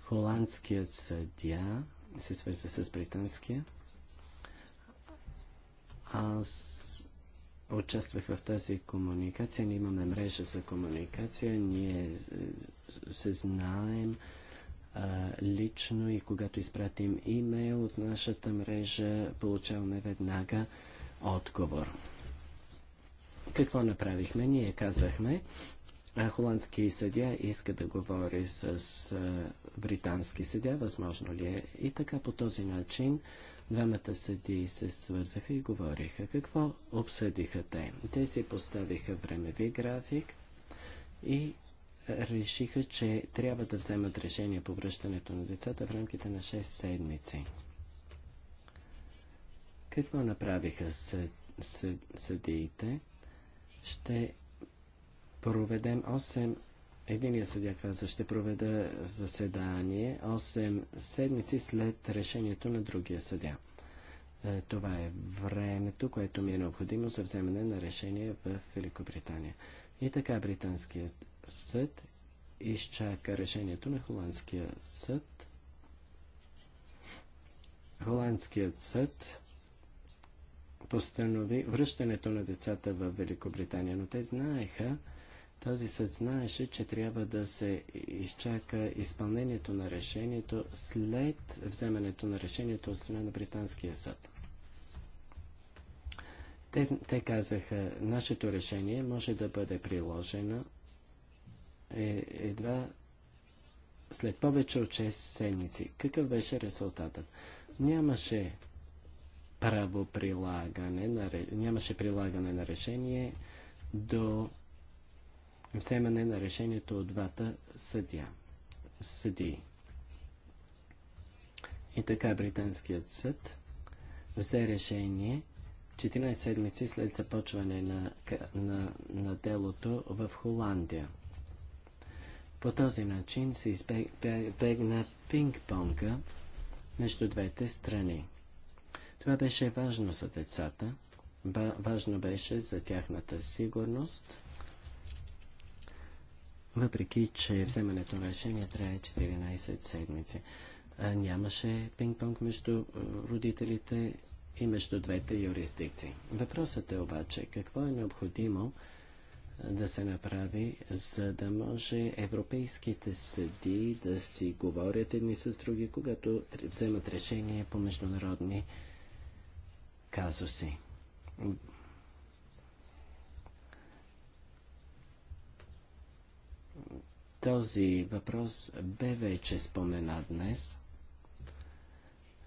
холандският съдия се свърза с британския. Аз участвах в тази комуникация. Ние имаме мрежа за комуникация. Ние е, се знаем а, е, лично и когато изпратим имейл от нашата мрежа, получаваме веднага отговор. Какво направихме? Ние казахме, холандски съдя иска да говори с британски съдя, възможно ли е. И така по този начин двамата съдии се свързаха и говориха. Какво обсъдиха те? Те си поставиха времеви график и решиха, че трябва да вземат решение по връщането на децата в рамките на 6 седмици. Какво направиха съ, съ, съдиите? ще проведем 8 Единия съдя каза, ще проведа заседание 8 седмици след решението на другия съдя. Е, това е времето, което ми е необходимо за вземане на решение в Великобритания. И така британският съд изчака решението на холандския съд. Холандският съд постанови връщането на децата в Великобритания, но те знаеха, този съд знаеше, че трябва да се изчака изпълнението на решението след вземането на решението от страна на Британския съд. Те, те казаха, нашето решение може да бъде приложено е, едва след повече от 6 седмици. Какъв беше резултатът? Нямаше правоприлагане, на, нямаше прилагане на решение до вземане на решението от двата съдя. Съдии. И така британският съд взе решение 14 седмици след започване на, на, на делото в Холандия. По този начин се избегна пинг-понга между двете страни. Това беше важно за децата, важно беше за тяхната сигурност, въпреки че вземането на решение трае 14 седмици. А, нямаше пинг-понг между родителите и между двете юрисдикции. Въпросът е обаче какво е необходимо да се направи, за да може европейските съди да си говорят едни с други, когато вземат решение по международни казуси. Този въпрос бе вече спомена днес.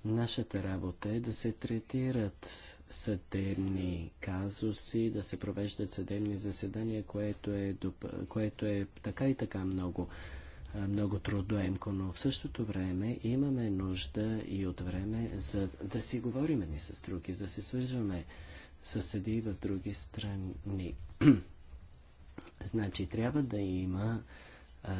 Нашата работа е да се третират съдебни казуси, да се провеждат съдебни заседания, което е, което е така и така много много трудоемко, но в същото време имаме нужда и от време за да си говорим ни с други, да се свързваме с съди в други страни. значи трябва да има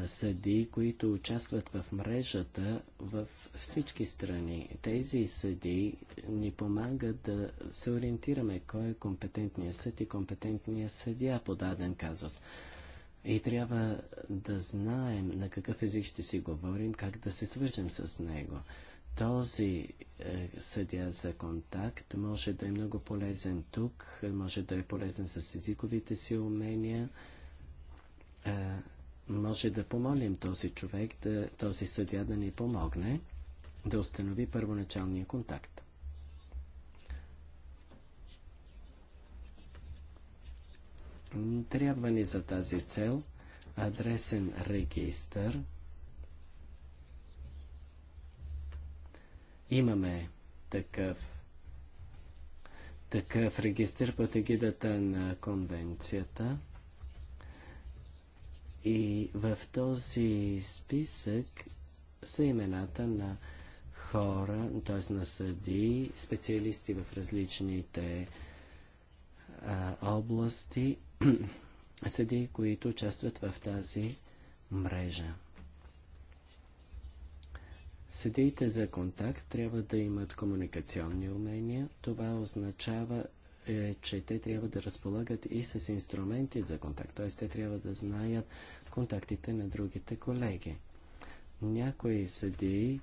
съди, които участват в мрежата в всички страни. Тези съди ни помагат да се ориентираме кой е компетентният съд и компетентният съдия по даден казус. И трябва да знаем на какъв език ще си говорим, как да се свържем с него. Този е, съдя за контакт може да е много полезен тук, може да е полезен с езиковите си умения. Е, може да помолим този човек, да, този съдя да ни помогне да установи първоначалния контакт. Трябва ни за тази цел адресен регистър. Имаме такъв такъв регистр под егидата на конвенцията. И в този списък са имената на хора, т.е. на съди, специалисти в различните а, области съди, които участват в тази мрежа. Съдиите за контакт трябва да имат комуникационни умения. Това означава, е, че те трябва да разполагат и с инструменти за контакт, т.е. те трябва да знаят контактите на другите колеги. Някои съдии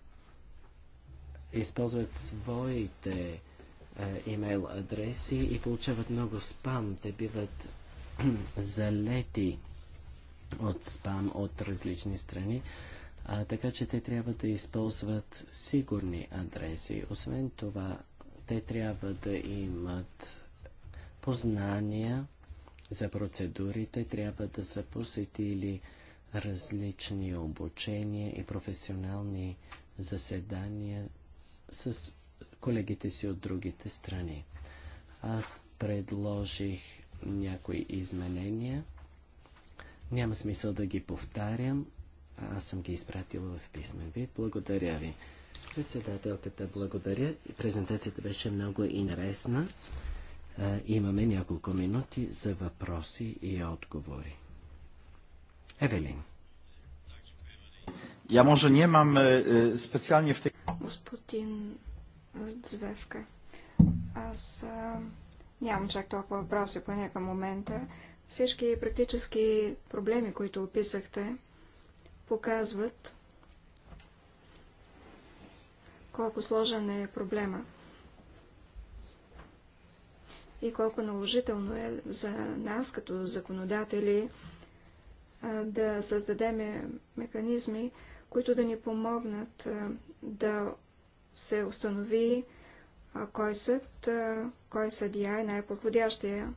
използват своите е, имейл адреси и получават много спам. Те биват залети от спам от различни страни, а, така че те трябва да използват сигурни адреси. Освен това, те трябва да имат познания за процедурите, трябва да са посетили различни обучения и професионални заседания с колегите си от другите страни. Аз предложих някои изменения. Няма смисъл да ги повтарям. Аз съм ги изпратила в писмен вид. Благодаря ви. Председателката, благодаря. Презентацията беше много интересна. Имаме няколко минути за въпроси и отговори. Евелин. Ja może nie mam специални в Господин Звевка, аз а, Нямам чак толкова въпроси поне към момента. Всички практически проблеми, които описахте, показват колко сложен е проблема и колко наложително е за нас като законодатели да създадем механизми, които да ни помогнат да се установи кой съд, кой съдия е най-подходящия.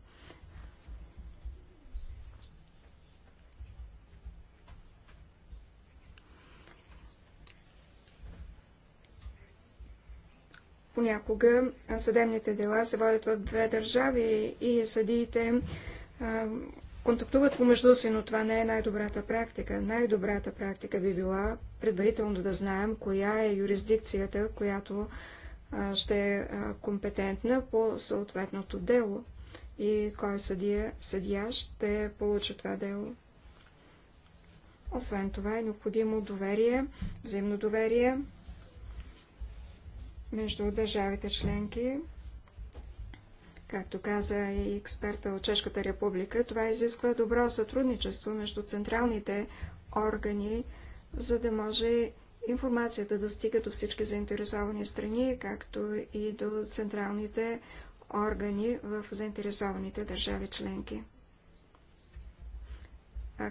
Понякога съдебните дела се водят в две държави и съдиите контактуват помежду си, но това не е най-добрата практика. Най-добрата практика би била предварително да знаем коя е юрисдикцията, която ще е компетентна по съответното дело и кой е съдия, съдия ще получи това дело. Освен това е необходимо доверие, взаимно доверие между държавите членки. Както каза и експерта от Чешката република, това изисква добро сътрудничество между централните органи, за да може информацията да стига до всички заинтересовани страни, както и до централните органи в заинтересованите държави членки.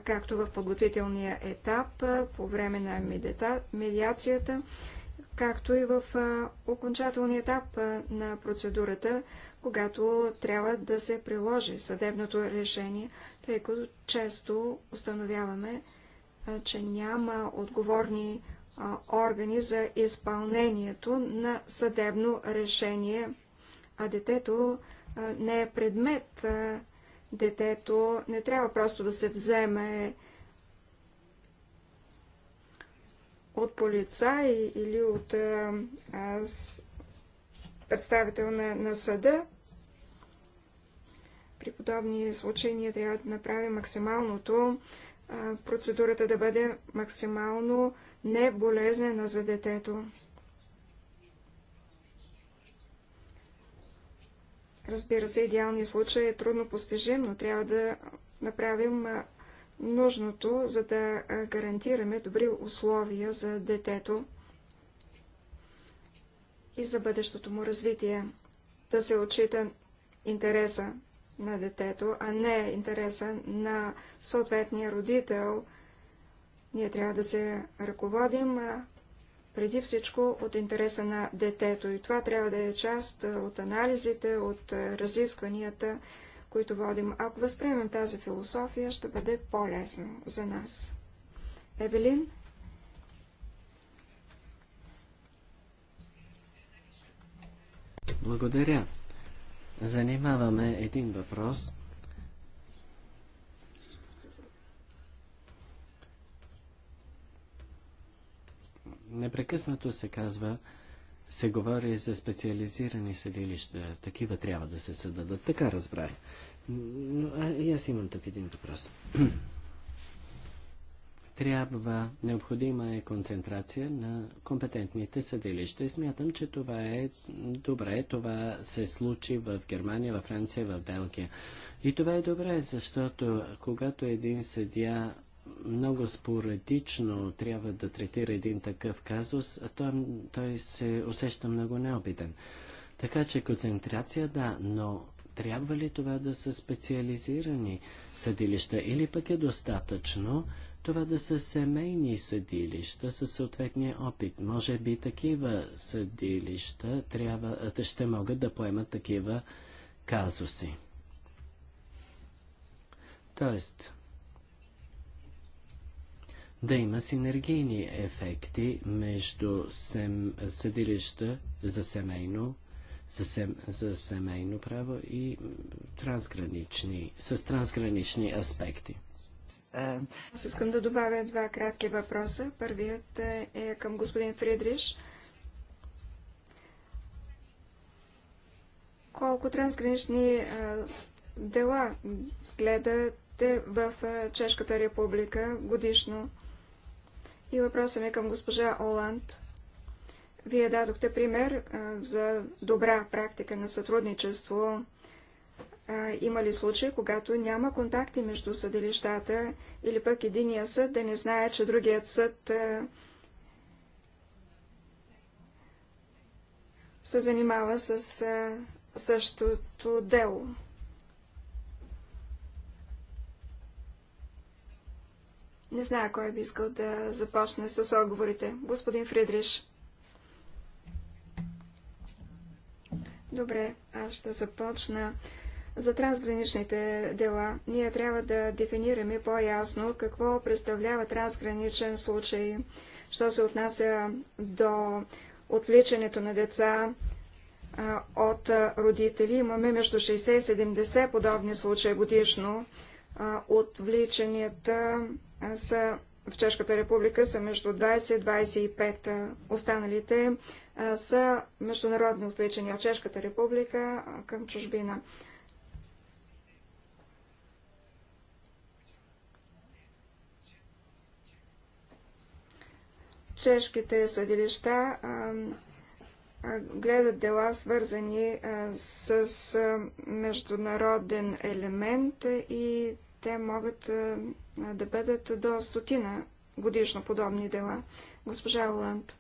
Както в подготвителния етап, по време на медита... медиацията, както и в окончателния етап на процедурата, когато трябва да се приложи съдебното решение, тъй като често установяваме, че няма отговорни органи за изпълнението на съдебно решение, а детето не е предмет. Детето не трябва просто да се вземе от полицай или от представител на, на съда. При подобни случаи ние трябва да направим максималното, процедурата да бъде максимално не болезнена за детето. Разбира се, идеалният случай е трудно постижим, но трябва да направим нужното, за да гарантираме добри условия за детето и за бъдещото му развитие. Да се отчита интереса на детето, а не интереса на съответния родител ние трябва да се ръководим преди всичко от интереса на детето. И това трябва да е част от анализите, от разискванията, които водим. Ако възприемем тази философия, ще бъде по-лесно за нас. Евелин? Благодаря. Занимаваме един въпрос, Непрекъснато се казва, се говори за специализирани съдилища. Такива трябва да се съдадат. Така разбрах. Но, а, и аз имам тук един въпрос. трябва, необходима е концентрация на компетентните съдилища и смятам, че това е добре. Това се случи в Германия, във Франция, в Белгия. И това е добре, защото когато един съдия много споредично трябва да третира един такъв казус, а той, той се усеща много необиден. Така че концентрация да, но трябва ли това да са специализирани съдилища или пък е достатъчно това да са семейни съдилища със съответния опит? Може би такива съдилища трябва, ще могат да поемат такива казуси. Тоест, да има синергийни ефекти между сем, съдилища за семейно, за, сем, за семейно право и трансгранични, с трансгранични аспекти. Аз искам да добавя два кратки въпроса. Първият е към господин Фридриш. Колко трансгранични дела гледате в Чешката република годишно? И въпросът ми е към госпожа Оланд. Вие дадохте пример за добра практика на сътрудничество. Има ли случаи, когато няма контакти между съдилищата или пък единия съд да не знае, че другият съд се занимава с същото дело? Не знае кой би искал да започне с отговорите. Господин Фридриш. Добре, аз ще започна. За трансграничните дела ние трябва да дефинираме по-ясно какво представлява трансграничен случай, що се отнася до отвличането на деца от родители. Имаме между 60 и 70 подобни случаи годишно отвличанията са в Чешката република са между 20 и 25. Останалите са международни отвличания от Чешката република към чужбина. Чешките съдилища гледат дела, свързани с международен елемент и те могат е, да бъдат до стотина годишно подобни дела. Госпожа Оланд.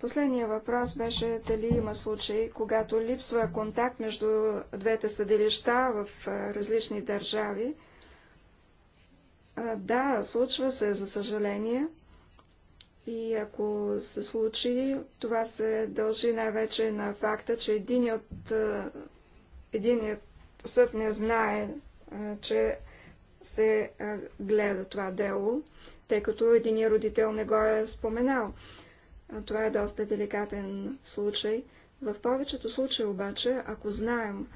Последният въпрос беше дали има случаи, когато липсва контакт между двете съдилища в е, различни държави. Да, случва се, за съжаление. И ако се случи, това се дължи най-вече на факта, че единият, е, единият съд не знае че се гледа това дело, тъй като един родител не го е споменал. Това е доста деликатен случай. В повечето случаи обаче, ако знаем,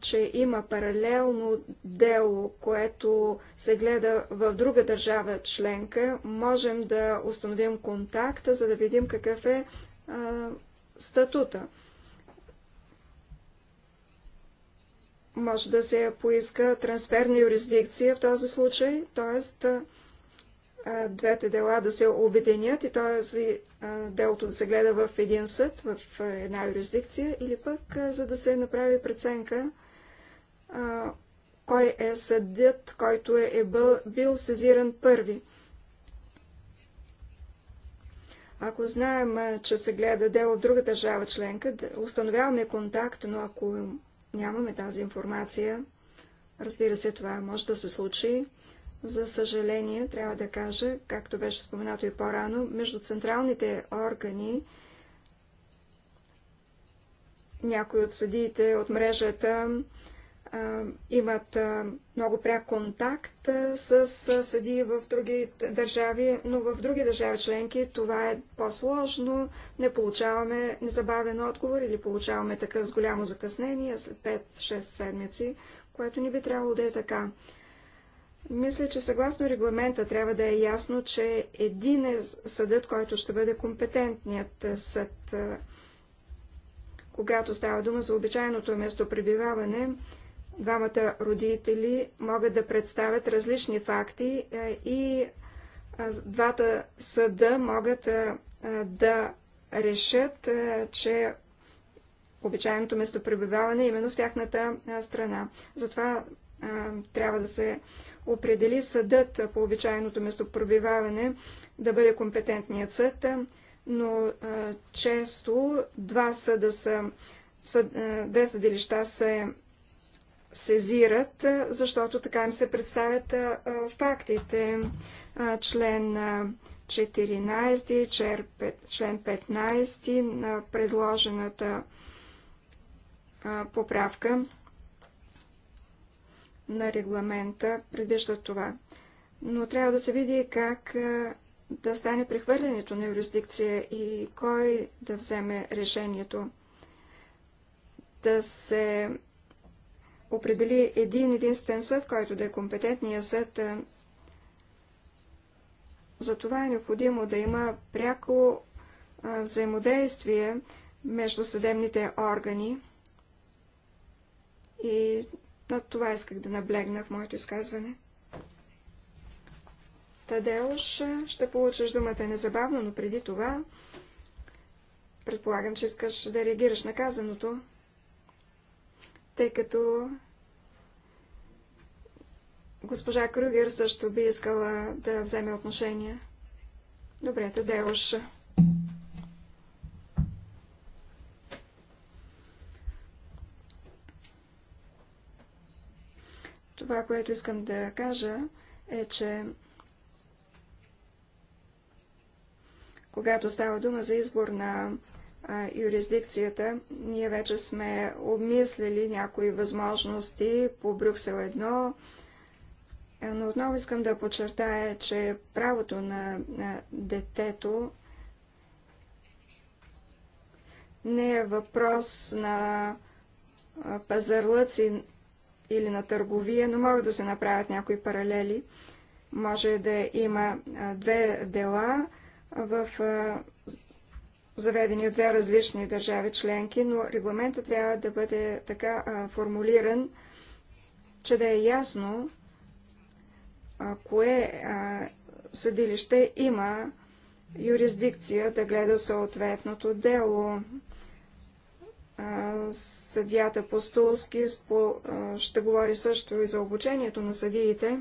че има паралелно дело, което се гледа в друга държава членка, можем да установим контакта, за да видим какъв е статута. може да се поиска трансферна юрисдикция в този случай, т.е. двете дела да се обединят и т.е. делото да се гледа в един съд, в една юрисдикция, или пък за да се направи преценка кой е съдят, който е, е бил, бил сезиран първи. Ако знаем, че се гледа дело от друга държава членка, установяваме контакт, но ако нямаме тази информация. Разбира се, това може да се случи. За съжаление, трябва да кажа, както беше споменато и по-рано, между централните органи, някои от съдиите от мрежата имат много пряк контакт с съдии в други държави, но в други държави членки това е по-сложно. Не получаваме незабавен отговор или получаваме така с голямо закъснение след 5-6 седмици, което ни би трябвало да е така. Мисля, че съгласно регламента трябва да е ясно, че един е съдът, който ще бъде компетентният съд. Когато става дума за обичайното местопребиваване, пребиваване, двамата родители могат да представят различни факти е, и двата съда могат да решат, че обичайното местопребиваване е именно в тяхната страна. Затова трябва да се определи съдът по обичайното местопребиваване да бъде компетентният съд, но често два съда са, съд, две съдилища се сезират, защото така им се представят фактите. Член 14, член 15 на предложената поправка на регламента предвижда това. Но трябва да се види как да стане прехвърлянето на юрисдикция и кой да вземе решението. Да се определи един единствен съд, който да е компетентния съд. Е, Затова е необходимо да има пряко е, взаимодействие между съдебните органи. И на това исках да наблегна в моето изказване. Тадеуш, е, ще получиш думата незабавно, но преди това предполагам, че искаш да реагираш на казаното тъй като госпожа Кругер също би искала да вземе отношение. Добре, уша. Това, което искам да кажа, е, че когато става дума за избор на юрисдикцията. Ние вече сме обмислили някои възможности по Брюксел 1, е, но отново искам да подчертая, че правото на, на детето не е въпрос на пазарлъци или на търговия, но могат да се направят някои паралели. Може да има две дела в заведени от две различни държави членки, но регламентът трябва да бъде така а, формулиран, че да е ясно а, кое а, съдилище има юрисдикция да гледа съответното дело. Съдията Постулски ще говори също и за обучението на съдиите.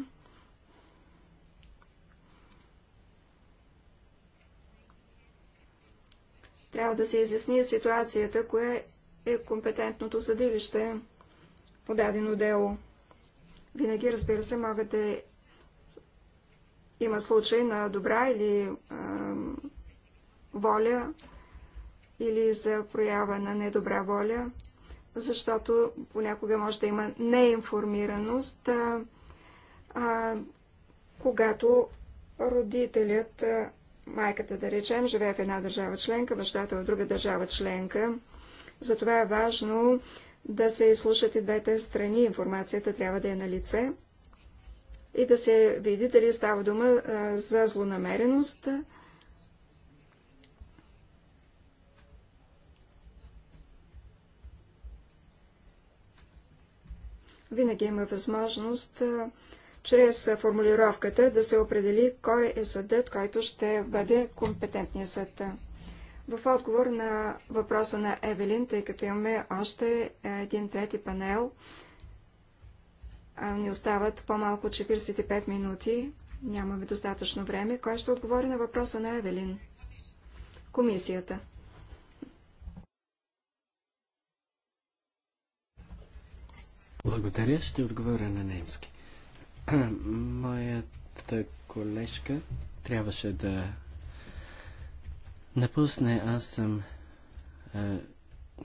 Трябва да се изясни ситуацията, кое е компетентното съдилище по дадено дело. Винаги, разбира се, могат да има случай на добра или а, воля или за проява на недобра воля, защото понякога може да има неинформираност, а, а, когато родителят а, майката, да речем, живее в една държава членка, бащата в друга държава членка. Затова е важно да се изслушат и двете страни. Информацията трябва да е на лице и да се види дали става дума за злонамереност. Винаги има възможност а, чрез формулировката да се определи кой е съдът, който ще бъде компетентния съд. В отговор на въпроса на Евелин, тъй като имаме още един трети панел, ни остават по-малко 45 минути, нямаме достатъчно време. Кой ще отговори на въпроса на Евелин? Комисията. Благодаря, ще отговоря на немски. Моята колежка трябваше да напусне. Аз съм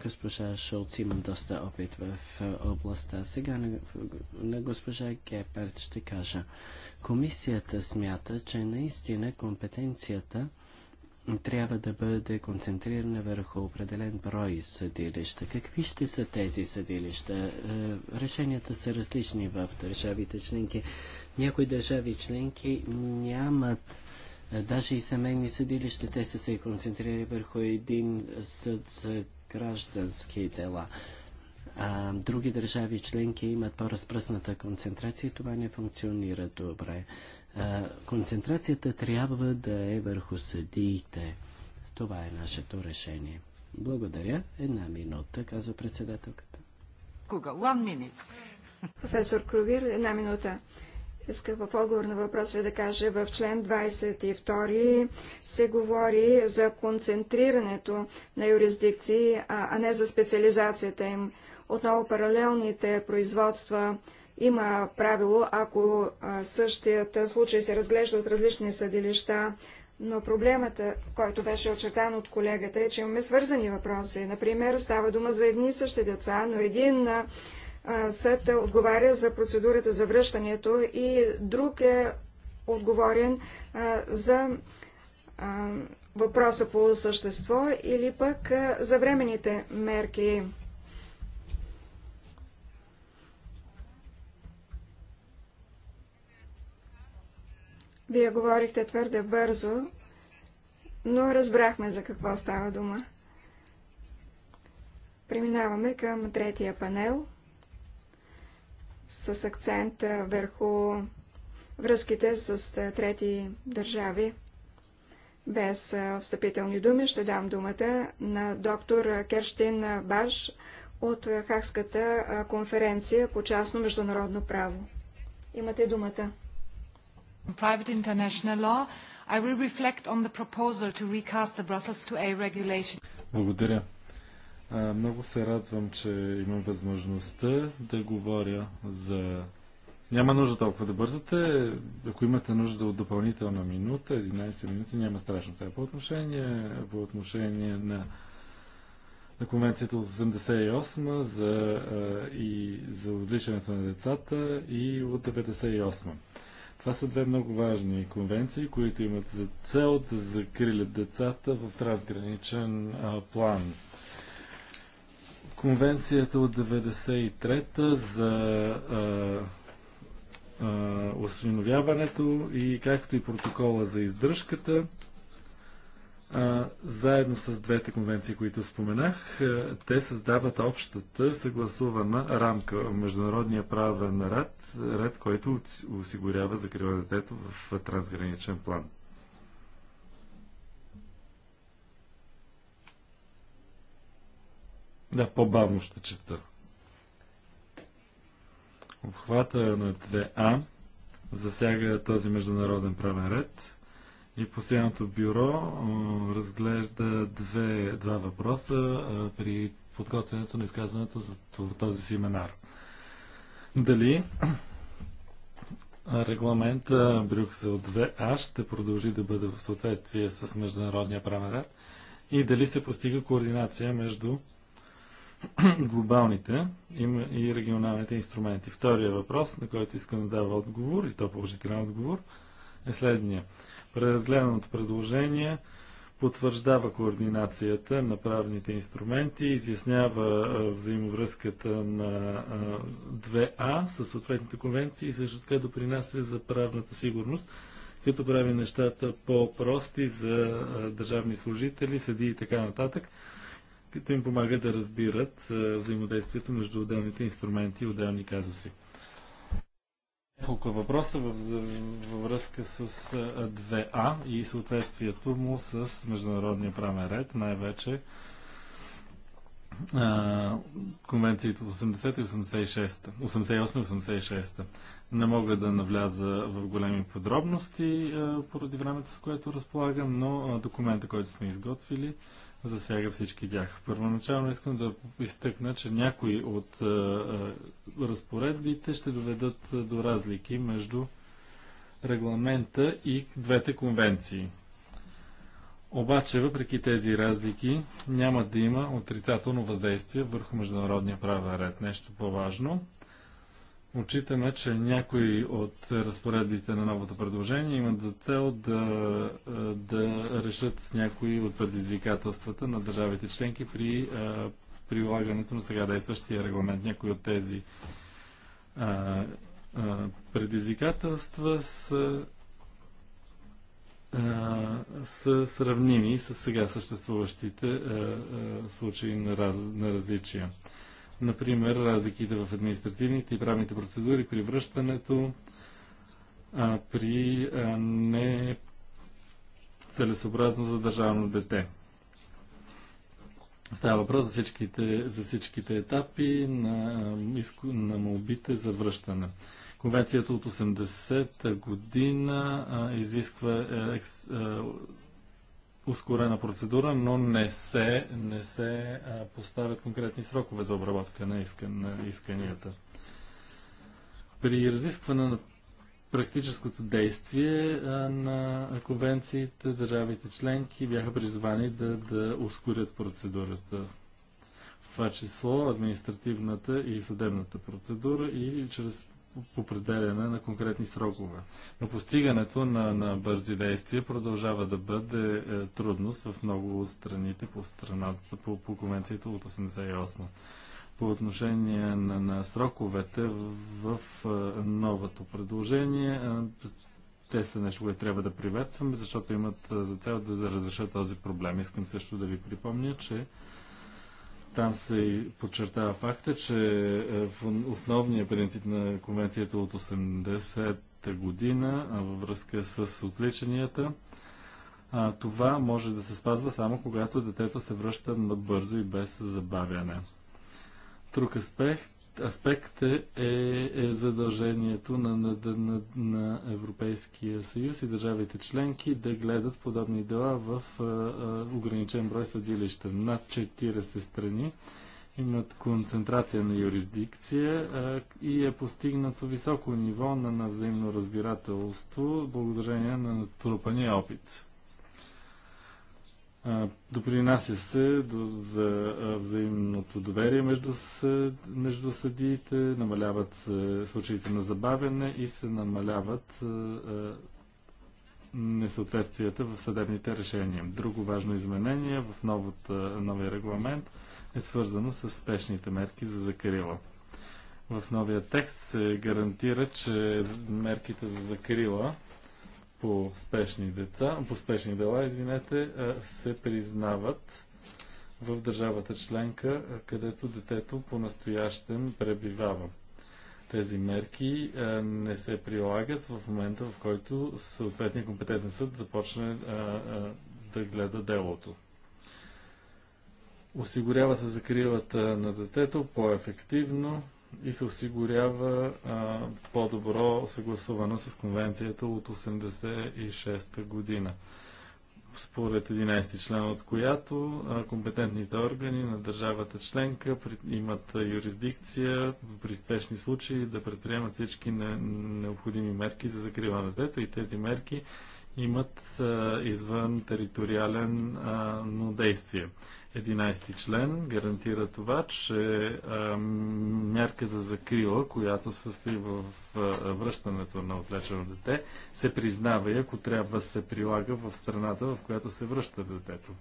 госпожа Шолц, имам доста опит в областта. Сега на, на госпожа Гепард ще кажа. Комисията смята, че наистина компетенцията трябва да бъде концентрирана върху определен брой съдилища. Какви ще са тези съдилища? Е, решенията са различни в държавите членки. Някои държави членки нямат е, даже и семейни съдилища. Те са се концентрирали върху един съд за граждански дела. А други държави членки имат по-разпръсната концентрация и това не функционира добре концентрацията трябва да е върху съдиите. Това е нашето решение. Благодаря. Една минута, казва председателката. Кога? One minute. Професор Кругер, една минута. Искам в отговор на въпроса да кажа, в член 22 се говори за концентрирането на юрисдикции, а не за специализацията им. Отново паралелните производства има правило, ако същият случай се разглежда от различни съдилища, но проблемът, който беше очертан от колегата, е, че имаме свързани въпроси. Например, става дума за едни и същи деца, но един съд отговаря за процедурата за връщането и друг е отговорен за въпроса по същество или пък за временните мерки. Вие говорихте твърде бързо, но разбрахме за какво става дума. Преминаваме към третия панел с акцент върху връзките с трети държави. Без встъпителни думи ще дам думата на доктор Керштин Барш от Хакската конференция по частно международно право. Имате думата. Private international law, I will reflect on the proposal to recast the Brussels 2A regulation. Благодаря. много се радвам, че имам възможността да говоря за... Няма нужда толкова да бързате. Ако имате нужда от допълнителна минута, 11 минути, няма страшно сега. По отношение, по отношение на на конвенцията от 88 за, и за отвличането на децата и от 98. Това са две много важни конвенции, които имат за цел да закрилят децата в разграничен а, план. Конвенцията от 93-та за а, а, осиновяването и както и протокола за издръжката заедно с двете конвенции, които споменах, е, те създават общата съгласувана рамка, международния правен ред, ред който осигурява закрива детето в трансграничен план. Да, по-бавно ще чета. Обхвата на 2А засяга този международен правен ред – и постоянното бюро разглежда две, два въпроса при подготвянето на изказването за този семинар. Дали регламент Брюксел 2А ще продължи да бъде в съответствие с международния правен ред и дали се постига координация между глобалните и регионалните инструменти. Втория въпрос, на който искам да дава отговор, и то положителен отговор, е следния. Преразгледаното предложение потвърждава координацията на правните инструменти, изяснява взаимовръзката на 2А със съответните конвенции и също така допринася за правната сигурност, като прави нещата по-прости за държавни служители, съди и така нататък, като им помага да разбират взаимодействието между отделните инструменти и отделни казуси. Няколко въпроса във връзка с 2А и съответствието му с международния правен ред, най-вече конвенциите 80 и 86, 88 86. Не мога да навляза в големи подробности поради времето, с което разполагам, но документа, който сме изготвили, засяга всички тях. Първоначално искам да изтъкна, че някои от а, разпоредбите ще доведат до разлики между регламента и двете конвенции. Обаче, въпреки тези разлики, няма да има отрицателно въздействие върху международния правен ред. Нещо по-важно. Отчитаме, че някои от разпоредбите на новото предложение имат за цел да, е, да решат някои от предизвикателствата на държавите членки при е, прилагането на сега действащия регламент. Някои от тези а, е, а, предизвикателства са, а, са сравними с сега съществуващите а, а, случаи на, раз, на различия. Например, разликите в административните и правните процедури при връщането, а, при нецелесообразно не целесообразно за държавно дете. Става въпрос за всичките, за всичките етапи на, на молбите за връщане. Конвенцията от 80-та година а, изисква е, екс, е, ускорена процедура, но не се, не се а, поставят конкретни срокове за обработка на, искан, на исканията. При разискване на практическото действие а, на конвенциите, държавите членки бяха призвани да, да ускорят процедурата. В това число административната и съдебната процедура и чрез определяне на конкретни срокове. Но постигането на, на бързи действия продължава да бъде е, трудност в много страните по страната, по, по конвенцията от 88 по отношение на, на сроковете в, в, в е, новото предложение. Е, те са нещо, което трябва да приветстваме, защото имат е, за цел да разрешат този проблем. Искам също да ви припомня, че там се подчертава факта, че е, в основния принцип на конвенцията от 80-та година във връзка с отличанията, това може да се спазва само когато детето се връща набързо и без забавяне. Друг аспект аспект е, е, е задължението на, на, на, на Европейския съюз и държавите членки да гледат подобни дела в а, а, ограничен брой съдилища. Над 40 страни имат концентрация на юрисдикция а, и е постигнато високо ниво на, на взаимно разбирателство благодарение на натрупания опит допринася се до, за взаимното доверие между, между съдиите, намаляват се случаите на забавяне и се намаляват несъответствията в съдебните решения. Друго важно изменение в новата, новия регламент е свързано с спешните мерки за закрила. В новия текст се гарантира, че мерките за закрила по спешни, деца, по спешни дела извинете, се признават в държавата членка, където детето по-настоящем пребивава. Тези мерки не се прилагат в момента, в който съответният компетентен съд започне да гледа делото. Осигурява се закрилата на детето по-ефективно и се осигурява по-добро съгласувано с конвенцията от 86-та година според 11 член, от която а, компетентните органи на държавата членка при, имат юрисдикция при спешни случаи да предприемат всички не, необходими мерки за закрива на детето и тези мерки имат а, извън териториален действие. 11 член гарантира това, че а, мярка за закрила, която състои в а, връщането на отвлечено дете, се признава и ако трябва се прилага в страната, в която се връща детето.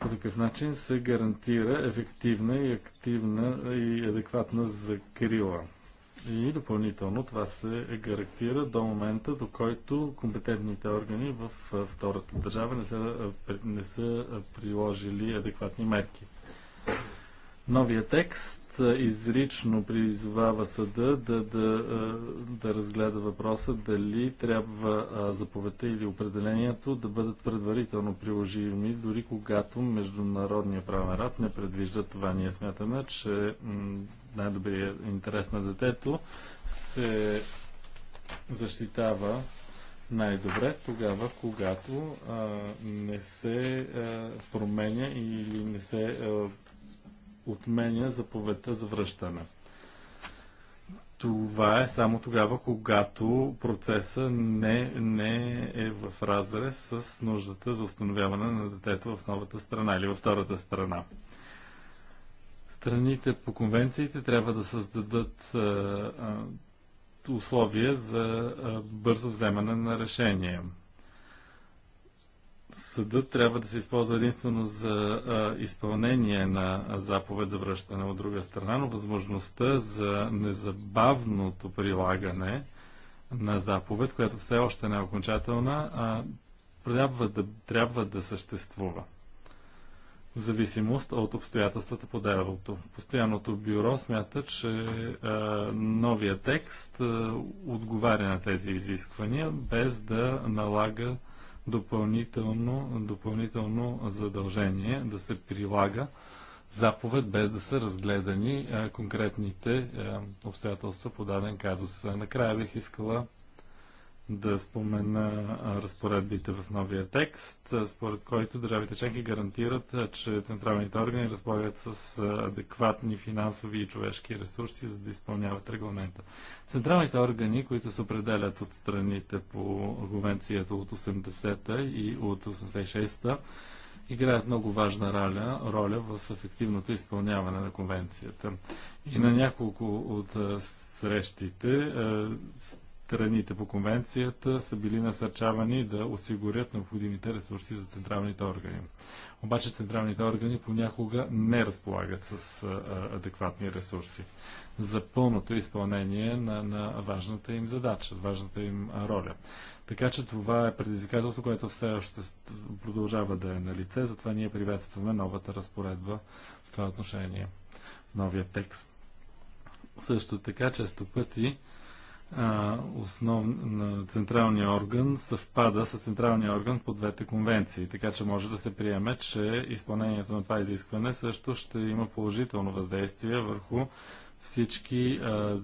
По такъв начин се гарантира ефективна и активна и адекватна закрила. И допълнително това се гарантира до момента, до който компетентните органи в втората държава не са, не са приложили адекватни мерки. Новия текст изрично призовава съда да, да, да разгледа въпроса дали трябва заповедта или определението да бъдат предварително приложими, дори когато международния правен рад не предвижда това. Ние смятаме, че най-добрия интерес на детето се защитава най-добре тогава, когато а, не се а, променя или не се а, отменя заповедта за връщане. Това е само тогава, когато процеса не, не е в разрез с нуждата за установяване на детето в новата страна или във втората страна страните по конвенциите трябва да създадат условия за бързо вземане на решение. Съдът трябва да се използва единствено за изпълнение на заповед за връщане от друга страна, но възможността за незабавното прилагане на заповед, която все още не е окончателна, трябва да, трябва да съществува в зависимост от обстоятелствата по делото. Постоянното бюро смята, че а, е, новия текст а, е, отговаря на тези изисквания, без да налага допълнително, допълнително задължение да се прилага заповед, без да са разгледани а, е, конкретните а, обстоятелства по даден казус. Накрая бих искала да спомена разпоредбите в новия текст, според който държавите членки гарантират, че централните органи разполагат с адекватни финансови и човешки ресурси, за да изпълняват регламента. Централните органи, които се определят от страните по конвенцията от 80-та и от 86-та, играят много важна роля, роля в ефективното изпълняване на конвенцията. И на няколко от срещите страните по конвенцията са били насърчавани да осигурят необходимите ресурси за централните органи. Обаче централните органи понякога не разполагат с адекватни ресурси за пълното изпълнение на, на важната им задача, важната им роля. Така че това е предизвикателство, което все още продължава да е на лице, затова ние приветстваме новата разпоредба в това отношение, новия текст. Също така, често пъти, основ, на централния орган съвпада с централния орган по двете конвенции, така че може да се приеме, че изпълнението на това изискване също ще има положително въздействие върху всички а,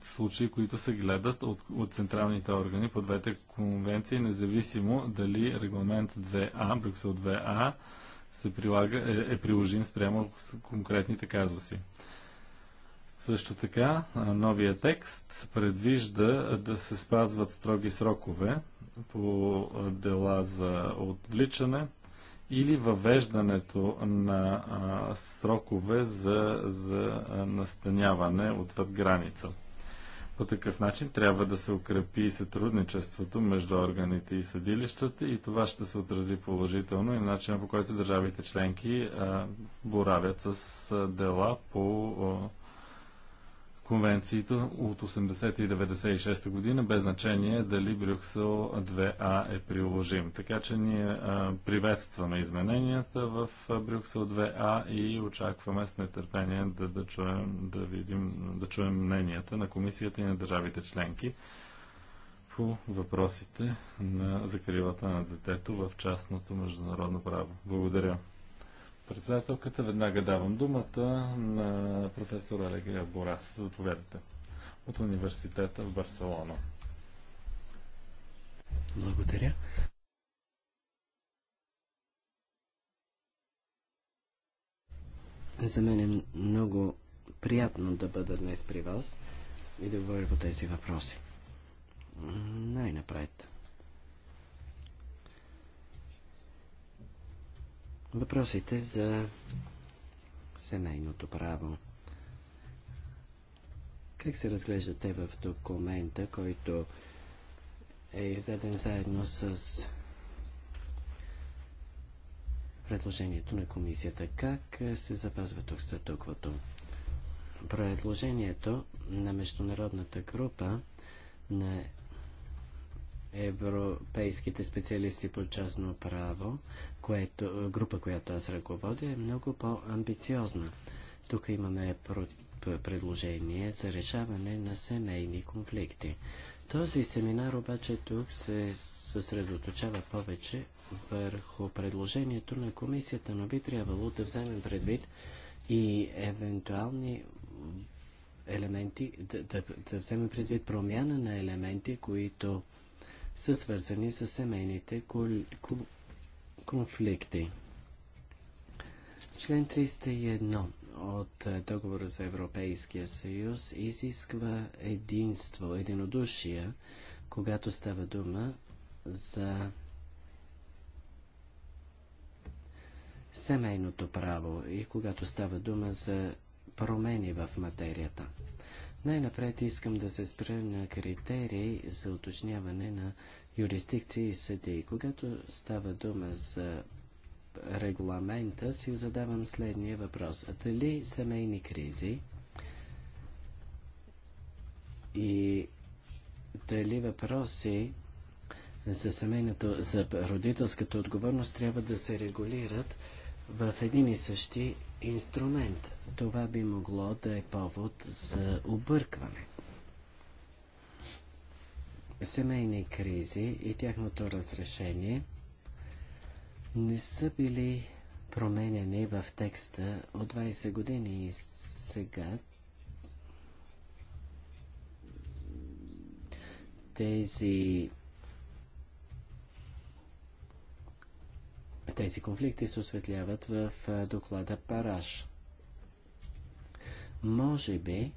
случаи, които се гледат от, от централните органи по двете конвенции, независимо дали регламент 2А, Брюксел 2А, се прилага, е, е приложим спрямо конкретните казуси. Също така, новия текст предвижда да се спазват строги срокове по дела за отвличане или въвеждането на а, срокове за, за настаняване отвъд граница. По такъв начин трябва да се укрепи сътрудничеството между органите и съдилищата и това ще се отрази положително и на начина по който държавите членки а, боравят с дела по а, конвенциите от 80 и 96 година, без значение дали Брюксел 2А е приложим. Така че ние а, приветстваме измененията в Брюксел 2А и очакваме с нетърпение да, да, чуем, да, видим, да чуем мненията на комисията и на държавите членки по въпросите на закрилата на детето в частното международно право. Благодаря председателката. Веднага давам думата на професор Алегрия Борас. Заповядайте. От университета в Барселона. Благодаря. За мен е много приятно да бъда днес при вас и да говоря по тези въпроси. Най-напред. въпросите за семейното право. Как се разглеждате те в документа, който е издаден заедно с предложението на комисията? Как се запазва тук статуквото? Предложението на международната група на европейските специалисти по частно право което, група, която аз ръководя, е много по-амбициозна. Тук имаме предложение за решаване на семейни конфликти. Този семинар обаче тук се съсредоточава повече върху предложението на комисията, но би трябвало да вземем предвид и евентуални елементи, да, да, да вземем предвид промяна на елементи, които са свързани с семейните конфликти. Член 301 от е, Договора за Европейския съюз изисква единство, единодушие, когато става дума за семейното право и когато става дума за промени в материята. Най-напред искам да се спра на критерии за уточняване на юрисдикции и съдии. Когато става дума за регламента, си задавам следния въпрос. А дали семейни кризи и дали въпроси за семейната, за родителската отговорност трябва да се регулират в един и същи инструмент. Това би могло да е повод за объркване семейни кризи и тяхното разрешение не са били променени в текста от 20 години и сега тези тези конфликти се осветляват в доклада Параш. Може би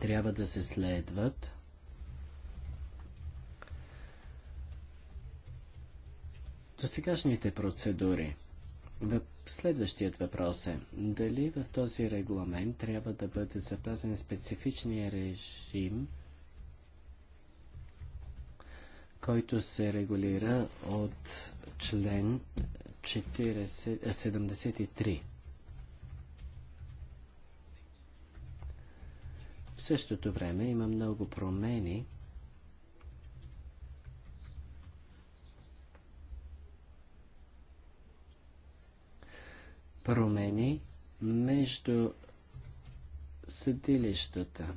трябва да се следват до сегашните процедури. Следващият въпрос е дали в този регламент трябва да бъде запазен специфичния режим, който се регулира от член 40, 73. В същото време има много промени – промени между съдилищата.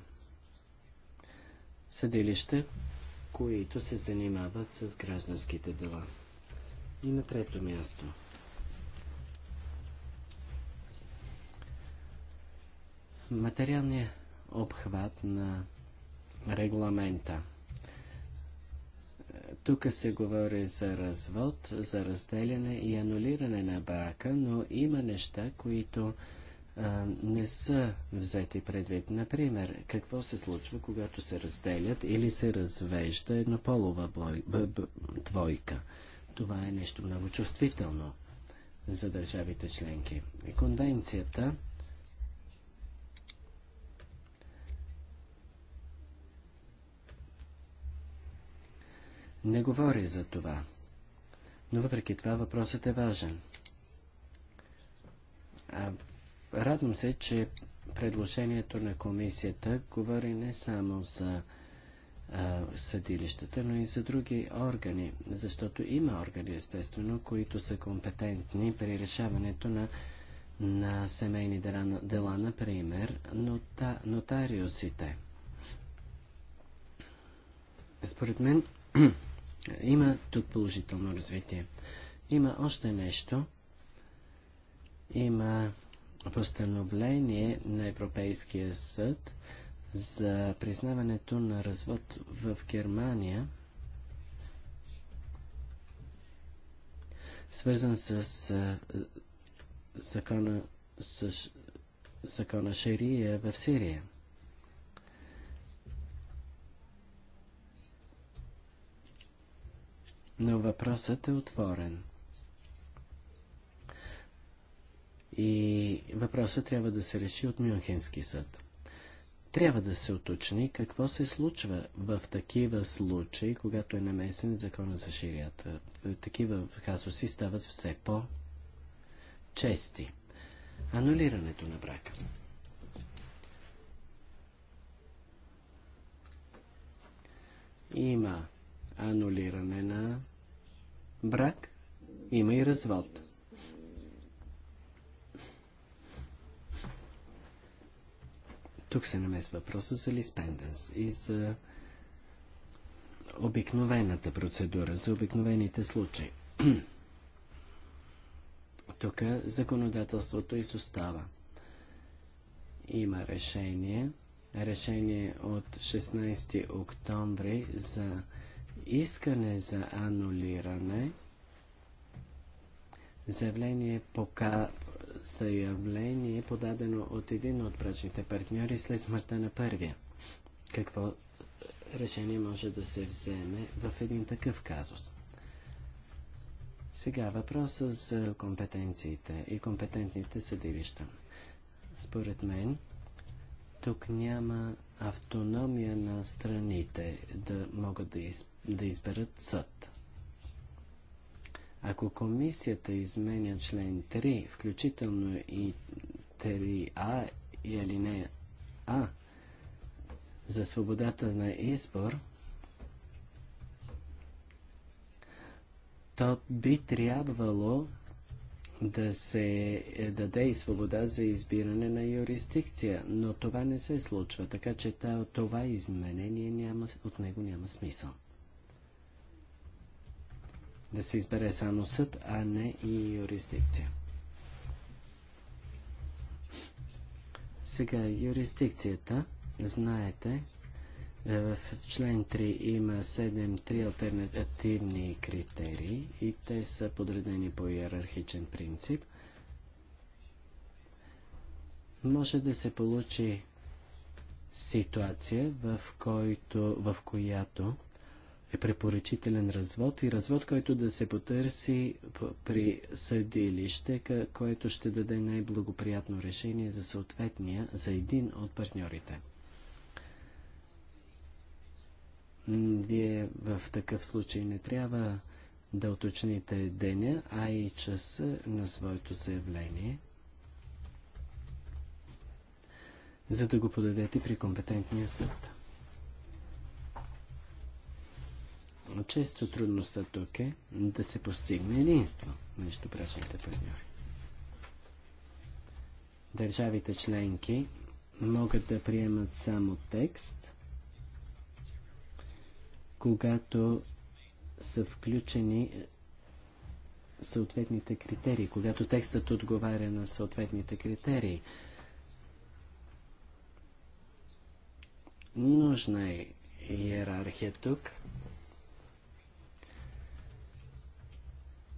Съдилища, които се занимават с гражданските дела. И на трето място. Материалният обхват на регламента – тук се говори за развод, за разделяне и анулиране на брака, но има неща, които а, не са взети предвид. Например, какво се случва, когато се разделят или се развежда еднополова бой, б, б, двойка. Това е нещо много чувствително за държавите членки. Конвенцията не говори за това. Но въпреки това въпросът е важен. А, радвам се, че предложението на комисията говори не само за а, съдилищата, но и за други органи, защото има органи, естествено, които са компетентни при решаването на, на семейни дела, дела например, нота, нотариусите. Според мен, Има тук положително развитие. Има още нещо. Има постановление на Европейския съд за признаването на развод в Германия, свързан с закона, с закона Шария в Сирия. но въпросът е отворен. И въпросът трябва да се реши от Мюнхенски съд. Трябва да се уточни какво се случва в такива случаи, когато е намесен закона за ширията. Такива казуси стават все по-чести. Анулирането на брака. Има анулиране на брак, има и развод. Тук се намесва въпроса за лиспенденс и за обикновената процедура, за обикновените случаи. Тук законодателството изостава. Има решение, решение от 16 октомври за искане за анулиране, заявление, пока, заявление подадено от един от брачните партньори след смъртта на първия. Какво решение може да се вземе в един такъв казус? Сега въпроса за компетенциите и компетентните съдилища. Според мен, тук няма автономия на страните да могат да използват да изберат съд. Ако комисията изменя член 3, включително и 3А и алинея А, за свободата на избор, то би трябвало да се е, даде и свобода за избиране на юрисдикция, но това не се случва, така че това изменение няма, от него няма смисъл да се избере само съд, а не и юрисдикция. Сега, юрисдикцията, знаете, е, в член 3 има 7-3 альтернативни критерии и те са подредени по иерархичен принцип. Може да се получи ситуация, в, който, в която е препоръчителен развод и развод, който да се потърси при съдилище, което ще даде най-благоприятно решение за съответния, за един от партньорите. Вие в такъв случай не трябва да уточните деня, а и часа на своето заявление, за да го подадете при компетентния съд. Често трудността тук е да се постигне единство между брачните партньори. Държавите членки могат да приемат само текст, когато са включени е, съответните критерии, когато текстът отговаря на съответните критерии. Нужна е иерархия тук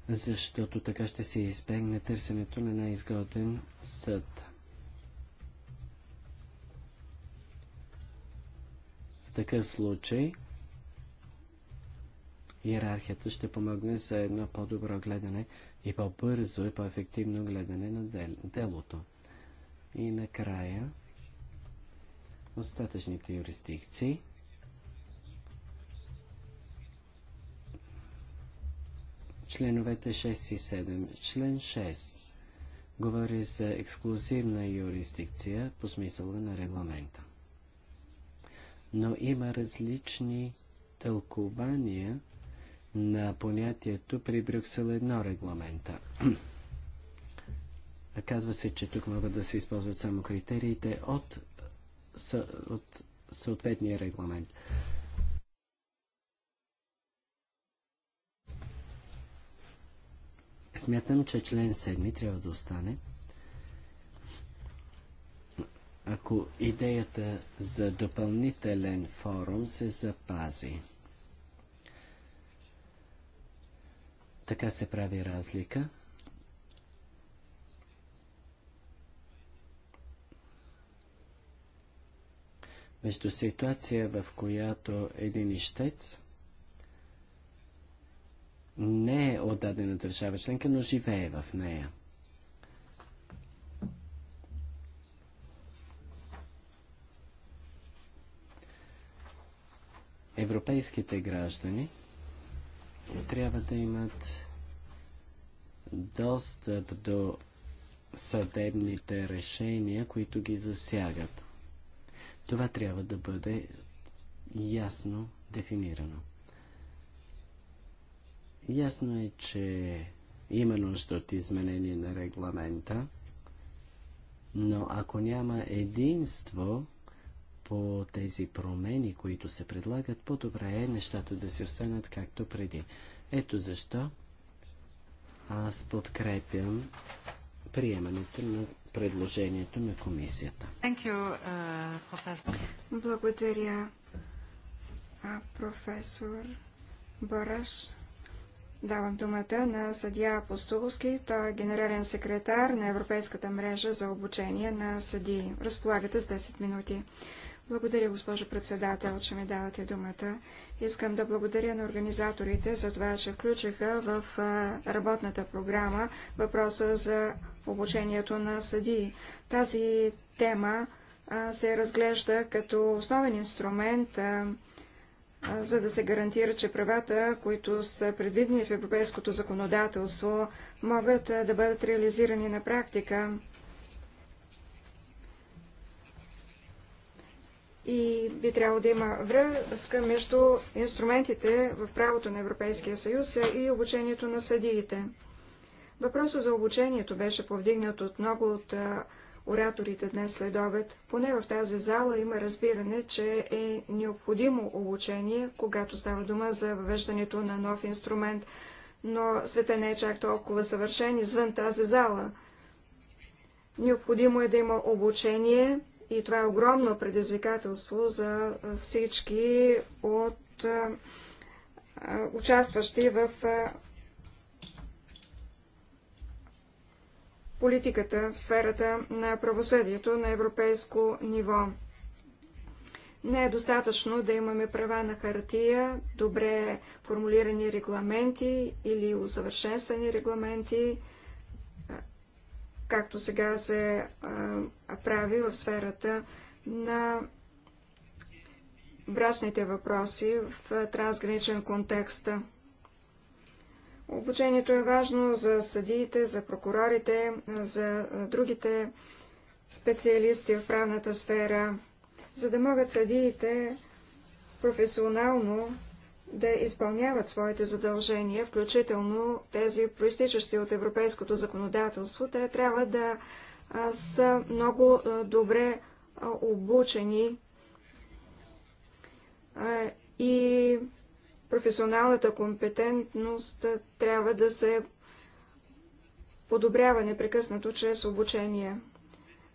защото така ще се избегне търсенето на най-изгоден съд. В такъв случай иерархията ще помогне за едно по-добро гледане и по-бързо и по-ефективно гледане на дел делото. И накрая остатъчните юрисдикции – членовете 6 и 7. Член 6 говори за ексклюзивна юрисдикция по смисъла на регламента. Но има различни тълкования на понятието при Брюксел 1 регламента. Казва се, че тук могат да се използват само критериите от, от съответния регламент. Смятам, че член 7 трябва да остане. Ако идеята за допълнителен форум се запази. Така се прави разлика. Между ситуация, в която един ищец не е от дадена държава членка, но живее в нея. Европейските граждани трябва да имат достъп до съдебните решения, които ги засягат. Това трябва да бъде ясно дефинирано. Ясно е, че има нужда от изменение на регламента, но ако няма единство по тези промени, които се предлагат, по-добре е нещата да си останат както преди. Ето защо аз подкрепям приемането на предложението на комисията. You, uh, Благодаря, професор Бараш. Давам думата на съдия Апостолски. Той е генерален секретар на Европейската мрежа за обучение на съдии. Разполагате с 10 минути. Благодаря, госпожо председател, че ми давате думата. Искам да благодаря на организаторите за това, че включиха в работната програма въпроса за обучението на съдии. Тази тема се разглежда като основен инструмент а, за да се гарантира, че правата, които са предвидени в европейското законодателство, могат да бъдат реализирани на практика. И би трябвало да има връзка между инструментите в правото на Европейския съюз и обучението на съдиите. Въпросът за обучението беше повдигнат от много от ораторите днес след обед. Поне в тази зала има разбиране, че е необходимо обучение, когато става дума за въвеждането на нов инструмент, но света не е чак толкова съвършен извън тази зала. Необходимо е да има обучение и това е огромно предизвикателство за всички от участващи в политиката в сферата на правосъдието на европейско ниво. Не е достатъчно да имаме права на хартия, добре формулирани регламенти или усъвършенствани регламенти, както сега се прави в сферата на брачните въпроси в трансграничен контекст. Обучението е важно за съдиите, за прокурорите, за другите специалисти в правната сфера, за да могат съдиите професионално да изпълняват своите задължения, включително тези проистичащи от европейското законодателство, те трябва да са много добре обучени и професионалната компетентност трябва да се подобрява непрекъснато чрез обучение.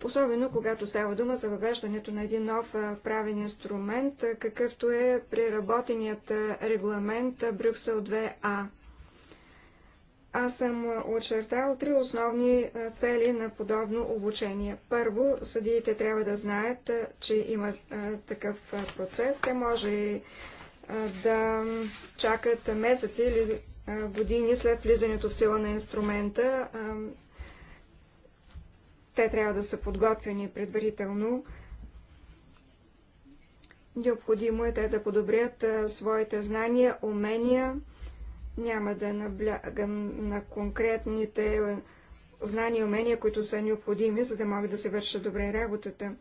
Особено когато става дума за въвеждането на един нов правен инструмент, какъвто е преработеният регламент Брюксел 2А. Аз съм очертал три основни цели на подобно обучение. Първо, съдиите трябва да знаят, че има такъв процес. Те може и да чакат месеци или години след влизането в сила на инструмента. Те трябва да са подготвени предварително. Необходимо е те да подобрят своите знания, умения. Няма да наблягам на конкретните знания и умения, които са необходими, за да могат да се вършат добре работата.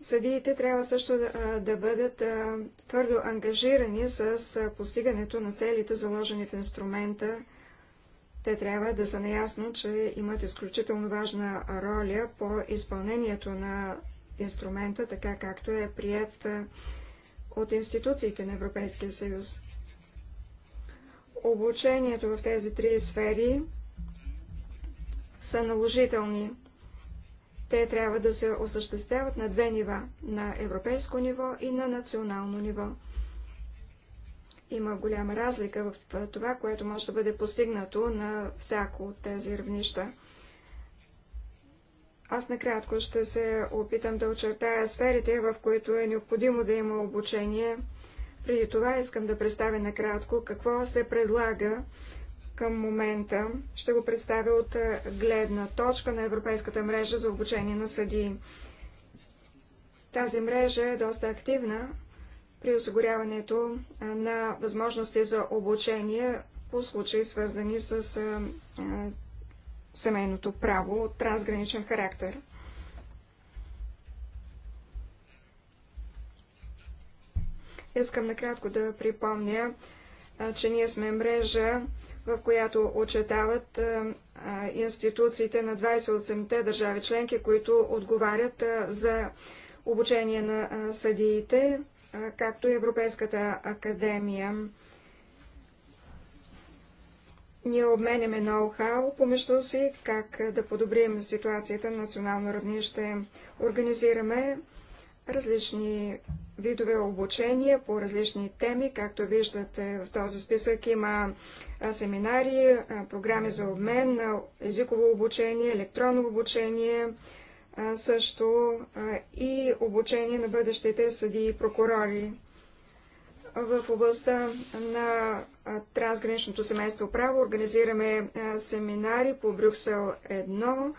Съдиите трябва също да, да бъдат а, твърдо ангажирани с а, постигането на целите, заложени в инструмента. Те трябва да са наясно, че имат изключително важна роля по изпълнението на инструмента, така както е прият от институциите на Европейския съюз. Обучението в тези три сфери са наложителни те трябва да се осъществяват на две нива – на европейско ниво и на национално ниво. Има голяма разлика в това, което може да бъде постигнато на всяко от тези равнища. Аз накратко ще се опитам да очертая сферите, в които е необходимо да има обучение. Преди това искам да представя накратко какво се предлага към момента. Ще го представя от е, гледна точка на Европейската мрежа за обучение на съдии. Тази мрежа е доста активна при осигуряването е, на възможности за обучение по случаи, свързани с е, семейното право от трансграничен характер. Искам накратко да припомня, че ние сме мрежа в която очетават е, институциите на 28-те държави членки, които отговарят е, за обучение на е, съдиите, както и Европейската академия. Ние обменяме ноу-хау помежду си, как да подобрим ситуацията на национално равнище. Организираме различни видове обучения по различни теми. Както виждате в този списък има семинари, програми за обмен, езиково обучение, електронно обучение, също и обучение на бъдещите съди и прокурори. В областта на трансграничното семейство право организираме семинари по Брюксел 1,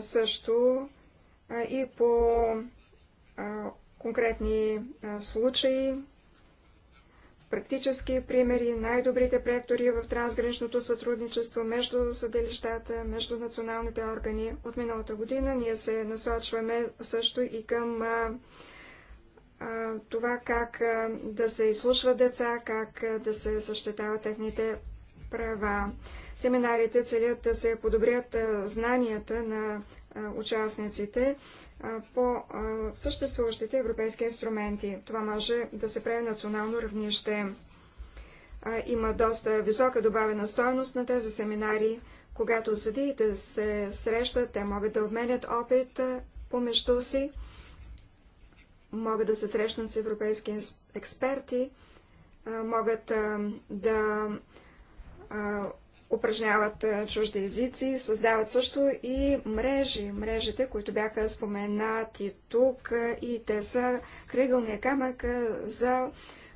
също и по конкретни случаи, практически примери, най-добрите проектори в трансграничното сътрудничество между съделищата, между националните органи. От миналата година ние се насочваме също и към това как да се изслушват деца, как да се защитават техните права. Семинарите целят да се подобрят знанията на участниците по съществуващите европейски инструменти. Това може да се прави национално равнище. Има доста висока добавена стоеност на тези семинари. Когато съдиите се срещат, те могат да обменят опит помежду си, могат да се срещнат с европейски експерти, могат да упражняват е, чужди езици, създават също и мрежи. Мрежите, които бяха споменати тук е, и те са кръгълния камък е, за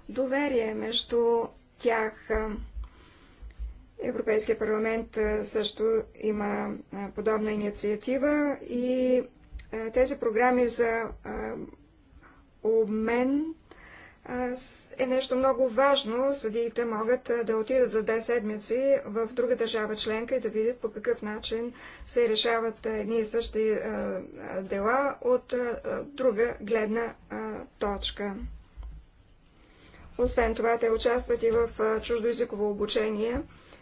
доверие между тях. Европейския парламент също има подобна инициатива и тези програми за обмен е нещо много важно. Съдиите могат да отидат за две седмици в друга държава членка и да видят по какъв начин се решават едни и същи дела от друга гледна точка. Освен това, те участват и в чуждоязиково обучение,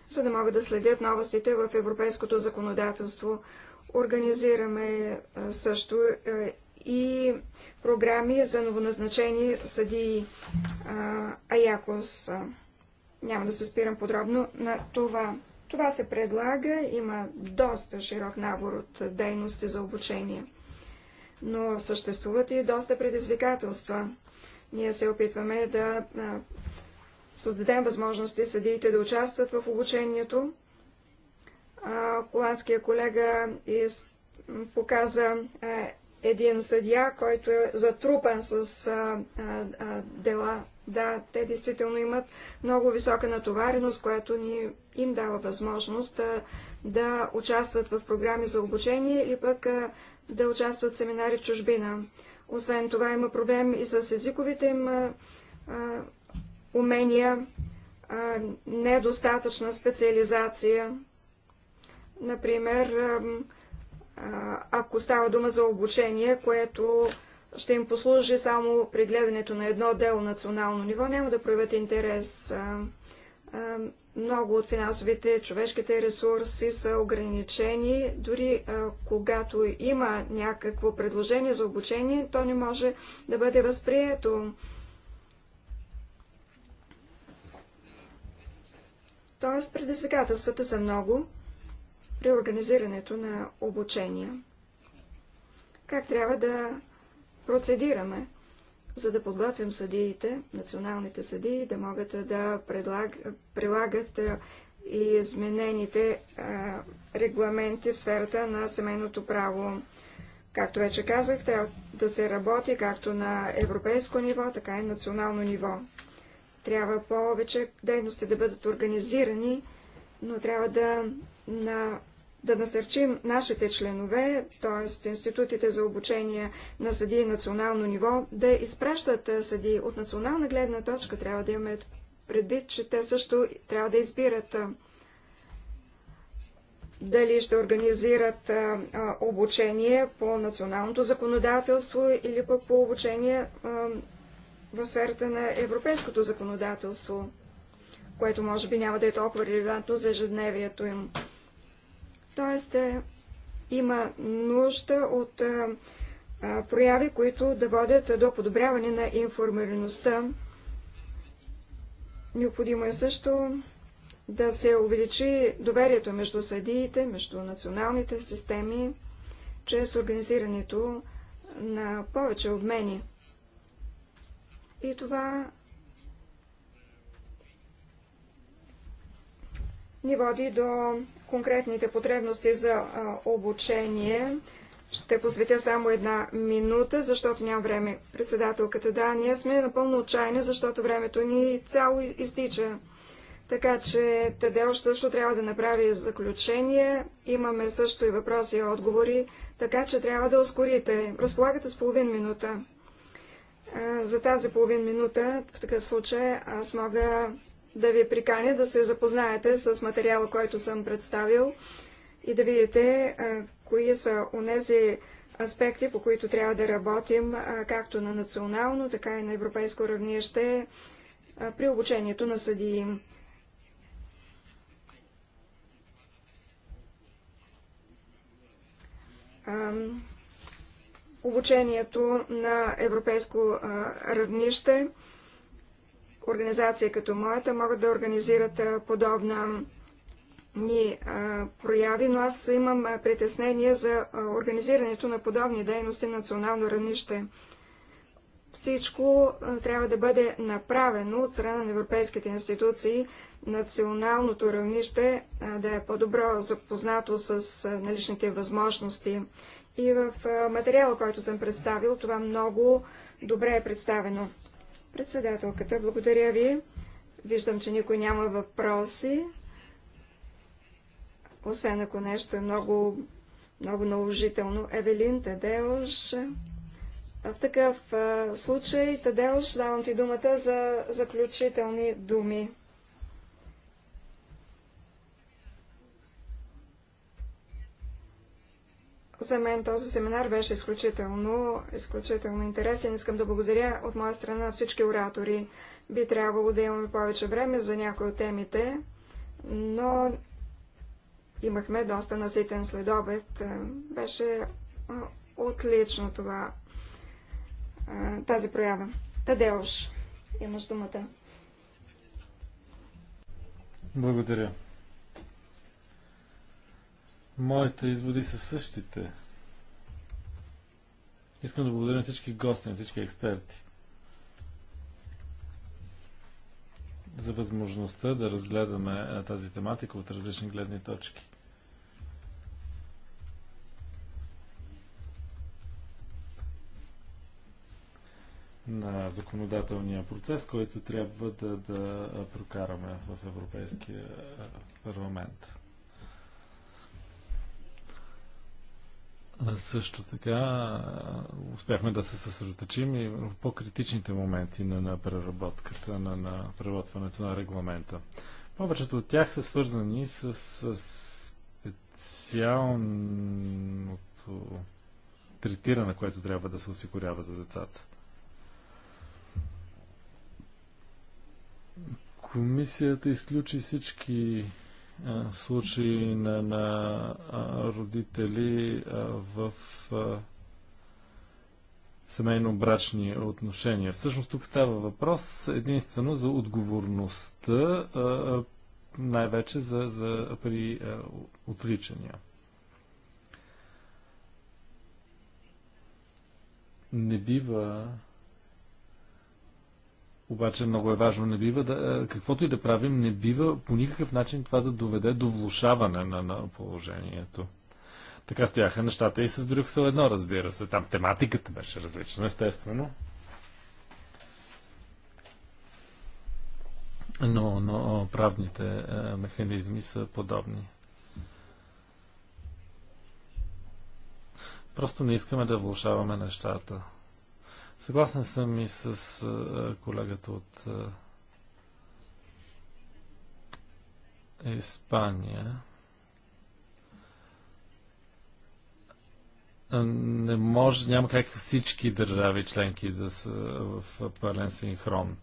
за да могат да следят новостите в европейското законодателство. Организираме също е, и програми за новоназначени съдии Аякос. Няма да се спирам подробно на това. Това се предлага, има доста широк набор от дейности за обучение. Но съществуват и доста предизвикателства. Ние се опитваме да създадем възможности съдиите да участват в обучението. Холандския колега из... показа е, един съдия, който е затрупан с а, а, дела. Да, те действително имат много висока натовареност, която ни, им дава възможност а, да участват в програми за обучение или пък а, да участват в семинари в чужбина. Освен това има проблем и с езиковите им а, а, умения, а, недостатъчна специализация. Например, а, ако става дума за обучение, което ще им послужи само при гледането на едно дело национално ниво, няма да проявят интерес. Много от финансовите, човешките ресурси са ограничени. Дори когато има някакво предложение за обучение, то не може да бъде възприето. Тоест, предизвикателствата са много при организирането на обучения. Как трябва да процедираме, за да подготвим съдиите, националните съдии, да могат да предлаг, прилагат и изменените а, регламенти в сферата на семейното право. Както вече казах, трябва да се работи както на европейско ниво, така и национално ниво. Трябва повече дейности да бъдат организирани, но трябва да на да насърчим нашите членове, т.е. институтите за обучение на съди национално ниво, да изпращат съди От национална гледна точка трябва да имаме предвид, че те също трябва да избират дали ще организират обучение по националното законодателство или пък по обучение в сферата на европейското законодателство, което може би няма да е толкова релевантно за ежедневието им. Т.е. има нужда от е, е, прояви, които да водят до подобряване на информираността. Необходимо е също да се увеличи доверието между съдиите, между националните системи, чрез организирането на повече обмени. И това ни води до конкретните потребности за обучение. Ще посветя само една минута, защото няма време. Председателката, да, ние сме напълно отчаяни, защото времето ни цяло изтича. Така че Тадео също трябва да направи заключение. Имаме също и въпроси и отговори, така че трябва да ускорите. Разполагате с половин минута. За тази половин минута, в такъв случай, аз мога да ви приканя да се запознаете с материала, който съм представил и да видите кои са онези аспекти, по които трябва да работим както на национално, така и на европейско равнище при обучението на съдии. Обучението на европейско равнище Организация като моята могат да организират подобна ни прояви, но аз имам притеснение за организирането на подобни дейности на национално равнище. Всичко трябва да бъде направено от страна на европейските институции, националното равнище да е по-добро запознато с наличните възможности. И в материала, който съм представил, това много добре е представено. Председателката, благодаря ви. Виждам, че никой няма въпроси. Освен ако нещо е много, много наложително. Евелин Тадеош. В такъв случай, Тадеош, давам ти думата за заключителни думи. За мен този семинар беше изключително, изключително интересен. Искам да благодаря от моя страна всички оратори. Би трябвало да имаме повече време за някои от темите, но имахме доста наситен следобед. Е, беше е, отлично това, е, тази проява. Тадеош, имаш думата. Благодаря. Моите изводи са същите. Искам да благодаря на всички гости, на всички експерти. за възможността да разгледаме тази тематика от различни гледни точки. на законодателния процес, който трябва да, да прокараме в Европейския парламент. Също така успяхме да се съсредоточим и в по-критичните моменти на, на преработката, на, на преработването на регламента. Повечето от тях са свързани с, с специалното третиране, което трябва да се осигурява за децата. Комисията изключи всички случаи на, на родители в семейно-брачни отношения. Всъщност тук става въпрос единствено за отговорността, най-вече за, за, при отвличания. Не бива обаче много е важно, не бива да, е, каквото и да правим, не бива по никакъв начин това да доведе до влушаване на, на положението. Така стояха нещата и с Брюксел едно, разбира се. Там тематиката беше различна, естествено. Но, но правните е, механизми са подобни. Просто не искаме да влушаваме нещата. Съгласен съм и с колегата от Испания. Не може, няма как всички държави членки да са в пълен синхрон.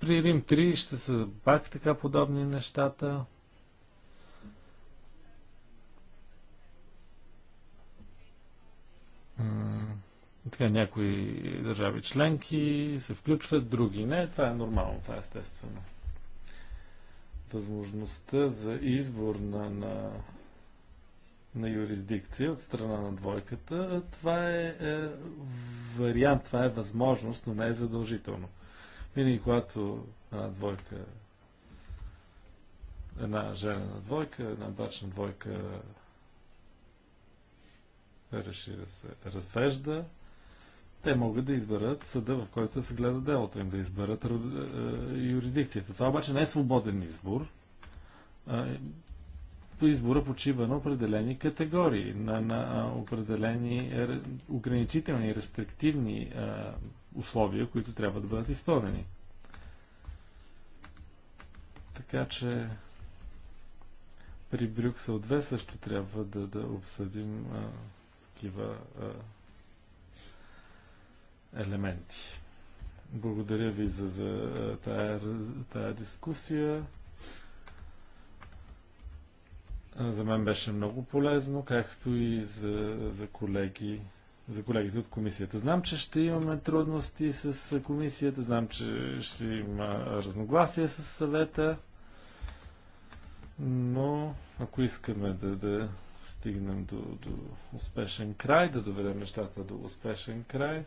При Рим 3 ще са пак така подобни нещата. М- така някои държави членки се включват, други не. Това е нормално, това е естествено. Възможността за избор на, на, на юрисдикция от страна на двойката, това е, е вариант, това е възможност, но не е задължително. Винаги, когато една двойка, една женена двойка, една брачна двойка реши да се развежда, те могат да изберат съда, в който се гледа делото им, да изберат е, е юрисдикцията. Това обаче не е свободен избор. Е, избора почива на определени категории, на, на определени е, ре, ограничителни, рестриктивни е, условия, които трябва да бъдат изпълнени. Така че при Брюксел 2 също трябва да, да обсъдим а, такива а, елементи. Благодаря ви за, за е, тая, е, тая дискусия. За мен беше много полезно, както и за, за колеги за колегите от комисията. Знам, че ще имаме трудности с комисията, знам, че ще има разногласие с съвета, но ако искаме да, да стигнем до, до успешен край, да доведем нещата до успешен край,